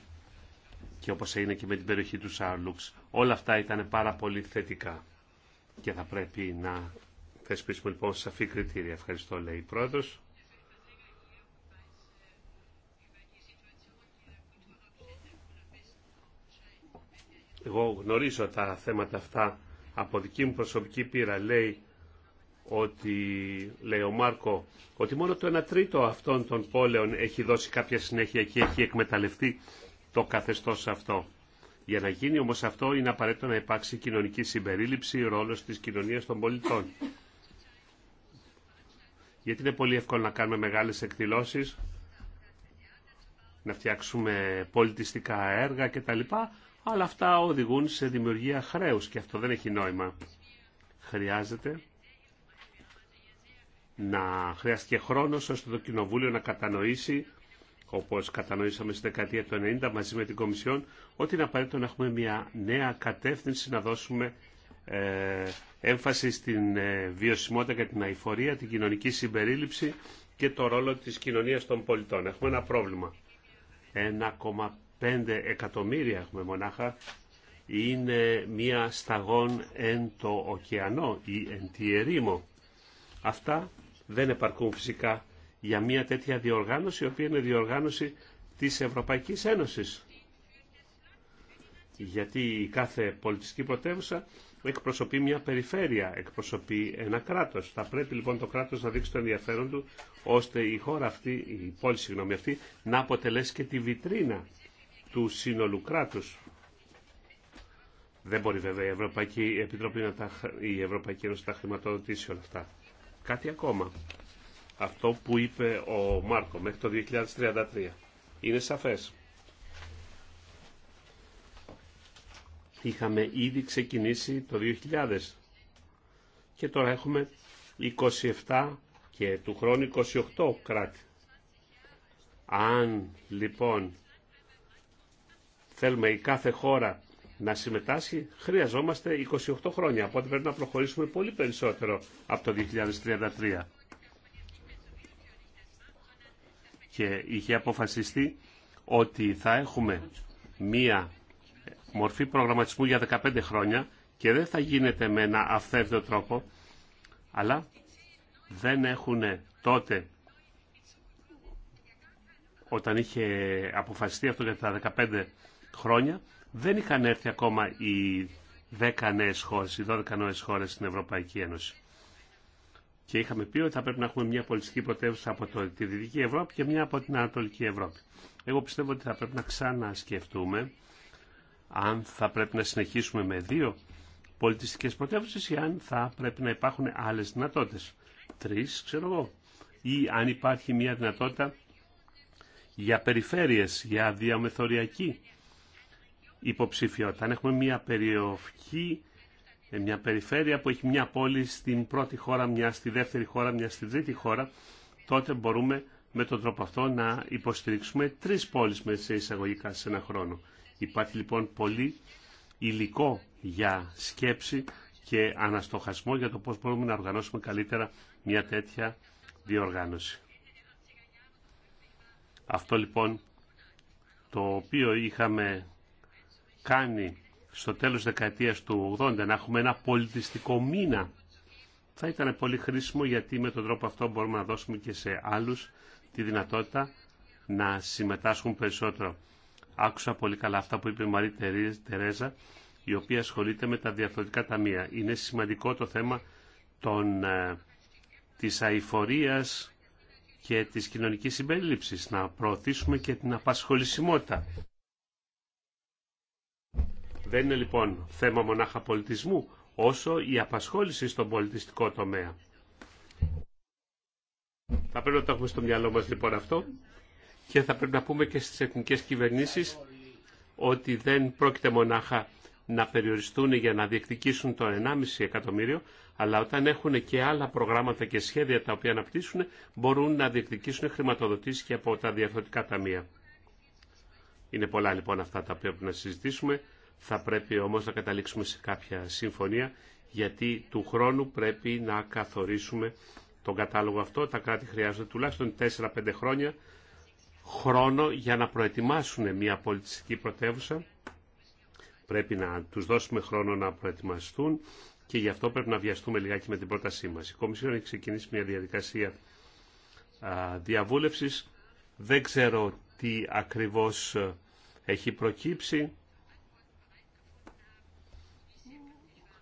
και όπως έγινε και με την περιοχή του Σάρλουξ. Όλα αυτά ήταν πάρα πολύ θετικά και θα πρέπει να θεσπίσουμε λοιπόν σαφή κριτήρια. Ευχαριστώ λέει η πρόεδρος. Εγώ γνωρίζω τα θέματα αυτά από δική μου προσωπική πείρα. Λέει ότι, λέει ο Μάρκο, ότι μόνο το 1 τρίτο αυτών των πόλεων έχει δώσει κάποια συνέχεια και έχει εκμεταλλευτεί το καθεστώς αυτό. Για να γίνει όμως αυτό είναι απαραίτητο να υπάρξει κοινωνική συμπερίληψη, ρόλος της κοινωνίας των πολιτών. Γιατί είναι πολύ εύκολο να κάνουμε μεγάλες εκδηλώσεις, να φτιάξουμε πολιτιστικά έργα κτλ. Αλλά αυτά οδηγούν σε δημιουργία χρέους και αυτό δεν έχει νόημα. Χρειάζεται να χρειάστηκε χρόνο ώστε το Κοινοβούλιο να κατανοήσει, όπω κατανοήσαμε στη δεκαετία του 90 μαζί με την Κομισιόν, ότι είναι απαραίτητο να έχουμε μια νέα κατεύθυνση, να δώσουμε ε, έμφαση στην ε, βιωσιμότητα και την αηφορία, την κοινωνική συμπερίληψη και το ρόλο της κοινωνίας των πολιτών. Έχουμε ένα πρόβλημα. 1,5 εκατομμύρια έχουμε μονάχα. Είναι μία σταγόν εν το ωκεανό ή εν τη ερήμο. Αυτά δεν επαρκούν φυσικά για μια τέτοια διοργάνωση, η οποία είναι διοργάνωση της Ευρωπαϊκής Ένωσης. Γιατί κάθε πολιτιστική πρωτεύουσα εκπροσωπεί μια περιφέρεια, εκπροσωπεί ένα κράτος. Θα πρέπει λοιπόν το κράτος να δείξει το ενδιαφέρον του, ώστε η χώρα αυτή, η πόλη συγγνώμη αυτή, να αποτελέσει και τη βιτρίνα του σύνολου κράτους. Δεν μπορεί βέβαια η Ευρωπαϊκή Επιτροπή να τα, η Ευρωπαϊκή Ένωση να τα χρηματοδοτήσει όλα αυτά. Κάτι ακόμα. Αυτό που είπε ο Μάρκο μέχρι το 2033. Είναι σαφές. Είχαμε ήδη ξεκινήσει το 2000 και τώρα έχουμε 27 και του χρόνου 28 κράτη. Αν λοιπόν θέλουμε η κάθε χώρα να συμμετάσχει, χρειαζόμαστε 28 χρόνια, οπότε πρέπει να προχωρήσουμε πολύ περισσότερο από το 2033. Και είχε αποφασιστεί ότι θα έχουμε μία μορφή προγραμματισμού για 15 χρόνια και δεν θα γίνεται με ένα αυθαίρετο τρόπο, αλλά δεν έχουν τότε, όταν είχε αποφασιστεί αυτό για τα 15 χρόνια, δεν είχαν έρθει ακόμα οι 10 νέε χώρε, οι 12 νέε χώρε στην Ευρωπαϊκή Ένωση. Και είχαμε πει ότι θα πρέπει να έχουμε μια πολιτιστική πρωτεύουσα από το, τη Δυτική Ευρώπη και μια από την Ανατολική Ευρώπη. Εγώ πιστεύω ότι θα πρέπει να ξανασκεφτούμε αν θα πρέπει να συνεχίσουμε με δύο πολιτιστικέ πρωτεύουσε ή αν θα πρέπει να υπάρχουν άλλε δυνατότητε, τρει, ξέρω εγώ. Ή αν υπάρχει μια δυνατότητα για περιφέρειες, για διαμεθοριακή υποψηφιότητα. Αν έχουμε μια περιοχή, ε, μια περιφέρεια που έχει μια πόλη στην πρώτη χώρα, μια στη δεύτερη χώρα, μια στη τρίτη χώρα, τότε μπορούμε με τον τρόπο αυτό να υποστηρίξουμε τρεις πόλεις με σε εισαγωγικά σε ένα χρόνο. Υπάρχει λοιπόν πολύ υλικό για σκέψη και αναστοχασμό για το πώς μπορούμε να οργανώσουμε καλύτερα μια τέτοια διοργάνωση. Αυτό λοιπόν το οποίο είχαμε κάνει στο τέλος δεκαετίας του 80 να έχουμε ένα πολιτιστικό μήνα θα ήταν πολύ χρήσιμο γιατί με τον τρόπο αυτό μπορούμε να δώσουμε και σε άλλους τη δυνατότητα να συμμετάσχουν περισσότερο. Άκουσα πολύ καλά αυτά που είπε η Μαρή Τερέζα η οποία ασχολείται με τα διαφορετικά ταμεία. Είναι σημαντικό το θέμα των, ε, της αηφορίας και της κοινωνικής συμπερίληψης, να προωθήσουμε και την απασχολησιμότητα. Δεν είναι λοιπόν θέμα μονάχα πολιτισμού, όσο η απασχόληση στον πολιτιστικό τομέα. Θα πρέπει να το έχουμε στο μυαλό μας λοιπόν αυτό και θα πρέπει να πούμε και στις εθνικές κυβερνήσεις ότι δεν πρόκειται μονάχα να περιοριστούν για να διεκδικήσουν το 1,5 εκατομμύριο, αλλά όταν έχουν και άλλα προγράμματα και σχέδια τα οποία αναπτύσσουν, μπορούν να διεκδικήσουν χρηματοδοτήσει και από τα διαφορετικά ταμεία. Είναι πολλά λοιπόν αυτά τα οποία πρέπει να συζητήσουμε. Θα πρέπει όμως να καταλήξουμε σε κάποια συμφωνία γιατί του χρόνου πρέπει να καθορίσουμε τον κατάλογο αυτό. Τα κράτη χρειάζονται τουλάχιστον 4-5 χρόνια χρόνο για να προετοιμάσουν μια πολιτιστική πρωτεύουσα. Πρέπει να τους δώσουμε χρόνο να προετοιμαστούν και γι' αυτό πρέπει να βιαστούμε λιγάκι με την πρότασή μας. Η Κομισιόν έχει ξεκινήσει μια διαδικασία α, διαβούλευσης. Δεν ξέρω τι ακριβώς ε, έχει προκύψει.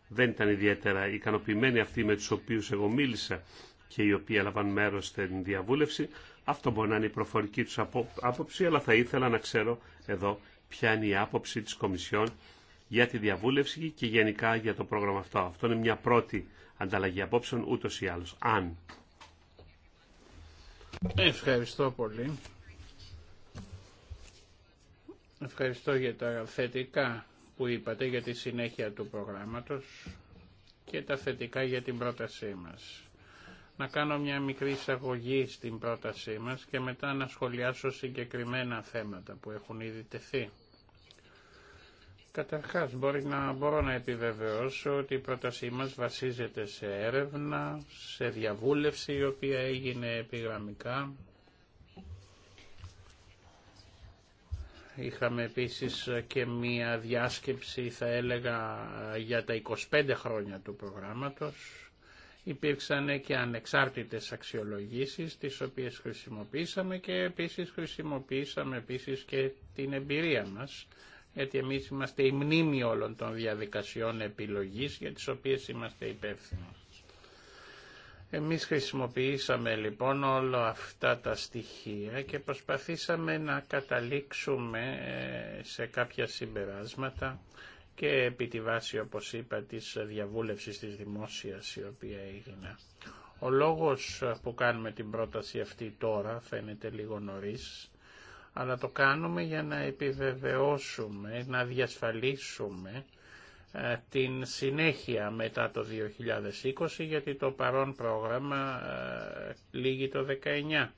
δεν ήταν ιδιαίτερα ικανοποιημένοι αυτοί με τους οποίους εγώ μίλησα και οι οποίοι έλαβαν μέρος στην διαβούλευση. Αυτό μπορεί να είναι η προφορική τους άποψη, αλλά θα ήθελα να ξέρω εδώ ποια είναι η άποψη της Κομισιόν για τη διαβούλευση και γενικά για το πρόγραμμα αυτό. Αυτό είναι μια πρώτη ανταλλαγή απόψεων ούτως ή άλλως. Αν. Ευχαριστώ πολύ. Ευχαριστώ για τα θετικά που είπατε για τη συνέχεια του προγράμματος και τα θετικά για την πρότασή μας. Να κάνω μια μικρή εισαγωγή στην πρότασή μας και μετά να σχολιάσω συγκεκριμένα θέματα που έχουν ήδη τεθεί. Καταρχάς, μπορεί να, μπορώ να επιβεβαιώσω ότι η πρότασή μας βασίζεται σε έρευνα, σε διαβούλευση η οποία έγινε επιγραμμικά Είχαμε επίσης και μία διάσκεψη, θα έλεγα, για τα 25 χρόνια του προγράμματος. Υπήρξαν και ανεξάρτητες αξιολογήσεις, τις οποίες χρησιμοποίησαμε και επίσης χρησιμοποίησαμε επίσης και την εμπειρία μας, γιατί εμείς είμαστε η μνήμη όλων των διαδικασιών επιλογής για τις οποίες είμαστε υπεύθυνοι. Εμείς χρησιμοποιήσαμε λοιπόν όλα αυτά τα στοιχεία και προσπαθήσαμε να καταλήξουμε ε, σε κάποια συμπεράσματα και επί τη βάση, όπως είπα, της διαβούλευσης της δημόσιας η οποία έγινε. Ο λόγος που κάνουμε την πρόταση αυτή τώρα φαίνεται λίγο νωρίς, αλλά το κάνουμε για να επιβεβαιώσουμε, να διασφαλίσουμε ε, την συνέχεια μετά το 2020 γιατί το παρόν πρόγραμμα ε, λύγει το 19.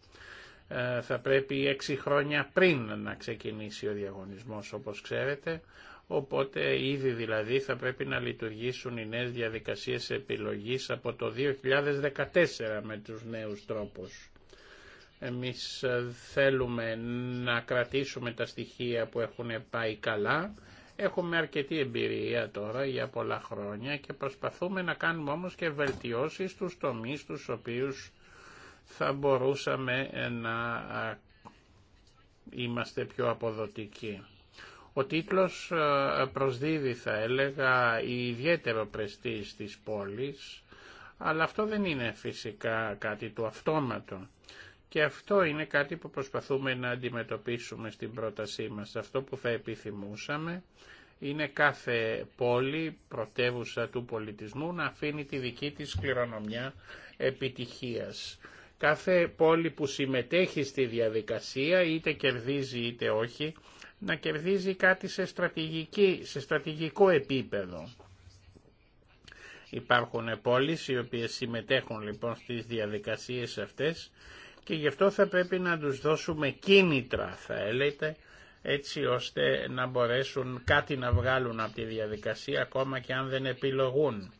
Ε, θα πρέπει έξι χρόνια πριν να ξεκινήσει ο διαγωνισμός όπως ξέρετε οπότε ήδη δηλαδή θα πρέπει να λειτουργήσουν οι νέες διαδικασίες επιλογής από το 2014 με τους νέους τρόπους. Εμείς θέλουμε να κρατήσουμε τα στοιχεία που έχουν πάει καλά Έχουμε αρκετή εμπειρία τώρα για πολλά χρόνια και προσπαθούμε να κάνουμε όμως και βελτιώσεις στους τομείς τους οποίους θα μπορούσαμε ε, να είμαστε πιο αποδοτικοί. Ο τίτλος προσδίδει θα έλεγα η ιδιαίτερο πρεστής της πόλης, αλλά αυτό δεν είναι φυσικά κάτι του αυτόματο. Και αυτό είναι κάτι που προσπαθούμε να αντιμετωπίσουμε στην πρότασή μας. Αυτό που θα επιθυμούσαμε είναι κάθε πόλη, πρωτεύουσα του πολιτισμού, να αφήνει τη δική της κληρονομιά επιτυχίας. Κάθε πόλη που συμμετέχει στη διαδικασία, είτε κερδίζει είτε όχι, να κερδίζει κάτι σε, στρατηγική, σε στρατηγικό επίπεδο. Υπάρχουν πόλεις οι οποίες συμμετέχουν λοιπόν στις διαδικασίες αυτές και γι' αυτό θα πρέπει να τους δώσουμε κίνητρα θα έλεγε έτσι ώστε να μπορέσουν κάτι να βγάλουν από τη διαδικασία ακόμα και αν δεν επιλογούν.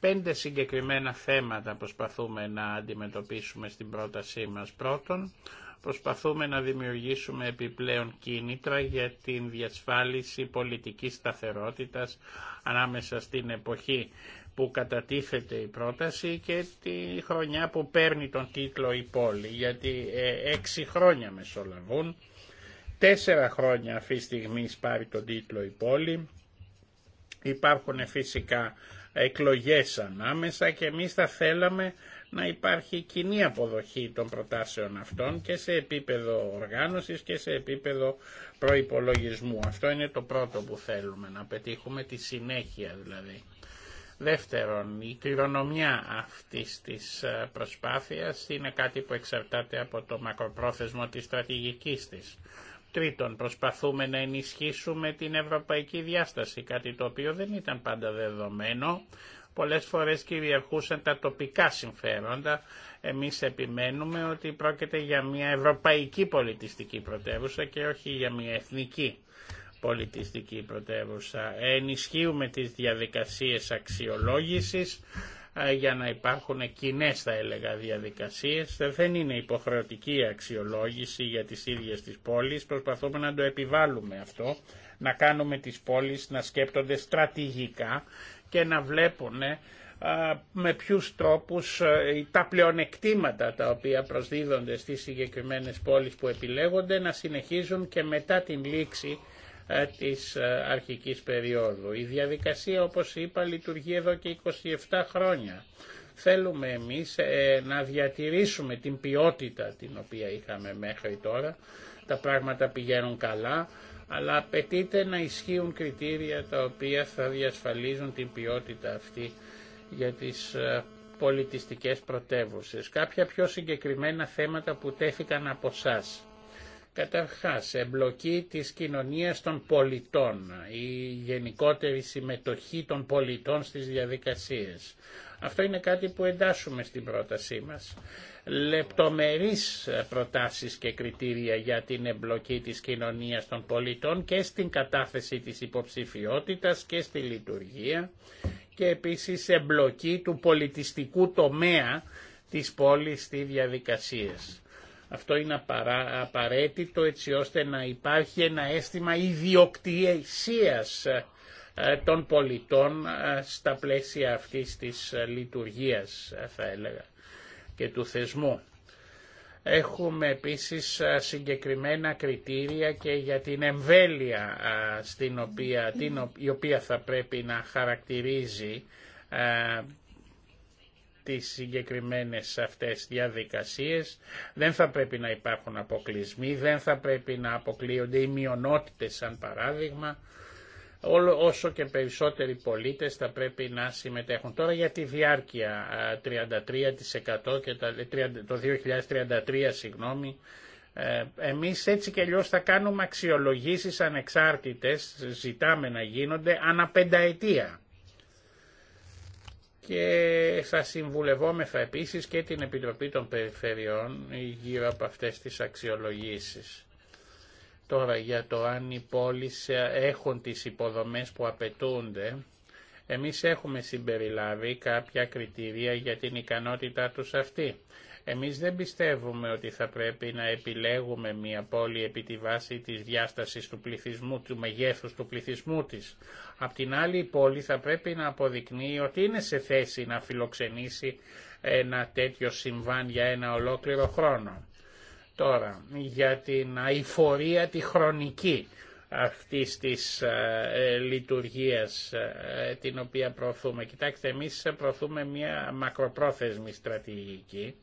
Πέντε συγκεκριμένα θέματα προσπαθούμε να αντιμετωπίσουμε στην πρότασή μας. Πρώτον, προσπαθούμε να δημιουργήσουμε επιπλέον κίνητρα για την διασφάλιση πολιτικής σταθερότητας ανάμεσα στην εποχή που κατατίθεται η πρόταση και τη χρονιά που παίρνει τον τίτλο η πόλη, γιατί ε, έξι χρόνια μεσολαβούν, τέσσερα χρόνια αυτή τη στιγμή πάρει τον τίτλο η πόλη, υπάρχουν φυσικά εκλογές ανάμεσα και εμείς θα θέλαμε να υπάρχει κοινή αποδοχή των προτάσεων αυτών και σε επίπεδο οργάνωσης και σε επίπεδο προϋπολογισμού. Αυτό είναι το πρώτο που θέλουμε, να πετύχουμε τη συνέχεια δηλαδή. Δεύτερον, η κληρονομιά αυτής της ε, προσπάθειας είναι κάτι που εξαρτάται από το μακροπρόθεσμο της στρατηγικής της. Τρίτον, προσπαθούμε να ενισχύσουμε την ευρωπαϊκή διάσταση, κάτι το οποίο δεν ήταν πάντα δεδομένο. Πολλές φορές κυριαρχούσαν τα τοπικά συμφέροντα. Εμείς επιμένουμε ότι πρόκειται για μια ευρωπαϊκή πολιτιστική πρωτεύουσα και όχι για μια εθνική πολιτιστική πρωτεύουσα. Ενισχύουμε τις διαδικασίες αξιολόγησης ε, για να υπάρχουν κοινέ θα έλεγα διαδικασίες. Ε, δεν είναι υποχρεωτική αξιολόγηση για τις ίδιες τις πόλεις. Προσπαθούμε να το επιβάλλουμε αυτό, να κάνουμε τις πόλεις να σκέπτονται στρατηγικά και να βλέπουν ε, με ποιους τρόπους τα πλεονεκτήματα τα οποία προσδίδονται στις συγκεκριμένες πόλεις που επιλέγονται να συνεχίζουν και μετά την λήξη ε, της ε, αρχικής περίοδου. Η διαδικασία, όπως είπα, λειτουργεί εδώ και 27 χρόνια. Θέλουμε εμείς ε, να διατηρήσουμε την ποιότητα την οποία είχαμε μέχρι τώρα. Τα πράγματα πηγαίνουν καλά, αλλά απαιτείται να ισχύουν κριτήρια τα οποία θα διασφαλίζουν την ποιότητα αυτή για τις πολιτιστικές πρωτεύουσες. Κάποια πιο συγκεκριμένα θέματα που τέθηκαν από σας Καταρχάς, εμπλοκή της κοινωνίας των πολιτών, η γενικότερη συμμετοχή των πολιτών στις διαδικασίες. Αυτό είναι κάτι που εντάσσουμε στην πρότασή μας. Λεπτομερείς προτάσεις και κριτήρια για την εμπλοκή της κοινωνίας των πολιτών και στην κατάθεση της υποψηφιότητας και στη λειτουργία και επίσης εμπλοκή του πολιτιστικού τομέα της πόλης στις διαδικασίες. Αυτό είναι απαραίτητο έτσι ώστε να υπάρχει ένα αίσθημα ιδιοκτησίας ε, των πολιτών ε, στα πλαίσια αυτής της ε, λειτουργίας θα έλεγα και του θεσμού. Έχουμε επίσης συγκεκριμένα κριτήρια και για την εμβέλεια στην οποία, την, η οποία θα πρέπει να χαρακτηρίζει τις συγκεκριμένες αυτές διαδικασίες. Δεν θα πρέπει να υπάρχουν αποκλεισμοί, δεν θα πρέπει να αποκλείονται οι μειονότητες σαν παράδειγμα. Όλο, όσο και περισσότεροι πολίτες θα πρέπει να συμμετέχουν. Τώρα για τη διάρκεια 33% και το 2033 συγγνώμη, ε, εμείς έτσι και αλλιώ θα κάνουμε αξιολογήσεις ανεξάρτητες, ζητάμε να γίνονται, αναπενταετία και θα συμβουλευόμεθα επίσης και την Επιτροπή των Περιφερειών γύρω από αυτές τις αξιολογήσεις. Τώρα για το αν οι πόλεις ε, έχουν τις υποδομές που απαιτούνται, εμείς έχουμε συμπεριλάβει κάποια κριτήρια για την ικανότητά τους αυτή. Εμείς δεν πιστεύουμε ότι θα πρέπει να επιλέγουμε μια πόλη επί τη βάση της διάστασης του πληθυσμού, του μεγέθους του πληθυσμού της. Απ' την άλλη η πόλη θα πρέπει να αποδεικνύει ότι είναι σε θέση να φιλοξενήσει ένα τέτοιο συμβάν για ένα ολόκληρο χρόνο. Τώρα, για την αηφορία τη χρονική αυτής της ε, λειτουργίας ε, την οποία προωθούμε. Κοιτάξτε, εμείς προωθούμε μια μακροπρόθεσμη στρατηγική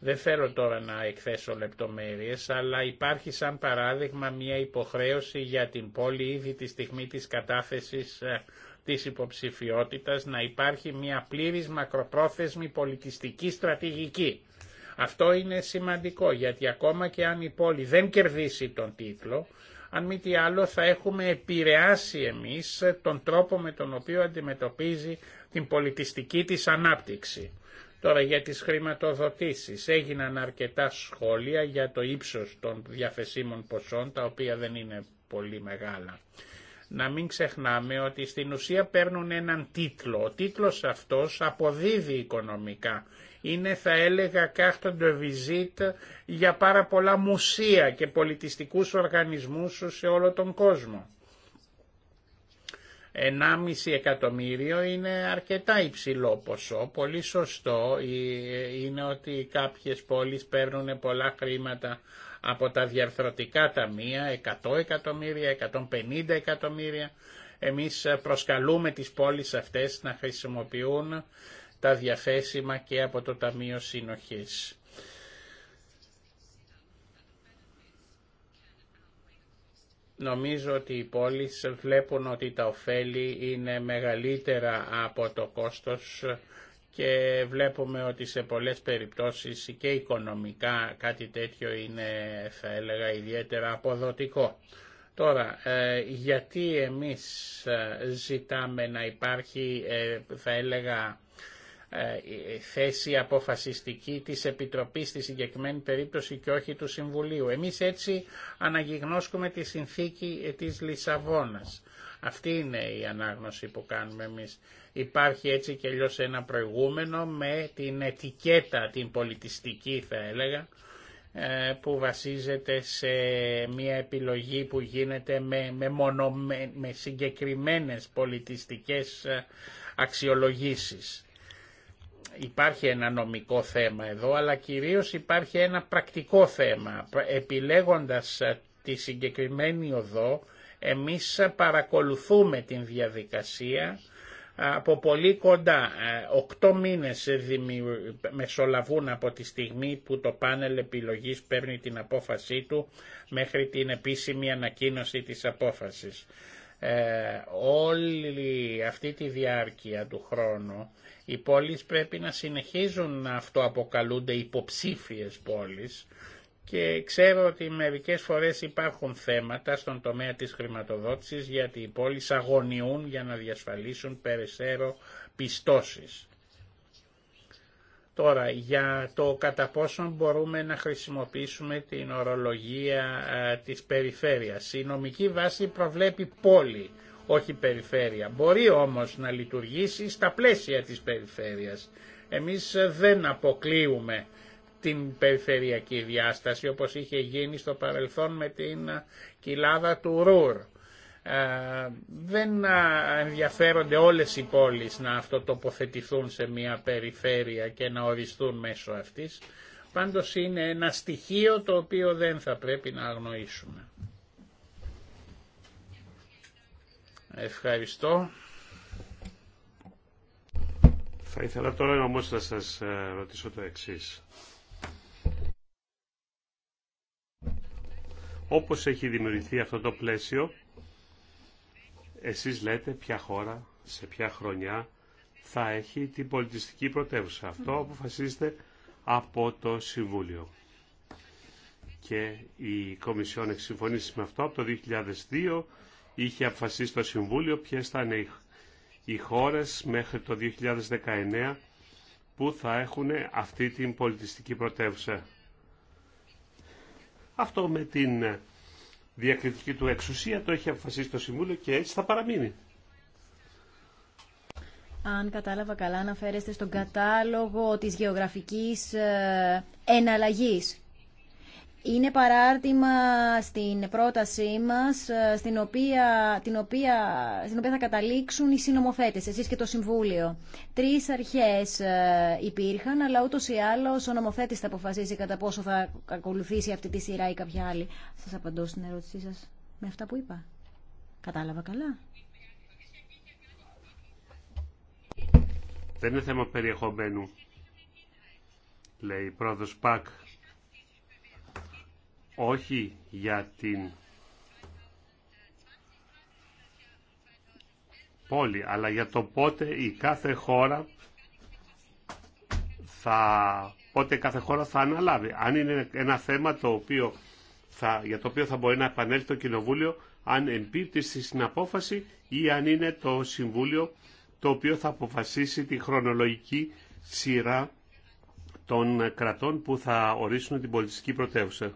δεν θέλω τώρα να εκθέσω λεπτομέρειες, αλλά υπάρχει σαν παράδειγμα μια υποχρέωση για την πόλη ήδη τη στιγμή της κατάθεσης ε, της υποψηφιότητας να υπάρχει μια πλήρης μακροπρόθεσμη πολιτιστική στρατηγική. Αυτό είναι σημαντικό γιατί ακόμα και αν η πόλη δεν κερδίσει τον τίτλο, αν μη τι άλλο θα έχουμε επηρεάσει εμείς τον τρόπο με τον οποίο αντιμετωπίζει την πολιτιστική της ανάπτυξη. Τώρα για τις χρηματοδοτήσεις. Έγιναν αρκετά σχόλια για το ύψος των διαφεσίμων ποσών, τα οποία δεν είναι πολύ μεγάλα. Να μην ξεχνάμε ότι στην ουσία παίρνουν έναν τίτλο. Ο τίτλος αυτός αποδίδει οικονομικά. Είναι θα έλεγα κάρτα de visite για πάρα πολλά μουσεία και πολιτιστικούς οργανισμούς σε όλο τον κόσμο. 1,5 εκατομμύριο είναι αρκετά υψηλό ποσό. Πολύ σωστό ε, είναι ότι κάποιες πόλεις παίρνουν πολλά χρήματα από τα διαρθρωτικά ταμεία, 100 εκατομμύρια, 150 εκατομμύρια. Εμείς προσκαλούμε τις πόλεις αυτές να χρησιμοποιούν τα διαθέσιμα και από το Ταμείο Συνοχής. Νομίζω ότι οι πόλεις βλέπουν ότι τα ωφέλη είναι μεγαλύτερα από το κόστος και βλέπουμε ότι σε πολλές περιπτώσεις και οικονομικά κάτι τέτοιο είναι θα έλεγα ιδιαίτερα αποδοτικό. Τώρα, ε, γιατί εμείς ε, ζητάμε να υπάρχει ε, θα έλεγα ε, θέση αποφασιστική της Επιτροπής στη συγκεκριμένη περίπτωση και όχι του Συμβουλίου. Εμείς έτσι αναγυγνώσκουμε τη συνθήκη ε, της Λισαβόνας. Αυτή είναι η ανάγνωση που κάνουμε εμείς. Υπάρχει έτσι και αλλιώς ένα προηγούμενο με την ετικέτα, την πολιτιστική θα έλεγα, ε, που βασίζεται σε μια επιλογή που γίνεται με, με, πολιτιστικέ πολιτιστικές αξιολογήσεις υπάρχει ένα νομικό θέμα εδώ, αλλά κυρίως υπάρχει ένα πρακτικό θέμα. Επιλέγοντας ε, τη συγκεκριμένη οδό, εμείς παρακολουθούμε την διαδικασία ε, από πολύ κοντά. Ε, οκτώ μήνες μεσολαβούν από τη στιγμή που το πάνελ επιλογής παίρνει την απόφασή του μέχρι την επίσημη ανακοίνωση της απόφασης ε, όλη αυτή τη διάρκεια του χρόνου οι πόλεις πρέπει να συνεχίζουν να αυτοαποκαλούνται υποψήφιες πόλεις και ξέρω ότι μερικές φορές υπάρχουν θέματα στον τομέα της χρηματοδότησης γιατί οι πόλεις αγωνιούν για να διασφαλίσουν περισσότερο πιστώσεις. Τώρα, για το κατά πόσον μπορούμε να χρησιμοποιήσουμε την ορολογία ε, της περιφέρειας. Η νομική βάση προβλέπει πόλη, όχι περιφέρεια. Μπορεί όμως να λειτουργήσει στα πλαίσια της περιφέρειας. Εμείς ε, δεν αποκλείουμε την περιφερειακή διάσταση όπως είχε γίνει στο παρελθόν με την ε, κοιλάδα του Ρουρ. Ε, δεν ενδιαφέρονται όλες οι πόλεις να αυτοτοποθετηθούν σε μια περιφέρεια και να οριστούν μέσω αυτής. Πάντως είναι ένα στοιχείο το οποίο δεν θα πρέπει να αγνοήσουμε. Ευχαριστώ. Θα ήθελα τώρα όμως να σας ε, ρωτήσω το εξής. Όπως έχει δημιουργηθεί αυτό το πλαίσιο, εσείς λέτε ποια χώρα, σε ποια χρονιά θα έχει την πολιτιστική πρωτεύουσα. Αυτό αποφασίζεται από το Συμβούλιο. Και η Κομισιόν έχει συμφωνήσει με αυτό από το 2002. Είχε αποφασίσει το Συμβούλιο Ποιε θα είναι οι χώρες μέχρι το 2019 που θα έχουν αυτή την πολιτιστική πρωτεύουσα. Αυτό με την διακριτική του εξουσία, το έχει αποφασίσει το Συμβούλιο και έτσι θα παραμείνει. Αν κατάλαβα καλά, αναφέρεστε στον κατάλογο της γεωγραφικής ε, εναλλαγής είναι παράρτημα στην πρότασή μας, ε, στην οποία, την οποία, στην οποία θα καταλήξουν οι συνομοθέτες, εσείς και το Συμβούλιο. Τρεις αρχές ε, υπήρχαν, αλλά ούτως ή άλλως ο νομοθέτης θα αποφασίσει κατά πόσο θα ακολουθήσει αυτή τη σειρά ή κάποια άλλη. Σας απαντώ στην ερώτησή σας με αυτά που είπα. Κατάλαβα καλά. Δεν είναι θέμα περιεχομένου, λέει η πρόεδρος Πακ όχι για την πόλη, αλλά για το πότε η κάθε χώρα θα, πότε κάθε χώρα θα αναλάβει. Αν είναι ένα θέμα το θα, για το οποίο θα μπορεί να επανέλθει το Κοινοβούλιο, αν εμπίπτει στην απόφαση ή αν είναι το Συμβούλιο το οποίο θα αποφασίσει τη χρονολογική σειρά των κρατών που θα ορίσουν την πολιτιστική πρωτεύουσα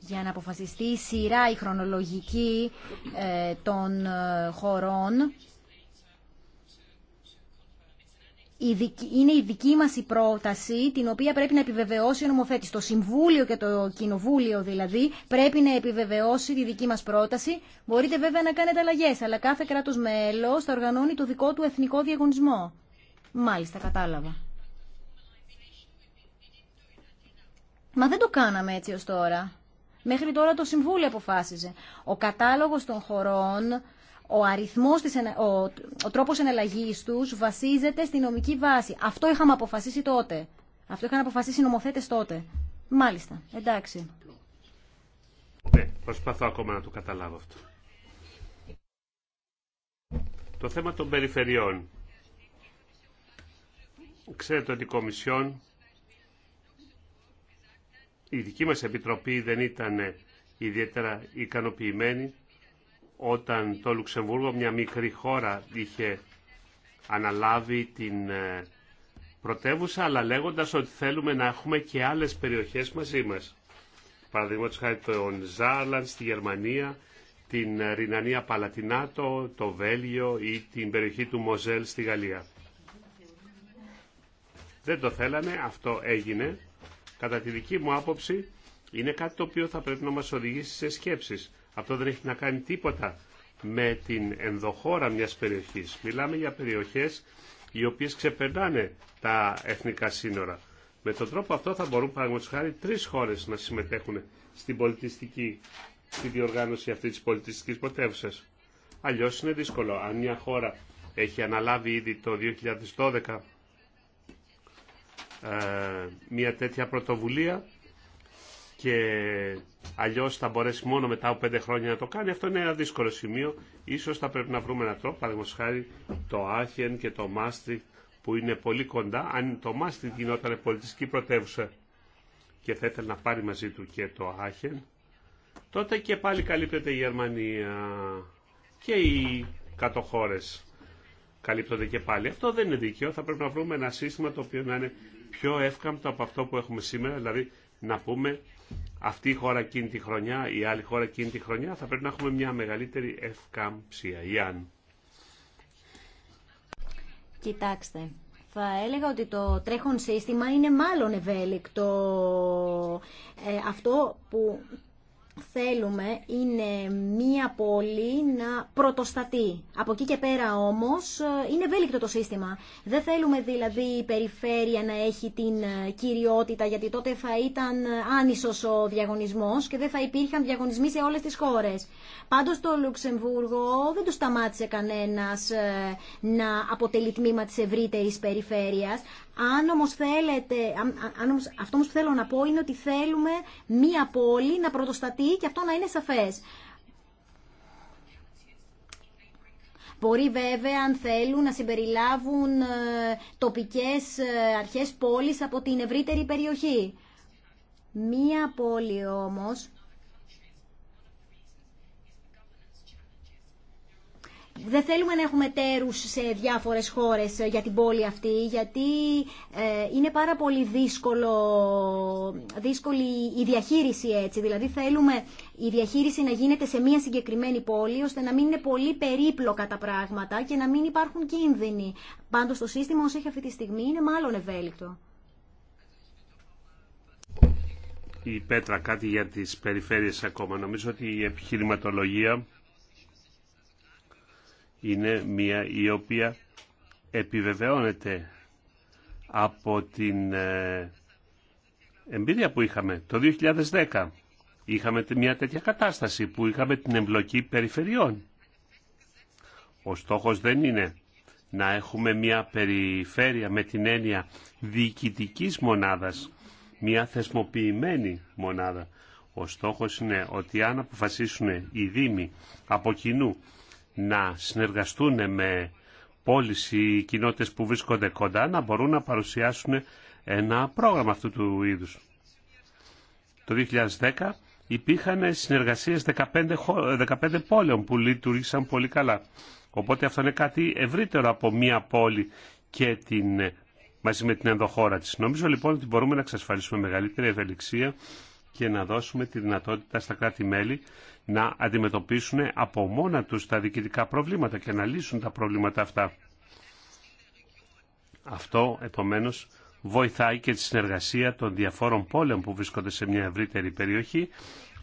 για να αποφασιστεί η σειρά, η χρονολογική ε, των ε, χωρών. Είναι η δική μας η πρόταση, την οποία πρέπει να επιβεβαιώσει ο νομοθέτης. Το Συμβούλιο και το Κοινοβούλιο δηλαδή πρέπει να επιβεβαιώσει τη δική μας πρόταση. Μπορείτε βέβαια να κάνετε αλλαγέ, αλλά κάθε κράτος μέλος θα οργανώνει το δικό του εθνικό διαγωνισμό. Μάλιστα, κατάλαβα. Μα δεν το κάναμε έτσι ως τώρα. Μέχρι τώρα το Συμβούλιο αποφάσιζε. Ο κατάλογος των χωρών ο αριθμός, της, ο, τρόπος εναλλαγής τους βασίζεται στη νομική βάση. Αυτό είχαμε αποφασίσει τότε. Αυτό είχαν αποφασίσει οι νομοθέτες τότε. Μάλιστα. Εντάξει. Ναι, προσπαθώ ακόμα να το καταλάβω αυτό. Το θέμα των περιφερειών. Ξέρετε ότι η Κομισιόν η δική μας Επιτροπή δεν ήταν ιδιαίτερα ικανοποιημένη όταν το Λουξεμβούργο, μια μικρή χώρα, είχε αναλάβει την ε, πρωτεύουσα, αλλά λέγοντας ότι θέλουμε να έχουμε και άλλες περιοχές μαζί μας. Παραδείγματο χάρη τον Ζάρλαντ στη Γερμανία, την Ρινανία Παλατινάτο, το Βέλγιο ή την περιοχή του Μοζέλ στη Γαλλία. Δεν το θέλανε, αυτό έγινε Κατά τη δική μου άποψη, είναι κάτι το οποίο θα πρέπει να μας οδηγήσει σε σκέψεις. Αυτό δεν έχει να κάνει τίποτα με την ενδοχώρα μιας περιοχής. Μιλάμε για περιοχές οι οποίες ξεπερνάνε τα εθνικά σύνορα. Με τον τρόπο αυτό θα μπορούν παραγωγικά χάρη τρεις χώρες να συμμετέχουν στην πολιτιστική, διοργάνωση αυτής της πολιτιστικής πρωτεύουσα. Αλλιώς είναι δύσκολο. Αν μια χώρα έχει αναλάβει ήδη το 2012 ε, μια τέτοια πρωτοβουλία και αλλιώς θα μπορέσει μόνο μετά από πέντε χρόνια να το κάνει. Αυτό είναι ένα δύσκολο σημείο. Ίσως θα πρέπει να βρούμε ένα τρόπο, παραδείγματος χάρη το Άχεν και το Μάστριχ που είναι πολύ κοντά, αν το Μάστριχ γινόταν πολιτιστική πρωτεύουσα και θα ήθελε να πάρει μαζί του και το Άχεν, τότε και πάλι καλύπτεται η Γερμανία και οι κατοχώρες καλύπτονται και πάλι. Αυτό δεν είναι δίκαιο. Θα πρέπει να βρούμε ένα σύστημα το οποίο να είναι πιο εύκαμπτο από αυτό που έχουμε σήμερα, δηλαδή να πούμε αυτή η χώρα εκείνη τη χρονιά, η άλλη χώρα εκείνη τη χρονιά, θα πρέπει να έχουμε μια μεγαλύτερη ευκαμψία. Ιάν. Κοιτάξτε, θα έλεγα ότι το τρέχον σύστημα είναι μάλλον ευέλικτο. Ε, αυτό που θέλουμε είναι μία πόλη να πρωτοστατεί. Από εκεί και πέρα όμως ε, είναι ευέλικτο το σύστημα. Δεν θέλουμε δηλαδή η περιφέρεια να έχει την ε, κυριότητα γιατί τότε θα ήταν ε, άνισος ο διαγωνισμός και δεν θα υπήρχαν διαγωνισμοί σε όλες τις χώρες. Πάντως το Λουξεμβούργο δεν το σταμάτησε κανένας να αποτελεί τμήμα της ευρύτερης περιφέρειας αν όμως θέλετε, αν, όμως, αυτό όμως που θέλω να πω είναι ότι θέλουμε μία πόλη να πρωτοστατεί και αυτό να είναι σαφές. Μπορεί βέβαια αν θέλουν να συμπεριλάβουν ε, τοπικές ε, αρχές πόλης από την ευρύτερη περιοχή. Μία πόλη όμως δεν θέλουμε να έχουμε τέρους σε διάφορες χώρες ε, για την πόλη αυτή, γιατί ε, είναι πάρα πολύ δύσκολο, δύσκολη η διαχείριση έτσι. Δηλαδή θέλουμε η διαχείριση να γίνεται σε μία συγκεκριμένη πόλη, ώστε να μην είναι πολύ περίπλοκα τα πράγματα και να μην υπάρχουν κίνδυνοι. Πάντως το σύστημα όσο έχει αυτή τη στιγμή είναι μάλλον ευέλικτο. Η Πέτρα κάτι για τις περιφέρειες ακόμα. Νομίζω ότι η επιχειρηματολογία είναι μία η οποία επιβεβαιώνεται από την ε, εμπειρία που είχαμε το 2010. Είχαμε μια τέτοια κατάσταση που είχαμε την εμπλοκή περιφερειών. Ο στόχος δεν είναι να έχουμε μια περιφέρεια με την έννοια διοικητική μονάδας, μια θεσμοποιημένη μονάδα. Ο στόχος είναι ότι αν αποφασίσουν οι Δήμοι από κοινού να συνεργαστούν με πόλεις ή κοινότητες που βρίσκονται κοντά να μπορούν να παρουσιάσουν ένα πρόγραμμα αυτού του είδους. Το 2010 υπήρχαν συνεργασίες 15, 15 πόλεων που λειτουργήσαν πολύ καλά. Οπότε αυτό είναι κάτι ευρύτερο από μία πόλη και την, μαζί με την ενδοχώρα της. Νομίζω λοιπόν ότι μπορούμε να εξασφαλίσουμε μεγαλύτερη ευελιξία και να δώσουμε τη δυνατότητα στα κράτη-μέλη να αντιμετωπίσουν από μόνα τους τα διοικητικά προβλήματα και να λύσουν τα προβλήματα αυτά. Αυτό, επομένως, βοηθάει και τη συνεργασία των διαφόρων πόλεων που βρίσκονται σε μια ευρύτερη περιοχή.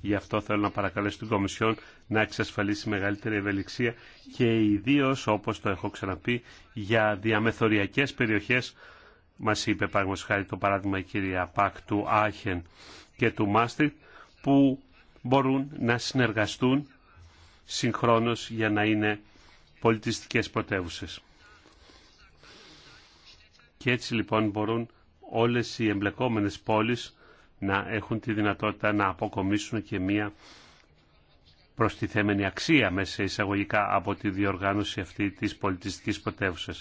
Γι' αυτό θέλω να παρακαλέσω την Κομισιόν να εξασφαλίσει μεγαλύτερη ευελιξία και ιδίω, όπως το έχω ξαναπεί, για διαμεθοριακές περιοχές. Μας είπε, παραδείγματος το παράδειγμα η κυρία Πακ του Άχεν και του Μάστριτ, που μπορούν να συνεργαστούν συγχρόνως για να είναι πολιτιστικές πρωτεύουσε. Και έτσι λοιπόν μπορούν όλες οι εμπλεκόμενες πόλεις να έχουν τη δυνατότητα να αποκομίσουν και μία προστιθέμενη αξία μέσα εισαγωγικά από τη διοργάνωση αυτή της πολιτιστικής πρωτεύουσα.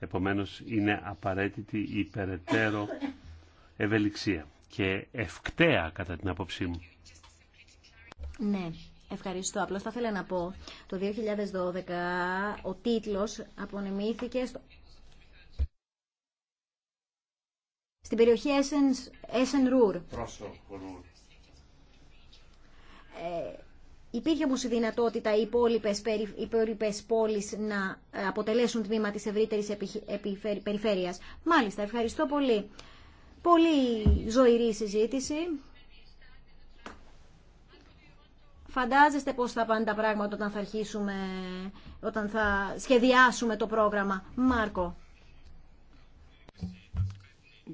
Επομένως είναι απαραίτητη η περαιτέρω ευελιξία και ευκταία κατά την άποψή μου. Ναι, ευχαριστώ. Απλώς θα ήθελα να πω, το 2012 ο τίτλος απονεμήθηκε στο... στην περιοχή Essen-Ruhr. Ε, υπήρχε όμως η δυνατότητα οι υπόλοιπες, οι υπόλοιπες πόλεις να ε, αποτελέσουν τμήμα της ευρύτερης περιφέρειας. Μάλιστα, ευχαριστώ πολύ. Πολύ ζωηρή συζήτηση. Φαντάζεστε πώς θα πάνε τα πράγματα όταν θα αρχίσουμε, όταν θα σχεδιάσουμε το πρόγραμμα. Μάρκο.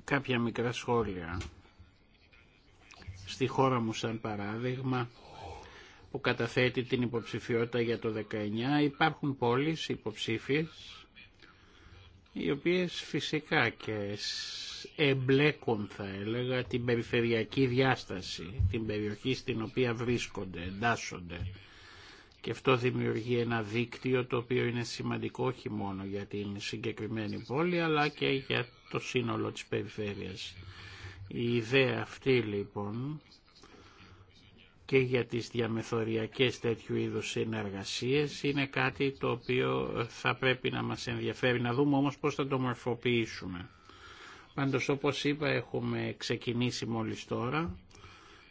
Κάποια μικρά σχόλια. Στη χώρα μου σαν παράδειγμα που καταθέτει την υποψηφιότητα για το 19 υπάρχουν πόλεις υποψήφιες οι οποίες φυσικά και εμπλέκουν θα έλεγα την περιφερειακή διάσταση, την περιοχή στην οποία βρίσκονται, εντάσσονται. Και αυτό δημιουργεί ένα δίκτυο το οποίο είναι σημαντικό όχι μόνο για την συγκεκριμένη πόλη αλλά και για το σύνολο της περιφέρειας. Η ιδέα αυτή λοιπόν και για τις διαμεθοριακές τέτοιου είδους συνεργασίες είναι κάτι το οποίο θα πρέπει να μας ενδιαφέρει. Να δούμε όμως πώς θα το μορφοποιήσουμε. Πάντως όπως είπα έχουμε ξεκινήσει μόλις τώρα.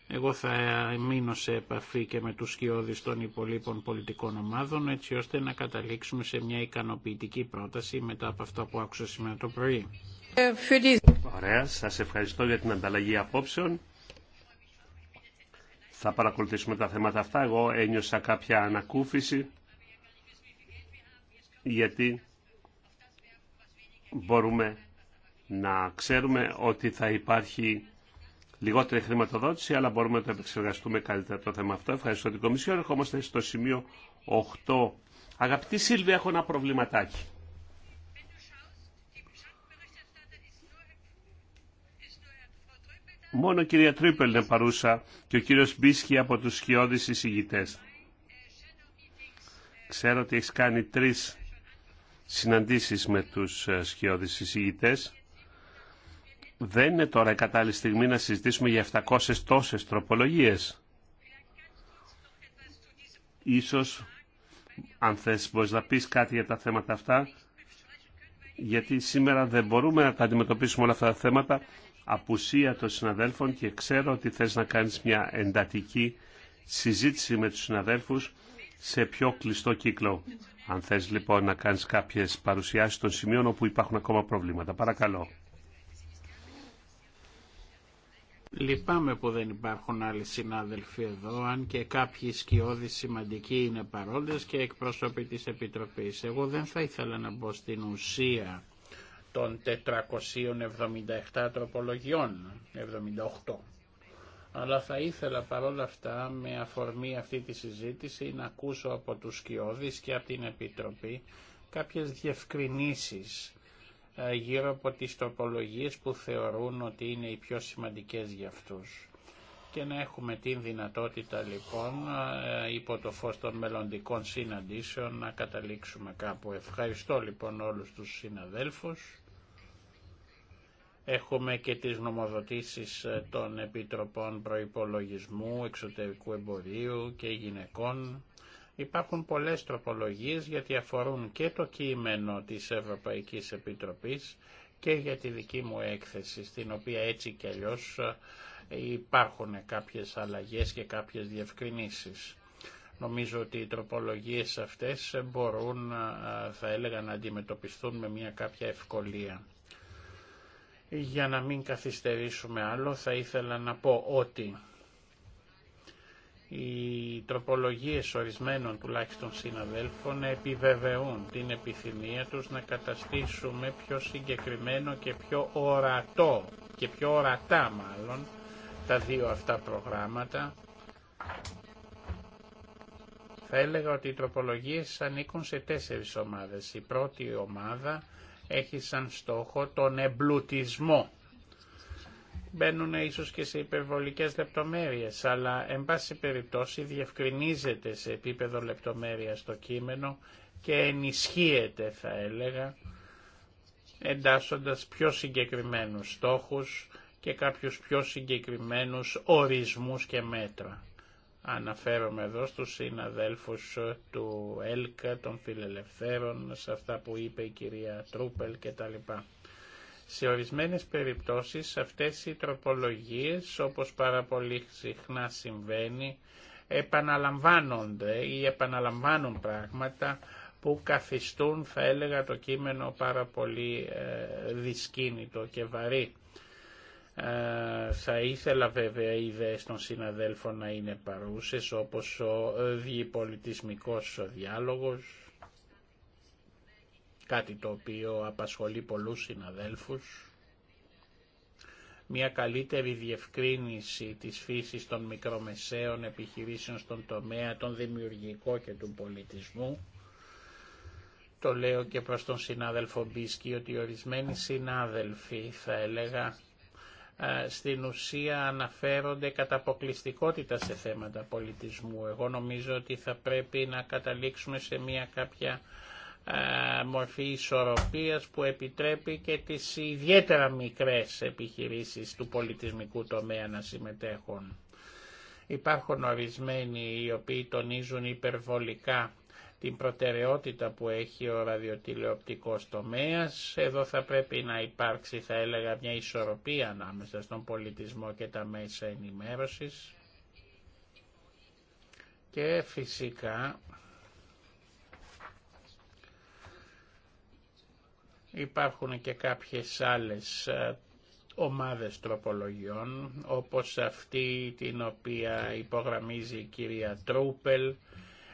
Εγώ θα μείνω σε επαφή και με τους σκιώδεις των υπολείπων πολιτικών ομάδων έτσι ώστε να καταλήξουμε σε μια ικανοποιητική πρόταση μετά από αυτό που άκουσα σήμερα το πρωί. Ωραία, σας ευχαριστώ για την ανταλλαγή απόψεων. Θα παρακολουθήσουμε τα θέματα αυτά. Εγώ ένιωσα κάποια ανακούφιση γιατί μπορούμε να ξέρουμε ότι θα υπάρχει λιγότερη χρηματοδότηση, αλλά μπορούμε να το επεξεργαστούμε καλύτερα το θέμα αυτό. Ευχαριστώ την Κομισιόν. Ερχόμαστε στο σημείο 8. Αγαπητή Σίλβια, έχω ένα προβληματάκι. Μόνο η κυρία Τρίπελ είναι παρούσα και ο κύριος Μπίσχη από τους σκιώδεις εισηγητές. Ξέρω ότι έχει κάνει τρεις συναντήσεις με τους ε, σκιώδεις εισηγητές δεν είναι τώρα η κατάλληλη στιγμή να συζητήσουμε για 700 τόσες τροπολογίες. Ίσως, αν θες, μπορείς να πεις κάτι για τα θέματα αυτά, γιατί σήμερα δεν μπορούμε να τα αντιμετωπίσουμε όλα αυτά τα θέματα απουσία των συναδέλφων και ξέρω ότι θες να κάνεις μια εντατική συζήτηση με τους συναδέλφους σε πιο κλειστό κύκλο. Αν θες λοιπόν να κάνεις κάποιες παρουσιάσεις των σημείων όπου υπάρχουν ακόμα προβλήματα. Παρακαλώ. Λυπάμαι που δεν υπάρχουν άλλοι συνάδελφοι εδώ, αν και κάποιοι σκιώδη σημαντικοί είναι παρόντες και εκπρόσωποι της Επιτροπής. Εγώ δεν θα ήθελα να μπω στην ουσία των 477 τροπολογιών, 78. Αλλά θα ήθελα παρόλα αυτά με αφορμή αυτή τη συζήτηση να ακούσω από τους σκιώδεις και από την Επιτροπή κάποιες διευκρινήσεις ε, γύρω από τις τοπολογίες που θεωρούν ότι είναι οι πιο σημαντικές για αυτούς. Και να έχουμε την δυνατότητα λοιπόν ε, υπό το φως των μελλοντικών συναντήσεων να καταλήξουμε κάπου. Ευχαριστώ λοιπόν όλους τους συναδέλφους. Έχουμε και τις νομοδοτήσεις ε, των Επιτροπών Προϋπολογισμού, Εξωτερικού Εμπορίου και Γυναικών Υπάρχουν πολλές τροπολογίες γιατί αφορούν και το κείμενο της Ευρωπαϊκής Επιτροπής και για τη δική μου έκθεση, στην οποία έτσι κι αλλιώς ε, υπάρχουν κάποιες αλλαγές και κάποιες διευκρινήσεις. Νομίζω ότι οι τροπολογίες αυτές μπορούν, ε, θα έλεγα, να αντιμετωπιστούν με μια κάποια ευκολία. Για να μην καθυστερήσουμε άλλο, θα ήθελα να πω ότι οι τροπολογίες ορισμένων τουλάχιστον συναδέλφων επιβεβαιούν την επιθυμία τους να καταστήσουμε πιο συγκεκριμένο και πιο ορατό και πιο ορατά μάλλον τα δύο αυτά προγράμματα. Θα έλεγα ότι οι τροπολογίες ανήκουν σε τέσσερις ομάδες. Η πρώτη ομάδα έχει σαν στόχο τον εμπλουτισμό μπαίνουν ίσως και σε υπερβολικές λεπτομέρειες, αλλά εν πάση περιπτώσει διευκρινίζεται σε επίπεδο λεπτομέρειας το κείμενο και ενισχύεται θα έλεγα, εντάσσοντας πιο συγκεκριμένους στόχους και κάποιους πιο συγκεκριμένους ορισμούς και μέτρα. Αναφέρομαι εδώ στους συναδέλφους του ΕΛΚΑ, των φιλελευθέρων, σε αυτά που είπε η κυρία Τρούπελ κτλ. Σε ορισμένες περιπτώσεις αυτές οι τροπολογίες, όπως πάρα πολύ συχνά συμβαίνει, επαναλαμβάνονται ή επαναλαμβάνουν πράγματα που καθιστούν, θα έλεγα, το κείμενο πάρα πολύ ε, δυσκίνητο και βαρύ. Ε, θα ήθελα βέβαια οι ιδέες των συναδέλφων να είναι παρούσες, όπως ο διπολιτισμικός διάλογος, κάτι το οποίο απασχολεί πολλούς συναδέλφους, μια καλύτερη διευκρίνηση της φύσης των μικρομεσαίων επιχειρήσεων στον τομέα, τον δημιουργικό και του πολιτισμού. Το λέω και προς τον συνάδελφο Μπίσκι ότι ορισμένοι συνάδελφοι θα έλεγα ε, στην ουσία αναφέρονται κατά αποκλειστικότητα σε θέματα πολιτισμού. Εγώ νομίζω ότι θα πρέπει να καταλήξουμε σε μια κάποια ε, μορφή ισορροπίας που επιτρέπει και τις ιδιαίτερα μικρές επιχειρήσεις του πολιτισμικού τομέα να συμμετέχουν. Υπάρχουν ορισμένοι οι οποίοι τονίζουν υπερβολικά την προτεραιότητα που έχει ο ραδιοτηλεοπτικός τομέας. Εδώ θα πρέπει να υπάρξει, θα έλεγα, μια ισορροπία ανάμεσα στον πολιτισμό και τα μέσα ενημέρωσης. Και φυσικά Υπάρχουν και κάποιες άλλες ε, ομάδες τροπολογιών, όπως αυτή την οποία υπογραμμίζει η κυρία Τρούπελ,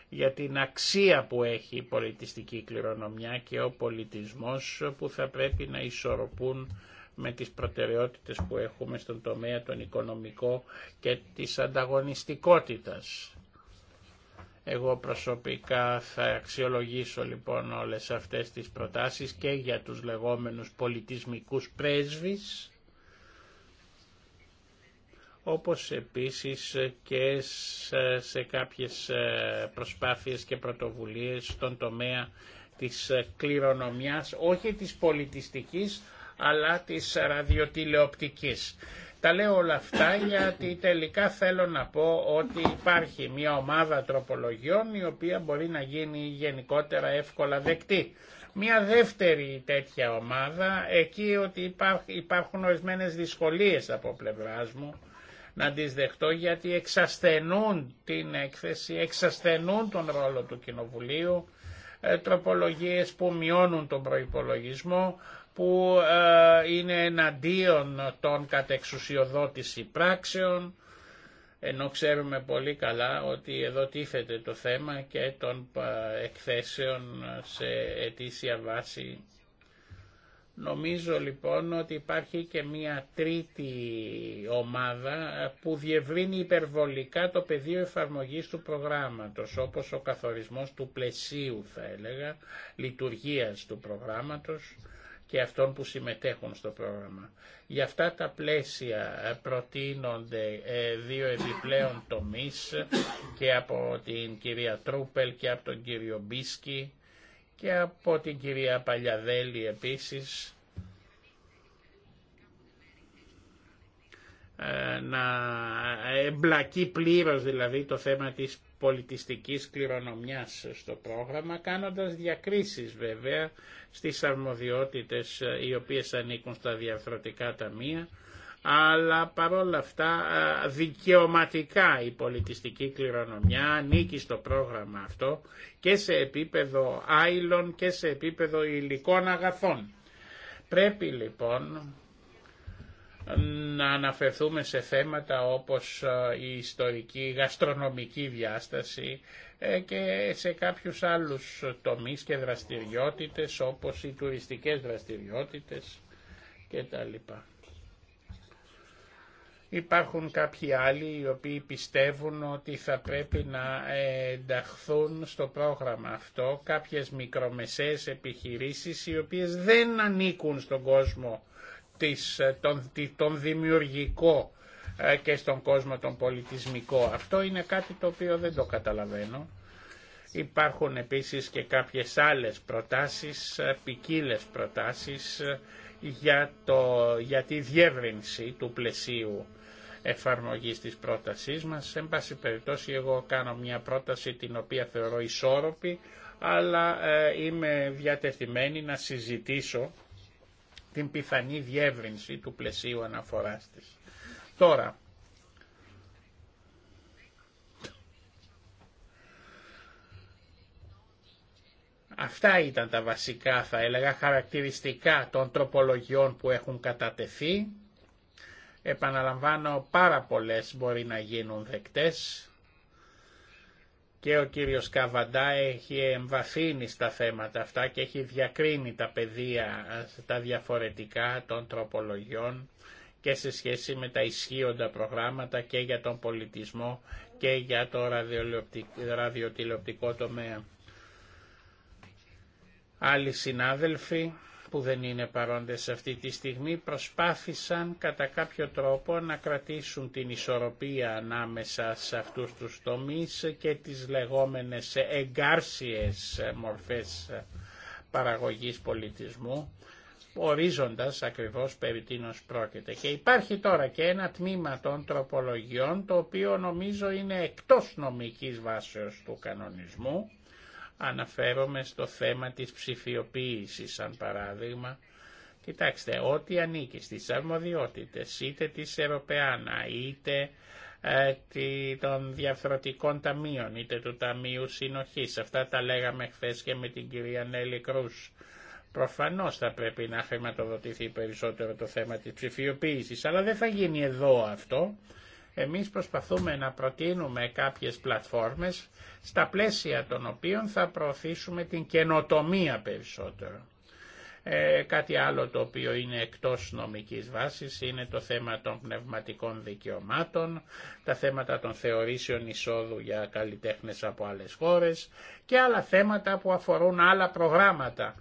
για την αξία που έχει η πολιτιστική κληρονομιά και ο πολιτισμός που θα πρέπει να ισορροπούν με τις προτεραιότητες που έχουμε στον τομέα τον οικονομικό και της ανταγωνιστικότητας. Εγώ προσωπικά θα αξιολογήσω λοιπόν όλες αυτές τις προτάσεις και για τους λεγόμενους πολιτισμικούς πρέσβεις, όπως επίσης και σε κάποιες ε, προσπάθειες και πρωτοβουλίες στον τομέα της ε, κληρονομιάς, όχι της πολιτιστικής, αλλά της ραδιοτηλεοπτικής. Τα λέω όλα αυτά γιατί τελικά θέλω να πω ότι υπάρχει μια ομάδα τροπολογιών η οποία μπορεί να γίνει γενικότερα εύκολα δεκτή. Μια δεύτερη τέτοια ομάδα, εκεί ότι υπάρχουν ορισμένες δυσκολίες από πλευράς μου να τις δεχτώ γιατί εξασθενούν την έκθεση, εξασθενούν τον ρόλο του Κοινοβουλίου, ε, τροπολογίες που μειώνουν τον προϋπολογισμό, που ε, είναι εναντίον των κατεξουσιοδότηση πράξεων, ενώ ξέρουμε πολύ καλά ότι εδώ τίθεται το θέμα και των ε, εκθέσεων σε ετήσια βάση. Νομίζω λοιπόν ότι υπάρχει και μία τρίτη ομάδα που διευρύνει υπερβολικά το πεδίο εφαρμογής του προγράμματος, όπως ο καθορισμός του πλαισίου θα έλεγα, λειτουργίας του προγράμματος, και αυτών που συμμετέχουν στο πρόγραμμα. Για αυτά τα πλαίσια ε, προτείνονται ε, δύο επιπλέον τομείς και από την κυρία Τρούπελ και από τον κύριο Μπίσκι και από την κυρία Παλιαδέλη επίσης ε, να εμπλακεί πλήρως δηλαδή το θέμα της πολιτιστικής κληρονομιάς στο πρόγραμμα, κάνοντας διακρίσεις βέβαια στις αρμοδιότητες ε, οι οποίες ανήκουν στα διαφορετικά ταμεία, αλλά παρόλα αυτά ε, δικαιωματικά η πολιτιστική κληρονομιά ανήκει στο πρόγραμμα αυτό και σε επίπεδο άειλων και σε επίπεδο υλικών αγαθών. Πρέπει λοιπόν να αναφερθούμε σε θέματα όπως ε, η ιστορική, γαστρονομική διάσταση ε, και σε κάποιους άλλους τομείς και δραστηριότητες όπως οι τουριστικές δραστηριότητες και τα κτλ. Υπάρχουν κάποιοι άλλοι οι οποίοι πιστεύουν ότι θα πρέπει να ενταχθούν στο πρόγραμμα αυτό κάποιες μικρομεσαίες επιχειρήσεις οι οποίες δεν ανήκουν στον κόσμο της, ε, τον, τον δημιουργικό ε, και στον κόσμο τον πολιτισμικό. Αυτό είναι κάτι το οποίο δεν το καταλαβαίνω. Υπάρχουν επίσης και κάποιες άλλες προτάσεις, ε, ποικίλε προτάσεις για, το, για τη διεύρυνση του πλαισίου εφαρμογής της πρότασής μας. Εν πάση περιπτώσει εγώ κάνω μια πρόταση την οποία θεωρώ ισόρροπη, αλλά είμαι διατεθειμένη να συζητήσω την πιθανή διεύρυνση του πλαισίου αναφοράς της. Τώρα, Αυτά ήταν τα βασικά, θα έλεγα, χαρακτηριστικά των τροπολογιών που έχουν κατατεθεί. Επαναλαμβάνω, πάρα πολλές μπορεί να γίνουν δεκτές και ο κύριος Καβαντά έχει εμβαθύνει στα θέματα αυτά και έχει διακρίνει τα πεδία, ε, τα διαφορετικά των τροπολογιών και σε σχέση με τα ισχύοντα προγράμματα και για τον πολιτισμό και για το ραδιοτηλεοπτικό τομέα. Άλλοι συνάδελφοι που δεν είναι παρόντες αυτή τη στιγμή προσπάθησαν κατά κάποιο τρόπο να κρατήσουν την ισορροπία ανάμεσα σε αυτούς τους τομείς και τις λεγόμενες εγκάρσιες μορφές παραγωγής πολιτισμού ορίζοντας ακριβώς περί τίνος πρόκειται. Και υπάρχει τώρα και ένα τμήμα των τροπολογιών το οποίο νομίζω είναι εκτός νομικής βάσεως του κανονισμού Αναφέρομαι στο θέμα της ψηφιοποίησης σαν παράδειγμα. Κοιτάξτε, ό,τι ανήκει στις αρμοδιότητες, είτε της Ευρωπαίνα, είτε ε, των διαφορετικών ταμείων, είτε του Ταμείου Συνοχής. Αυτά τα λέγαμε χθε και με την κυρία Νέλη Κρούς. Προφανώς θα πρέπει να χρηματοδοτηθεί περισσότερο το θέμα της ψηφιοποίησης, αλλά δεν θα γίνει εδώ αυτό. Εμείς προσπαθούμε να προτείνουμε κάποιες πλατφόρμες στα πλαίσια των οποίων θα προωθήσουμε την καινοτομία περισσότερο. Ε, κάτι άλλο το οποίο είναι εκτός νομικής βάσης είναι το θέμα των πνευματικών δικαιωμάτων, τα θέματα των θεωρήσεων εισόδου για καλλιτέχνες από άλλες χώρες και άλλα θέματα που αφορούν άλλα προγράμματα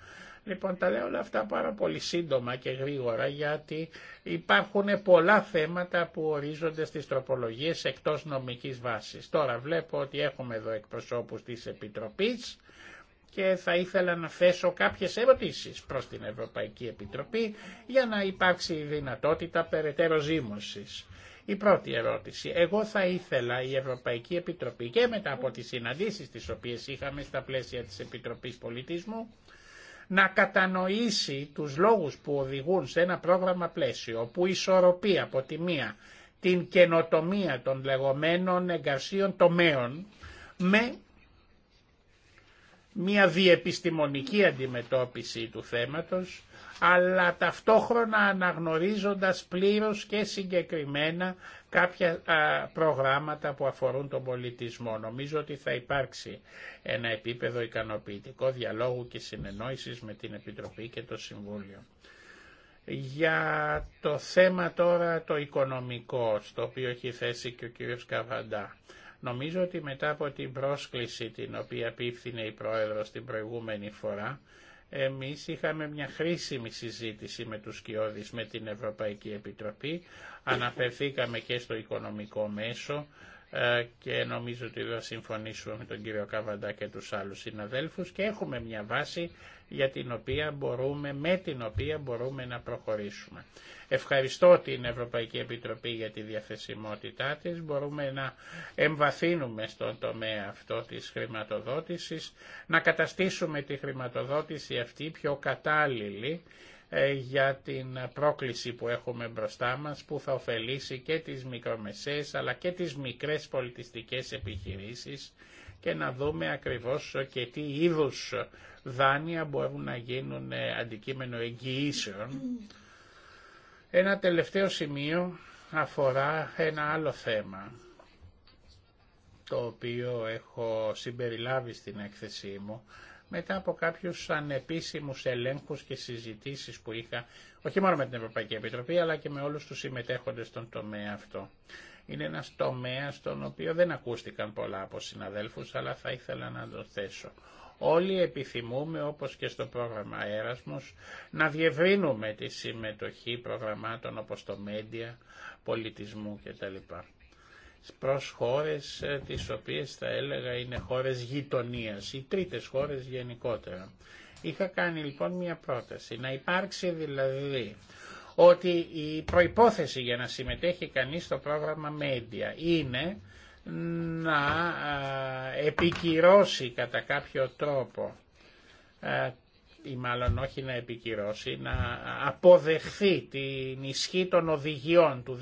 Λοιπόν, τα λέω όλα αυτά πάρα πολύ σύντομα και γρήγορα γιατί υπάρχουν πολλά θέματα που ορίζονται στις τροπολογίες εκτός νομικής βάσης. Τώρα βλέπω ότι έχουμε εδώ εκπροσώπους της Επιτροπής και θα ήθελα να θέσω κάποιες ερωτήσεις προς την Ευρωπαϊκή Επιτροπή για να υπάρξει η δυνατότητα περαιτέρω ζήμωσης. Η πρώτη ερώτηση. Εγώ θα ήθελα η Ευρωπαϊκή Επιτροπή και μετά από τις συναντήσεις τις οποίες είχαμε στα πλαίσια της Επιτροπής Πολιτισμού να κατανοήσει τους λόγους που οδηγούν σε ένα πρόγραμμα πλαίσιο που ισορροπεί από τη μία την καινοτομία των λεγόμενων εγκαρσίων τομέων με μια διεπιστημονική αντιμετώπιση του θέματος, αλλά ταυτόχρονα αναγνωρίζοντας πλήρως και συγκεκριμένα κάποια προγράμματα που αφορούν τον πολιτισμό. Νομίζω ότι θα υπάρξει ένα επίπεδο ικανοποιητικό διαλόγου και συνεννόησης με την Επιτροπή και το Συμβούλιο. Για το θέμα τώρα το οικονομικό, στο οποίο έχει θέσει και ο κ. Καβαντά. Νομίζω ότι μετά από την πρόσκληση την οποία πήφθηνε η Πρόεδρος την προηγούμενη φορά, εμείς είχαμε μια χρήσιμη συζήτηση με τους Σκιώδης, με την Ευρωπαϊκή Επιτροπή, αναφερθήκαμε και στο οικονομικό μέσο, ε, και νομίζω ότι θα συμφωνήσουμε με τον κύριο Καβαντά και τους άλλους συναδέλφους και έχουμε μια βάση για την οποία μπορούμε, με την οποία μπορούμε να προχωρήσουμε. Ευχαριστώ την Ευρωπαϊκή Επιτροπή για τη διαθεσιμότητά της. Μπορούμε να εμβαθύνουμε στον τομέα αυτό της χρηματοδότησης, να καταστήσουμε τη χρηματοδότηση αυτή πιο κατάλληλη ε, για την πρόκληση που έχουμε μπροστά μας που θα ωφελήσει και τις μικρομεσαίες αλλά και τις μικρές πολιτιστικές επιχειρήσεις και να δούμε ακριβώς και τι είδους δάνεια μπορούν να γίνουν ε, αντικείμενο εγγυήσεων. Ένα τελευταίο σημείο αφορά ένα άλλο θέμα το οποίο έχω συμπεριλάβει στην έκθεσή μου μετά από κάποιους ανεπίσημους ελέγχους και συζητήσεις που είχα, όχι μόνο με την Ευρωπαϊκή Επιτροπή, αλλά και με όλους τους συμμετέχοντες στον τομέα αυτό. Είναι ένας τομέας στον οποίο δεν ακούστηκαν πολλά από συναδέλφους, αλλά θα ήθελα να το θέσω. Όλοι επιθυμούμε, όπως και στο πρόγραμμα Erasmus να διευρύνουμε τη συμμετοχή προγραμμάτων όπως το Μέντια, πολιτισμού κτλ προς χώρες ε, τις οποίες θα έλεγα είναι χώρες γειτονίας ή τρίτες χώρες γενικότερα. Είχα κάνει λοιπόν μια πρόταση, να υπάρξει δηλαδή ότι η προϋπόθεση για να συμμετέχει κανείς στο πρόγραμμα Media είναι να επικυρώσει κατά κάποιο τρόπο ή μάλλον όχι να επικυρώσει, να αποδεχθεί την ισχύ των οδηγιών του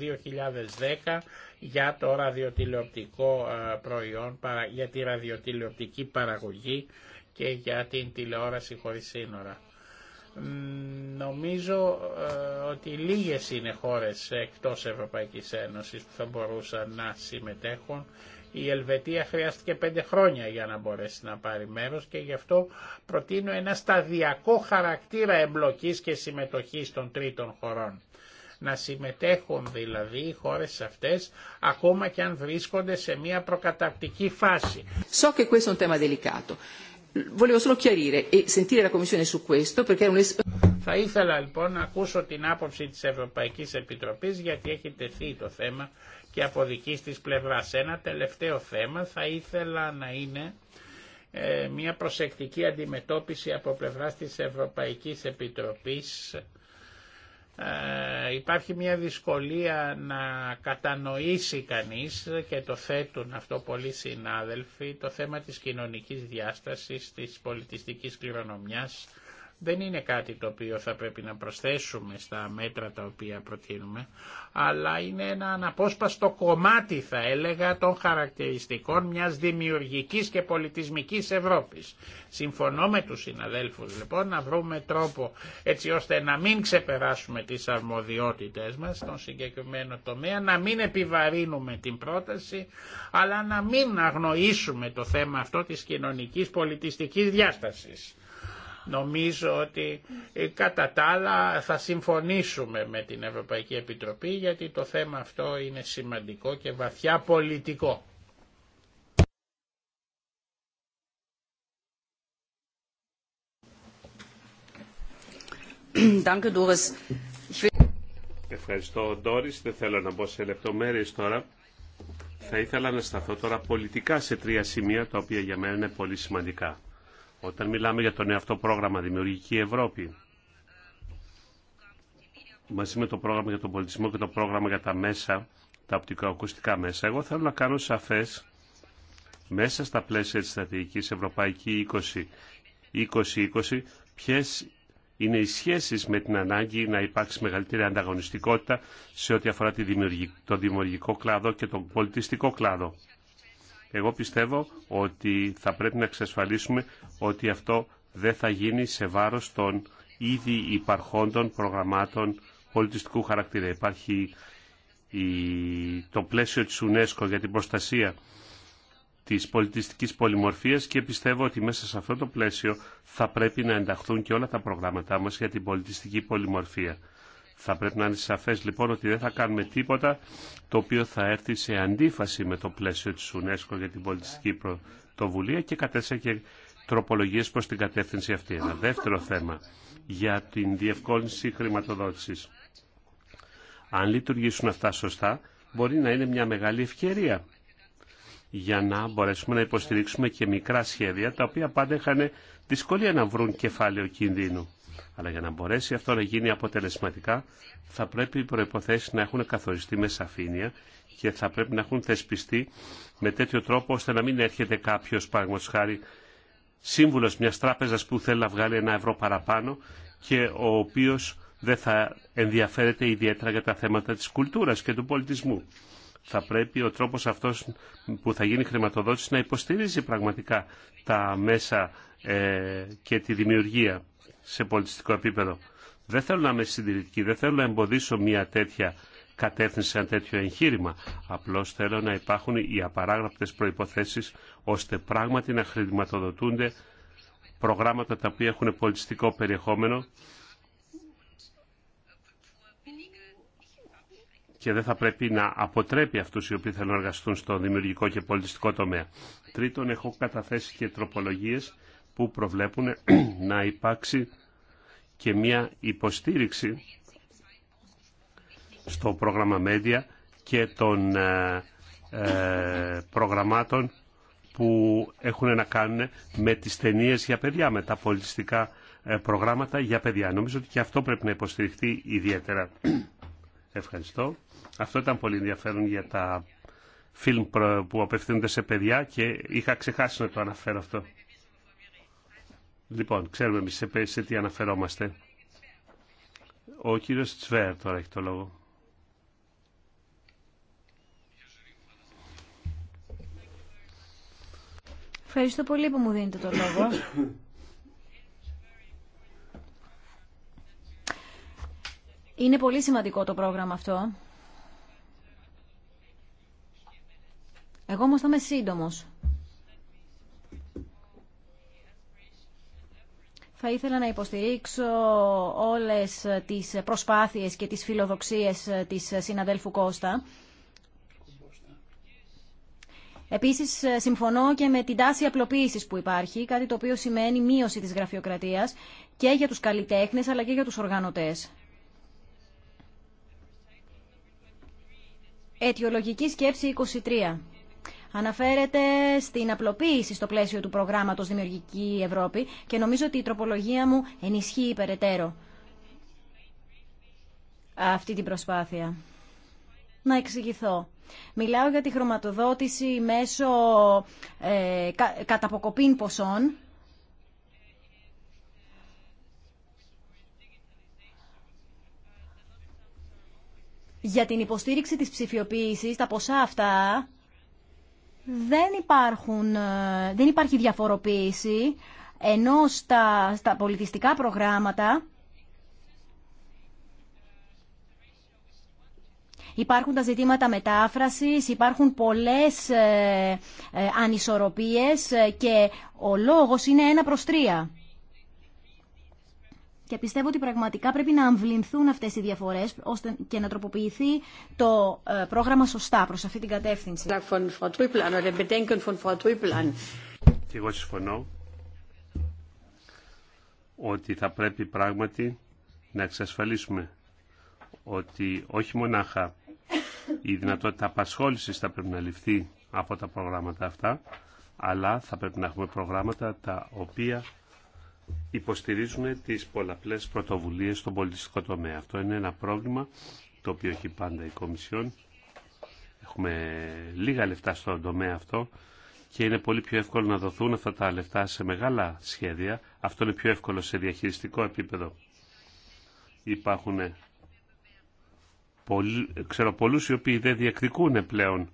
2010 για το ραδιοτηλεοπτικό ε, προϊόν, για τη ραδιοτηλεοπτική παραγωγή και για την τηλεόραση χωρίς σύνορα. Νομίζω ε, ότι λίγες είναι χώρες εκτός Ευρωπαϊκής Ένωσης που θα μπορούσαν να συμμετέχουν. Η Ελβετία χρειάστηκε πέντε χρόνια για να μπορέσει να πάρει μέρος και γι' αυτό προτείνω ένα σταδιακό χαρακτήρα εμπλοκής και συμμετοχής των τρίτων χωρών να συμμετέχουν δηλαδή οι χώρες αυτές ακόμα και αν βρίσκονται σε μια προκαταρκτική φάση. So che tema delicato. Volevo solo chiarire e sentire θα ήθελα λοιπόν να ακούσω την άποψη της Ευρωπαϊκής Επιτροπής γιατί έχει τεθεί το θέμα και από δική της πλευρά. Ένα τελευταίο θέμα θα ήθελα να είναι ε, μια προσεκτική αντιμετώπιση από πλευράς της Ευρωπαϊκής Επιτροπής ε, υπάρχει μια δυσκολία να κατανοήσει κανείς και το θέτουν αυτό πολλοί συνάδελφοι το θέμα της κοινωνικής διάστασης, της πολιτιστικής κληρονομιάς δεν είναι κάτι το οποίο θα πρέπει να προσθέσουμε στα μέτρα τα οποία προτείνουμε, αλλά είναι ένα αναπόσπαστο κομμάτι θα έλεγα των χαρακτηριστικών μιας δημιουργικής και πολιτισμικής Ευρώπης. Συμφωνώ με τους συναδέλφους λοιπόν να βρούμε τρόπο έτσι ώστε να μην ξεπεράσουμε τις αρμοδιότητες μας στον συγκεκριμένο τομέα, να μην επιβαρύνουμε την πρόταση, αλλά να μην αγνοήσουμε το θέμα αυτό της κοινωνικής πολιτιστικής διάστασης. Νομίζω ότι ε, κατά τα άλλα θα συμφωνήσουμε με την Ευρωπαϊκή Επιτροπή γιατί το θέμα αυτό είναι σημαντικό και βαθιά πολιτικό. Ευχαριστώ, Ντόρις. Δεν θέλω να μπω σε λεπτομέρειες τώρα. Θα ήθελα να σταθώ τώρα πολιτικά σε τρία σημεία, τα οποία για μένα είναι πολύ σημαντικά. Όταν μιλάμε για το νέο αυτό πρόγραμμα Δημιουργική Ευρώπη, μαζί με το πρόγραμμα για τον πολιτισμό και το πρόγραμμα για τα μέσα, τα οπτικοακουστικά μέσα, εγώ θέλω να κάνω σαφές μέσα στα πλαίσια της στρατηγικής Ευρωπαϊκή 2020, 20 ποιες είναι οι σχέσεις με την ανάγκη να υπάρξει μεγαλύτερη ανταγωνιστικότητα σε ό,τι αφορά το δημιουργικό κλάδο και το πολιτιστικό κλάδο. Εγώ πιστεύω ότι θα πρέπει να εξασφαλίσουμε ότι αυτό δεν θα γίνει σε βάρος των ήδη υπαρχόντων προγραμμάτων πολιτιστικού χαρακτήρα. Υπάρχει το πλαίσιο της UNESCO για την προστασία της πολιτιστικής πολυμορφίας και πιστεύω ότι μέσα σε αυτό το πλαίσιο θα πρέπει να ενταχθούν και όλα τα προγράμματά μας για την πολιτιστική πολυμορφία. Θα πρέπει να είναι σαφές λοιπόν ότι δεν θα κάνουμε τίποτα το οποίο θα έρθει σε αντίφαση με το πλαίσιο της UNESCO για την πολιτιστική πρωτοβουλία και κατέστησε και τροπολογίες προς την κατεύθυνση αυτή. Ένα δεύτερο θέμα για την διευκόλυνση χρηματοδότησης. Αν λειτουργήσουν αυτά σωστά, μπορεί να είναι μια μεγάλη ευκαιρία για να μπορέσουμε να υποστηρίξουμε και μικρά σχέδια, τα οποία πάντα είχαν δυσκολία να βρουν κεφάλαιο κινδύνου. Αλλά για να μπορέσει αυτό να γίνει αποτελεσματικά, θα πρέπει οι προποθέσει να έχουν καθοριστεί με σαφήνεια και θα πρέπει να έχουν θεσπιστεί με τέτοιο τρόπο ώστε να μην έρχεται κάποιο, παραδείγματο χάρη, σύμβουλο μια τράπεζα που θέλει να βγάλει ένα ευρώ παραπάνω και ο οποίο δεν θα ενδιαφέρεται ιδιαίτερα για τα θέματα της κουλτούρας και του πολιτισμού. Θα πρέπει ο τρόπος αυτός που θα γίνει χρηματοδότηση να υποστηρίζει πραγματικά τα μέσα ε, και τη δημιουργία σε πολιτιστικό επίπεδο. Δεν θέλω να είμαι συντηρητική, δεν θέλω να εμποδίσω μια τέτοια κατεύθυνση ένα τέτοιο εγχείρημα. Απλώ θέλω να υπάρχουν οι απαράγραπτε προποθέσει ώστε πράγματι να χρηματοδοτούνται προγράμματα τα οποία έχουν πολιτιστικό περιεχόμενο και δεν θα πρέπει να αποτρέπει αυτούς οι οποίοι θέλουν να εργαστούν στο δημιουργικό και πολιτιστικό τομέα. Τρίτον, έχω καταθέσει και τροπολογίες που προβλέπουν να υπάρξει και μια υποστήριξη στο πρόγραμμα Media και των ε, ε, προγραμμάτων που έχουν να κάνουν με τις ταινίε για παιδιά, με τα πολιτιστικά ε, προγράμματα για παιδιά. Νομίζω ότι και αυτό πρέπει να υποστηριχθεί ιδιαίτερα. Ευχαριστώ. Αυτό ήταν πολύ ενδιαφέρον για τα φιλμ που απευθύνονται σε παιδιά και είχα ξεχάσει να το αναφέρω αυτό. Λοιπόν, ξέρουμε εμείς σε, σε τι αναφερόμαστε. Ο κύριος Τσβέρ τώρα έχει το λόγο. Ευχαριστώ πολύ που μου δίνετε το λόγο. Είναι πολύ σημαντικό το πρόγραμμα αυτό. Εγώ όμως θα είμαι σύντομος. Θα ήθελα να υποστηρίξω όλες τις προσπάθειες και τις φιλοδοξίες της συναδέλφου Κώστα. Επίσης, συμφωνώ και με την τάση απλοποίησης που υπάρχει, κάτι το οποίο σημαίνει μείωση της γραφειοκρατίας και για τους καλλιτέχνες αλλά και για τους οργανωτές. Αιτιολογική σκέψη 23. Αναφέρεται στην απλοποίηση στο πλαίσιο του προγράμματος Δημιουργική Ευρώπη και νομίζω ότι η τροπολογία μου ενισχύει περαιτέρω αυτή την προσπάθεια. Να εξηγηθώ. Μιλάω για τη χρωματοδότηση μέσω ε, καταποκοπήν ποσών. Για την υποστήριξη της ψηφιοποίησης, τα ποσά αυτά δεν, υπάρχουν, ε, δεν υπάρχει διαφοροποίηση ενώ στα, στα πολιτιστικά προγράμματα Υπάρχουν τα ζητήματα μετάφρασης, υπάρχουν πολλές ε, ε, ε και ο λόγος είναι ένα προς τρία. Και πιστεύω ότι πραγματικά πρέπει να αμβλυνθούν αυτές οι διαφορές ώστε και να τροποποιηθεί το ε, πρόγραμμα σωστά προς αυτή την κατεύθυνση. Και εγώ συμφωνώ ότι θα πρέπει πράγματι να εξασφαλίσουμε ότι όχι μονάχα η δυνατότητα απασχόλησης θα πρέπει να ληφθεί από τα προγράμματα αυτά, αλλά θα πρέπει να έχουμε προγράμματα τα οποία υποστηρίζουν τις πολλαπλές πρωτοβουλίες στον πολιτιστικό τομέα. Αυτό είναι ένα πρόβλημα το οποίο έχει πάντα η Κομισιόν. Έχουμε λίγα λεφτά στον τομέα αυτό και είναι πολύ πιο εύκολο να δοθούν αυτά τα λεφτά σε μεγάλα σχέδια. Αυτό είναι πιο εύκολο σε διαχειριστικό επίπεδο. Υπάρχουν ξέρω πολλούς οι οποίοι δεν διεκδικούν πλέον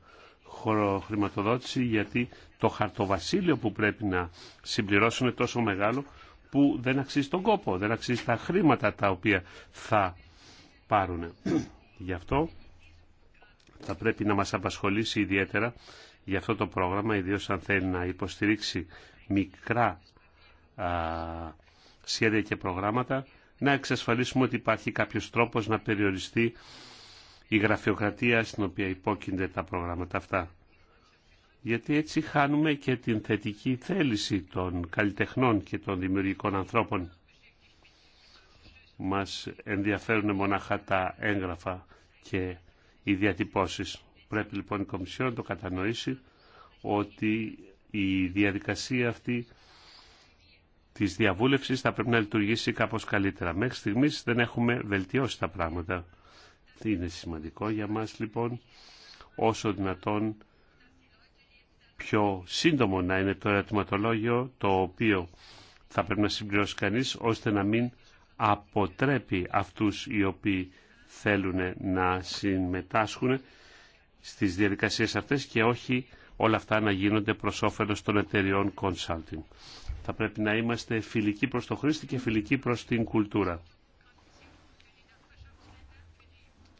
χρηματοδότηση γιατί το χαρτοβασίλειο που πρέπει να συμπληρώσουν είναι τόσο μεγάλο που δεν αξίζει τον κόπο, δεν αξίζει τα χρήματα τα οποία θα πάρουν. Γι' αυτό θα πρέπει να μας απασχολήσει ιδιαίτερα για αυτό το πρόγραμμα, ιδίως αν θέλει να υποστηρίξει μικρά α, σχέδια και προγράμματα, να εξασφαλίσουμε ότι υπάρχει κάποιος τρόπος να περιοριστεί η γραφειοκρατία στην οποία υπόκεινται τα προγράμματα αυτά γιατί έτσι χάνουμε και την θετική θέληση των καλλιτεχνών και των δημιουργικών ανθρώπων. Μας ενδιαφέρουν μονάχα τα έγγραφα και οι διατυπώσεις. Πρέπει λοιπόν η Κομισιόν να το κατανοήσει ότι η διαδικασία αυτή της διαβούλευσης θα πρέπει να λειτουργήσει κάπως καλύτερα. Μέχρι στιγμής δεν έχουμε βελτιώσει τα πράγματα. Είναι σημαντικό για μας λοιπόν όσο δυνατόν πιο σύντομο να είναι το ερωτηματολόγιο το οποίο θα πρέπει να συμπληρώσει κανείς ώστε να μην αποτρέπει αυτούς οι οποίοι θέλουν να συμμετάσχουν στις διαδικασίες αυτές και όχι όλα αυτά να γίνονται προς όφελος των εταιριών consulting. Θα πρέπει να είμαστε φιλικοί προς το χρήστη και φιλικοί προς την κουλτούρα.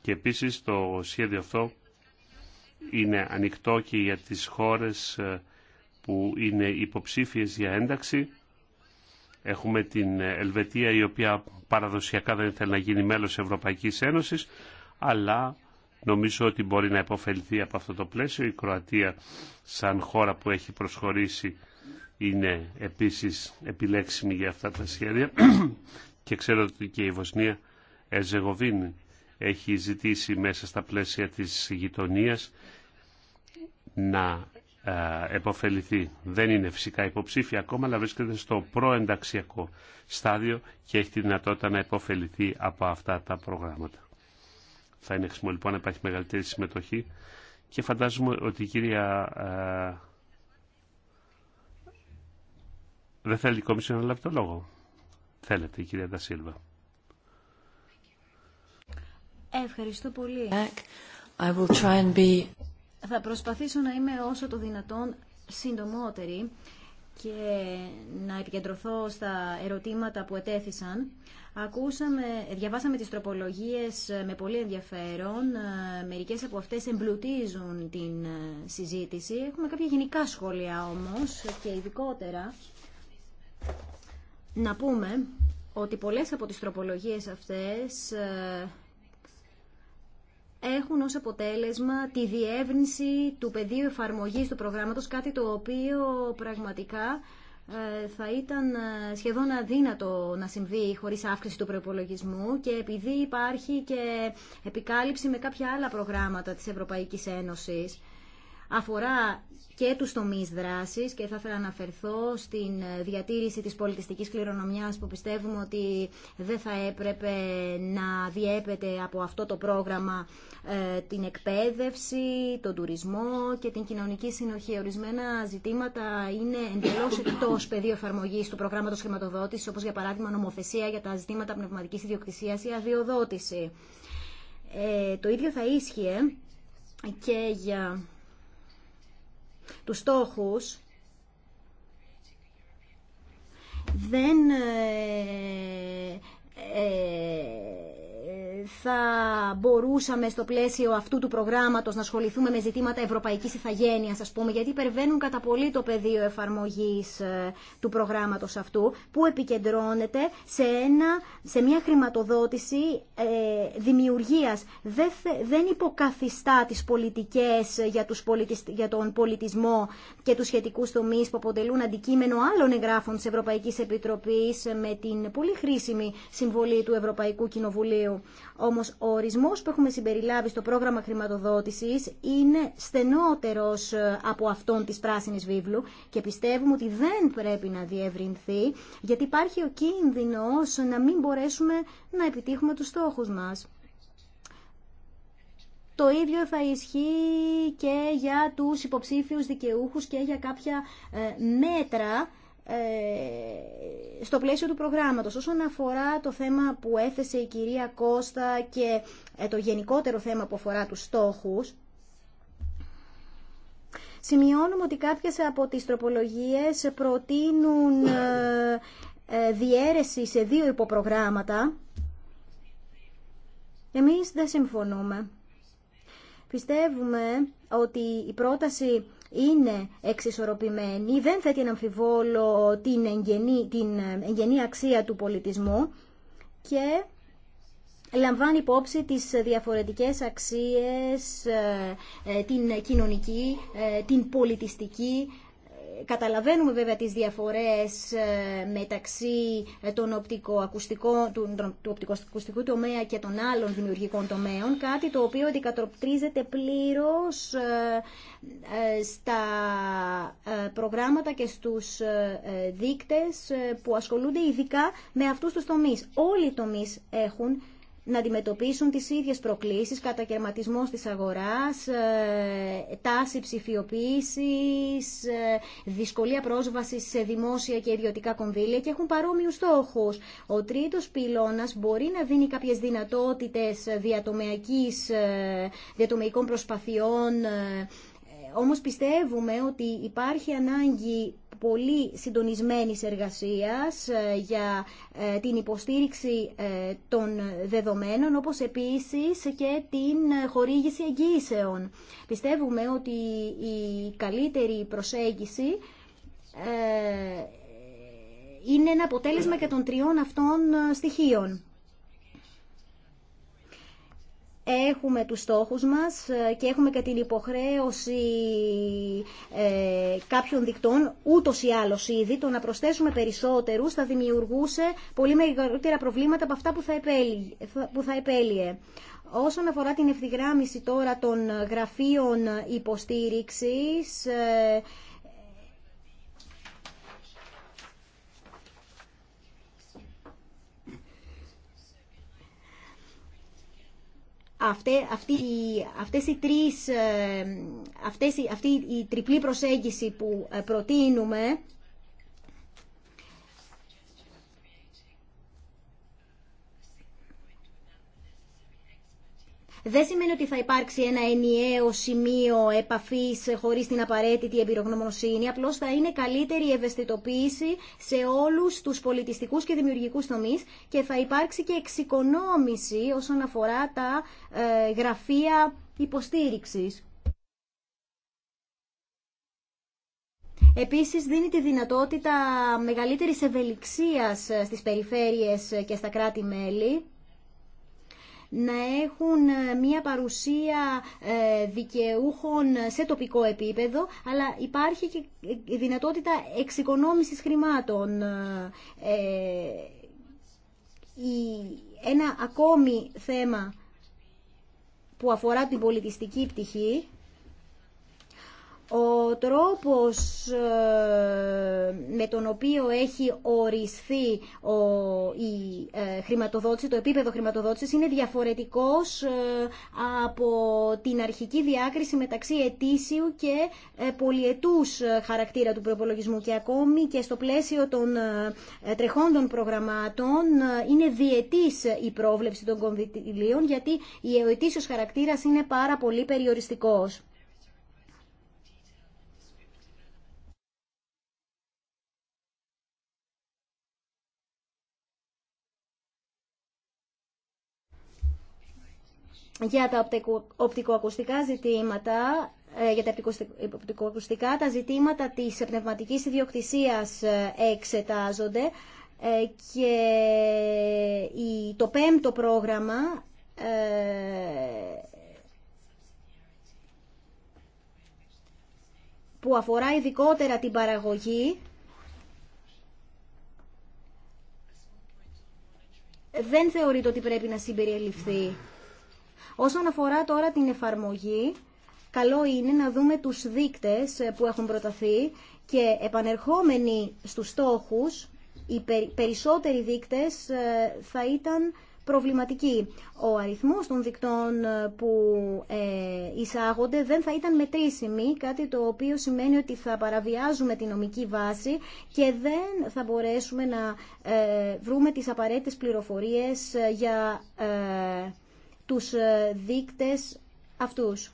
Και επίσης το σχέδιο αυτό είναι ανοιχτό και για τις χώρες ε, που είναι υποψήφιες για ένταξη. Έχουμε την Ελβετία η οποία παραδοσιακά δεν θέλει να γίνει μέλος Ευρωπαϊκής Ένωσης, αλλά νομίζω ότι μπορεί να υποφελθεί από αυτό το πλαίσιο. Η Κροατία σαν χώρα που έχει προσχωρήσει είναι επίσης επιλέξιμη για αυτά τα σχέδια και ξέρω ότι και η Βοσνία Ερζεγοβίνη έχει ζητήσει μέσα στα πλαίσια της γειτονία να ε, επωφεληθεί. Δεν είναι φυσικά υποψήφια ακόμα, αλλά βρίσκεται στο προενταξιακό στάδιο και έχει τη δυνατότητα να επωφεληθεί από αυτά τα προγράμματα. Θα είναι χρησιμό λοιπόν να υπάρχει μεγαλύτερη συμμετοχή και φαντάζομαι ότι η κυρία ε, δεν θέλει η Κομισιόν να λάβει το λόγο. Θέλετε, η κυρία Ντασίλβα. Ευχαριστώ πολύ. Θα προσπαθήσω να είμαι όσο το δυνατόν συντομότερη και να επικεντρωθώ στα ερωτήματα που ετέθησαν. Ακούσαμε, διαβάσαμε τις τροπολογίες με πολύ ενδιαφέρον. Μερικές από αυτές εμπλουτίζουν την συζήτηση. Έχουμε κάποια γενικά σχόλια όμως και ειδικότερα να πούμε ότι πολλές από τις τροπολογίες αυτές ε, έχουν ως αποτέλεσμα τη διεύρυνση του πεδίου εφαρμογής του προγράμματος, κάτι το οποίο πραγματικά ε, θα ήταν ε, σχεδόν αδύνατο να συμβεί χωρίς αύξηση του προϋπολογισμού και επειδή υπάρχει και επικάλυψη με κάποια άλλα προγράμματα της Ευρωπαϊκής Ένωσης αφορά και τους τομείς δράσης και θα ήθελα να αναφερθώ στην διατήρηση της πολιτιστικής κληρονομιάς που πιστεύουμε ότι δεν θα έπρεπε να διέπεται από αυτό το πρόγραμμα ε, την εκπαίδευση, τον τουρισμό και την κοινωνική συνοχή. Ορισμένα ζητήματα είναι εντελώς εκτός πεδίο εφαρμογή του προγράμματος χρηματοδότησης όπως για παράδειγμα νομοθεσία για τα ζητήματα πνευματικής ιδιοκτησίας ή αδειοδότηση. Ε, το ίδιο θα ίσχυε και για τους στόχους δεν ε, ε, θα μπορούσαμε στο πλαίσιο αυτού του προγράμματο να ασχοληθούμε με ζητήματα Ευρωπαϊκή ηθαγένεια, α πούμε, γιατί υπερβαίνουν κατά πολύ το πεδίο εφαρμογή ε, του προγράμματο αυτού, που επικεντρώνεται σε, ένα, σε μια χρηματοδότηση ε, δημιουργίας. Δεν, δεν υποκαθιστά τι πολιτικέ για, για τον πολιτισμό και του σχετικού τομεί που αποτελούν αντικείμενο άλλων εγγράφων τη Ευρωπαϊκή Επιτροπή ε, με την πολύ χρήσιμη συμβολή του Ευρωπαϊκού Κοινοβουλίου. Όμω, ο ορισμό που έχουμε συμπεριλάβει στο πρόγραμμα χρηματοδότησης είναι στενότερος ε, από αυτόν της πράσινη βίβλου και πιστεύουμε ότι δεν πρέπει να διευρυνθεί γιατί υπάρχει ο κίνδυνο να μην μπορέσουμε να επιτύχουμε τους στόχους μας. Το ίδιο θα ισχύει και για τους υποψήφιους δικαιούχους και για κάποια ε, μέτρα ε, στο πλαίσιο του προγράμματος. Όσον αφορά το θέμα που έθεσε η κυρία Κώστα και ε, το γενικότερο θέμα που αφορά τους στόχους, σημειώνουμε ότι κάποιες από τις τροπολογίες προτείνουν ε, διέρεση σε δύο υποπρογράμματα. Εμείς δεν συμφωνούμε. Πιστεύουμε ότι η πρόταση είναι εξισορροπημένη, δεν θέτει να αμφιβόλο την εγγενή, την εγγενή αξία του πολιτισμού και λαμβάνει υπόψη τις διαφορετικές αξίες, ε, ε, την κοινωνική, ε, την πολιτιστική καταλαβαίνουμε βέβαια τις διαφορές ε, μεταξύ ε, των του, οπτικοακουστικού τομέα και των άλλων δημιουργικών τομέων, κάτι το οποίο αντικατοπτρίζεται πλήρως ε, στα προγράμματα και στους δείκτες που ασχολούνται ειδικά με αυτούς τους τομείς. Όλοι οι τομείς έχουν να αντιμετωπίσουν τις ίδιες προκλήσεις, κατακαιρματισμός της αγοράς, ε, τάση ψηφιοποίησης, ε, δυσκολία πρόσβασης σε δημόσια και ιδιωτικά κονδύλια και έχουν παρόμοιους στόχους. Ο τρίτος πυλώνας μπορεί να δίνει κάποιες δυνατότητες διατομεικών ε, προσπαθειών όμως πιστεύουμε ότι υπάρχει ανάγκη πολύ συντονισμένης εργασίας ε, για ε, την υποστήριξη ε, των δεδομένων, όπως επίσης και την χορήγηση εγγύησεων. Πιστεύουμε ότι η καλύτερη προσέγγιση είναι ένα αποτέλεσμα και των τριών αυτών στοιχείων έχουμε τους στόχους μας ε, και έχουμε και την υποχρέωση ε, κάποιων δικτών, ούτως ή άλλως ήδη, το να προσθέσουμε περισσότερους θα δημιουργούσε πολύ μεγαλύτερα προβλήματα από αυτά που θα επέλυε. Όσον αφορά την ευθυγράμμιση τώρα των γραφείων υποστήριξης, ε, αυτές, αυτοί, αυτές οι τρεις, ε, αυτές, αυτή η τριπλή προσέγγιση που ε, προτείνουμε δεν σημαίνει ότι θα υπάρξει ένα ενιαίο σημείο επαφή χωρί την απαραίτητη εμπειρογνωμοσύνη, Απλώ θα είναι καλύτερη ευαισθητοποίηση σε όλους τους πολιτιστικού και δημιουργικού τομεί και θα υπάρξει και εξοικονόμηση όσον αφορά τα ε, γραφεία υποστήριξης. Επίσης δίνει τη δυνατότητα μεγαλύτερης ευελιξίας στις περιφέρειες και στα κράτη-μέλη να έχουν ε, μια παρουσία ε, δικαιούχων σε τοπικό επίπεδο, αλλά υπάρχει και η ε, δυνατότητα εξοικονόμησης χρημάτων. Ένα ακόμη θέμα που αφορά την πολιτιστική πτυχή ο τρόπος ε, με τον οποίο έχει οριστεί η ε, χρηματοδότηση, το επίπεδο χρηματοδότησης είναι διαφορετικός ε, από την αρχική διάκριση μεταξύ ετήσιου και πολιετούς χαρακτήρα του προπολογισμού και ακόμη και στο πλαίσιο των τρεχόντων προγραμμάτων είναι διετής η πρόβλεψη των κονδυλίων γιατί η ετήσιος χαρακτήρας είναι πάρα πολύ περιοριστικός. για τα οπτικοακουστικά ζητήματα, ε, για τα οπτικοακουστικά, τα ζητήματα της πνευματικής ιδιοκτησίας ε, εξετάζονται ε, και το πέμπτο πρόγραμμα που αφορά ειδικότερα την παραγωγή δεν θεωρείται ότι πρέπει να σύμπεριληφθεί. Όσον αφορά τώρα την εφαρμογή, καλό είναι να δούμε τους δείκτες ε, που έχουν προταθεί και επανερχόμενοι στους στόχους, οι περισσότεροι δείκτες ε, θα ήταν προβληματικοί. Ο αριθμός των δικτών ε, που εισάγονται δεν θα ήταν μετρήσιμοι, κάτι το οποίο σημαίνει ότι θα παραβιάζουμε την νομική βάση και δεν θα μπορέσουμε να βρούμε τις απαραίτητες πληροφορίες για τους ε, δείκτες αυτούς.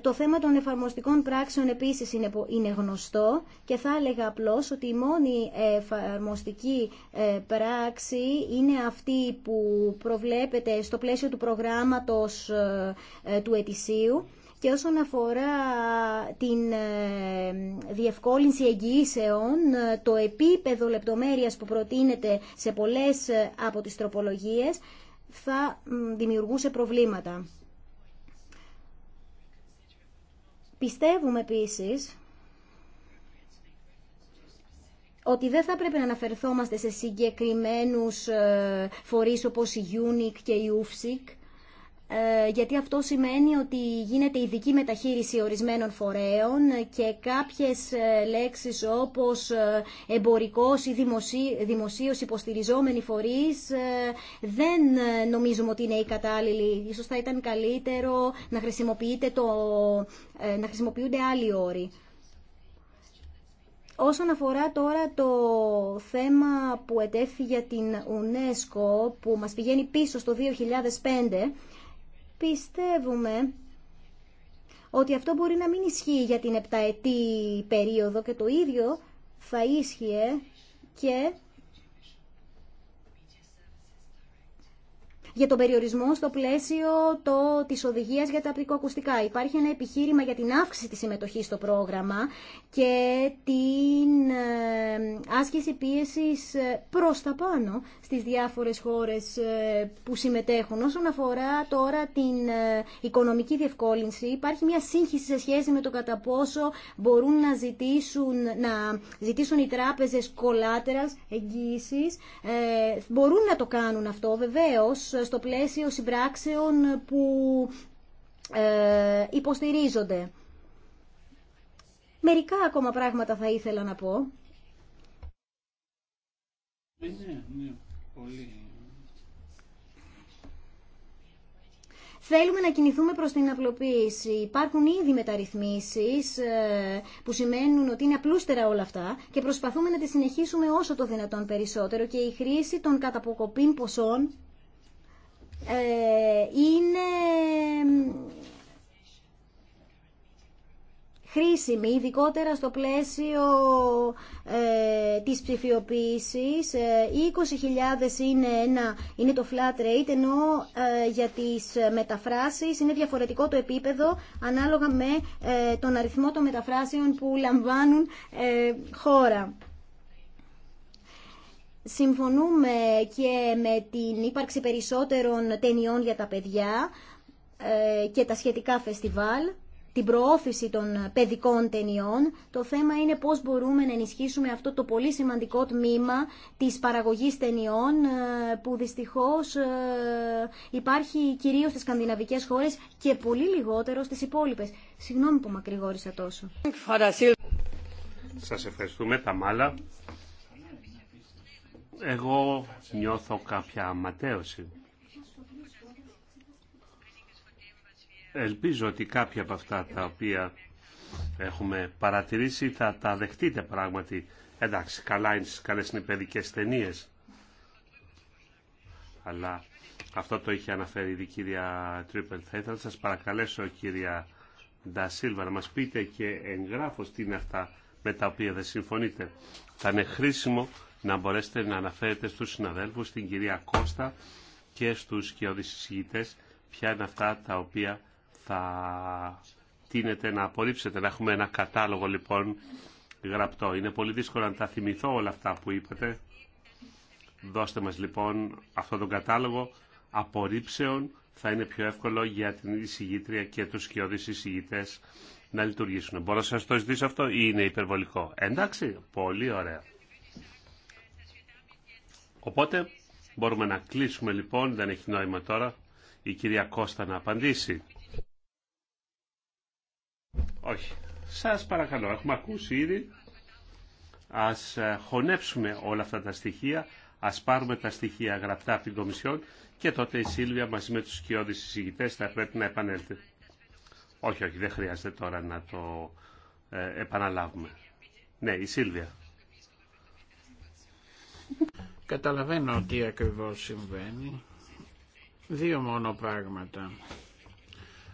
Το θέμα των εφαρμοστικών πράξεων επίσης είναι γνωστό και θα έλεγα απλώς ότι η μόνη εφαρμοστική ε, πράξη είναι αυτή που προβλέπεται στο πλαίσιο του προγράμματος ε, του ετησίου και όσον αφορά την διευκόλυνση εγγυήσεων, το επίπεδο λεπτομέρειας που προτείνεται σε πολλές από τις τροπολογίες θα δημιουργούσε προβλήματα. Πιστεύουμε επίσης ότι δεν θα πρέπει να αναφερθόμαστε σε συγκεκριμένους ε, φορείς όπως η UNIC και η UFSIC, ε, γιατί αυτό σημαίνει ότι γίνεται ειδική μεταχείριση ορισμένων φορέων και κάποιες ε, λέξεις όπως ε, εμπορικός ή δημοσίως υποστηριζόμενοι φορείς δεν νομίζουμε ότι είναι οι κατάλληλοι. Ίσως θα ήταν καλύτερο να, το, να χρησιμοποιούνται άλλοι όροι. Όσον αφορά τώρα το θέμα που ετέθη για την UNESCO που μας πηγαίνει πίσω στο 2005 Πιστεύουμε ότι αυτό μπορεί να μην ισχύει για την επταετή περίοδο και το ίδιο θα ίσχυε και για τον περιορισμό στο πλαίσιο το, της οδηγίας για τα απτικοακουστικά. Υπάρχει ένα επιχείρημα για την αύξηση της συμμετοχής στο πρόγραμμα και την ε, άσκηση πίεσης ε, προς τα πάνω στις διάφορες χώρες ε, που συμμετέχουν. Όσον αφορά τώρα την οικονομική διευκόλυνση, υπάρχει μια σύγχυση σε σχέση με το κατά πόσο μπορούν να ζητήσουν, να ζητήσουν οι τράπεζες κολάτερας εγγύησης. μπορούν να το κάνουν αυτό βεβαίως στο πλαίσιο συμπράξεων που ε, υποστηρίζονται. Μερικά ακόμα πράγματα θα ήθελα να πω. Ναι, ναι, Θέλουμε να κινηθούμε προς την απλοποίηση. Υπάρχουν ήδη μεταρρυθμίσεις ε, που σημαίνουν ότι είναι απλούστερα όλα αυτά και προσπαθούμε να τις συνεχίσουμε όσο το δυνατόν περισσότερο και η χρήση των καταποκοπήν ποσών ε, είναι χρήσιμη, ειδικότερα στο πλαίσιο ε, της ψηφιοποίησης. 20.000 ε, είναι, είναι το flat rate, ενώ ε, για τις μεταφράσεις είναι διαφορετικό το επίπεδο ανάλογα με τον αριθμό των μεταφράσεων που λαμβάνουν χώρα. Συμφωνούμε και με την ύπαρξη περισσότερων ταινιών για τα παιδιά ε, και τα σχετικά φεστιβάλ, την προώθηση των παιδικών ταινιών. Το θέμα είναι πώς μπορούμε να ενισχύσουμε αυτό το πολύ σημαντικό τμήμα της παραγωγής ταινιών ε, που δυστυχώς ε, υπάρχει κυρίως στις σκανδιναβικές χώρες και πολύ λιγότερο στις υπόλοιπες. Συγγνώμη που μακρηγόρησα τόσο. Σας ευχαριστούμε τα μάλα. Εγώ νιώθω κάποια αματέωση. Ελπίζω ότι κάποια από αυτά τα οποία έχουμε παρατηρήσει θα τα δεχτείτε πράγματι. Εντάξει, καλά είναι, καλές είναι Αλλά αυτό το είχε αναφέρει η κυρία Τρίπελ. Θα ήθελα να σας παρακαλέσω κυρία Ντασίλβα να μας πείτε και εγγράφω τι είναι αυτά με τα οποία δεν συμφωνείτε. Θα είναι χρήσιμο να μπορέσετε να αναφέρετε στους συναδέλφους, στην κυρία Κώστα και στους κοιόδης ποια είναι αυτά τα οποία θα τίνετε να απορρίψετε. Να έχουμε ένα κατάλογο λοιπόν γραπτό. Είναι πολύ δύσκολο να τα θυμηθώ όλα αυτά που είπατε. Δώστε μας λοιπόν αυτόν τον κατάλογο απορρίψεων θα είναι πιο εύκολο για την εισηγήτρια και τους σκιώδεις εισηγητές να λειτουργήσουν. Μπορώ να σας το ζητήσω αυτό ή είναι υπερβολικό. Εντάξει, πολύ ωραία. Οπότε μπορούμε να κλείσουμε λοιπόν, δεν έχει νόημα τώρα η κυρία Κώστα να απαντήσει. Όχι. Σας παρακαλώ, έχουμε ακούσει ήδη. Ας ε, χωνέψουμε όλα αυτά τα στοιχεία, ας πάρουμε τα στοιχεία γραπτά από την Κομισιόν και τότε η Σίλβια μαζί με τους σκιώδεις συζητητές θα πρέπει να επανέλθει. Όχι, όχι, δεν χρειάζεται τώρα να το ε, επαναλάβουμε. Ναι, η Σίλβια. Καταλαβαίνω τι ακριβώς συμβαίνει. Δύο μόνο πράγματα.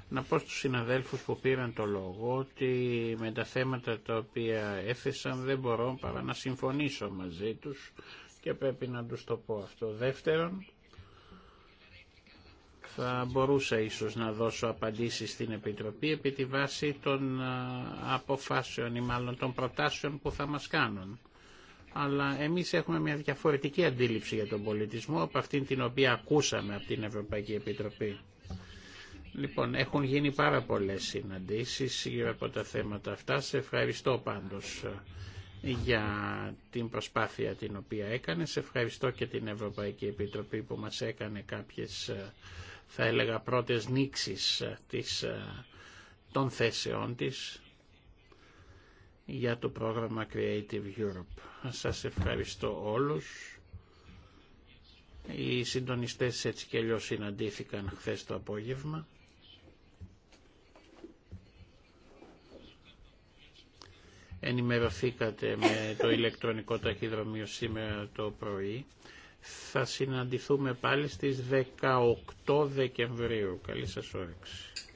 Να πω στους συναδέλφους που πήραν το λόγο ότι με τα θέματα τα οποία έθεσαν δεν μπορώ παρά να συμφωνήσω μαζί τους και πρέπει να τους το πω αυτό. Δεύτερον, θα μπορούσα ίσως να δώσω απαντήσεις στην Επιτροπή επί τη βάση των ε, αποφάσεων ή μάλλον των προτάσεων που θα μας κάνουν αλλά εμείς έχουμε μια διαφορετική αντίληψη για τον πολιτισμό από αυτήν την οποία ακούσαμε από την Ευρωπαϊκή Επιτροπή. Λοιπόν, έχουν γίνει πάρα πολλές συναντήσεις γύρω από τα θέματα αυτά. Σε ευχαριστώ πάντως ε, για την προσπάθεια την οποία έκανε. Σε ευχαριστώ και την Ευρωπαϊκή Επιτροπή που μας έκανε κάποιες, ε, θα έλεγα, πρώτες νήξεις ε, των θέσεών της για το πρόγραμμα Creative Europe. Σας ευχαριστώ όλους. Οι συντονιστές έτσι και αλλιώς συναντήθηκαν χθες το απόγευμα. Ενημερωθήκατε με το ηλεκτρονικό ταχυδρομείο σήμερα το πρωί. Θα συναντηθούμε πάλι στις 18 Δεκεμβρίου. Καλή σας όρεξη.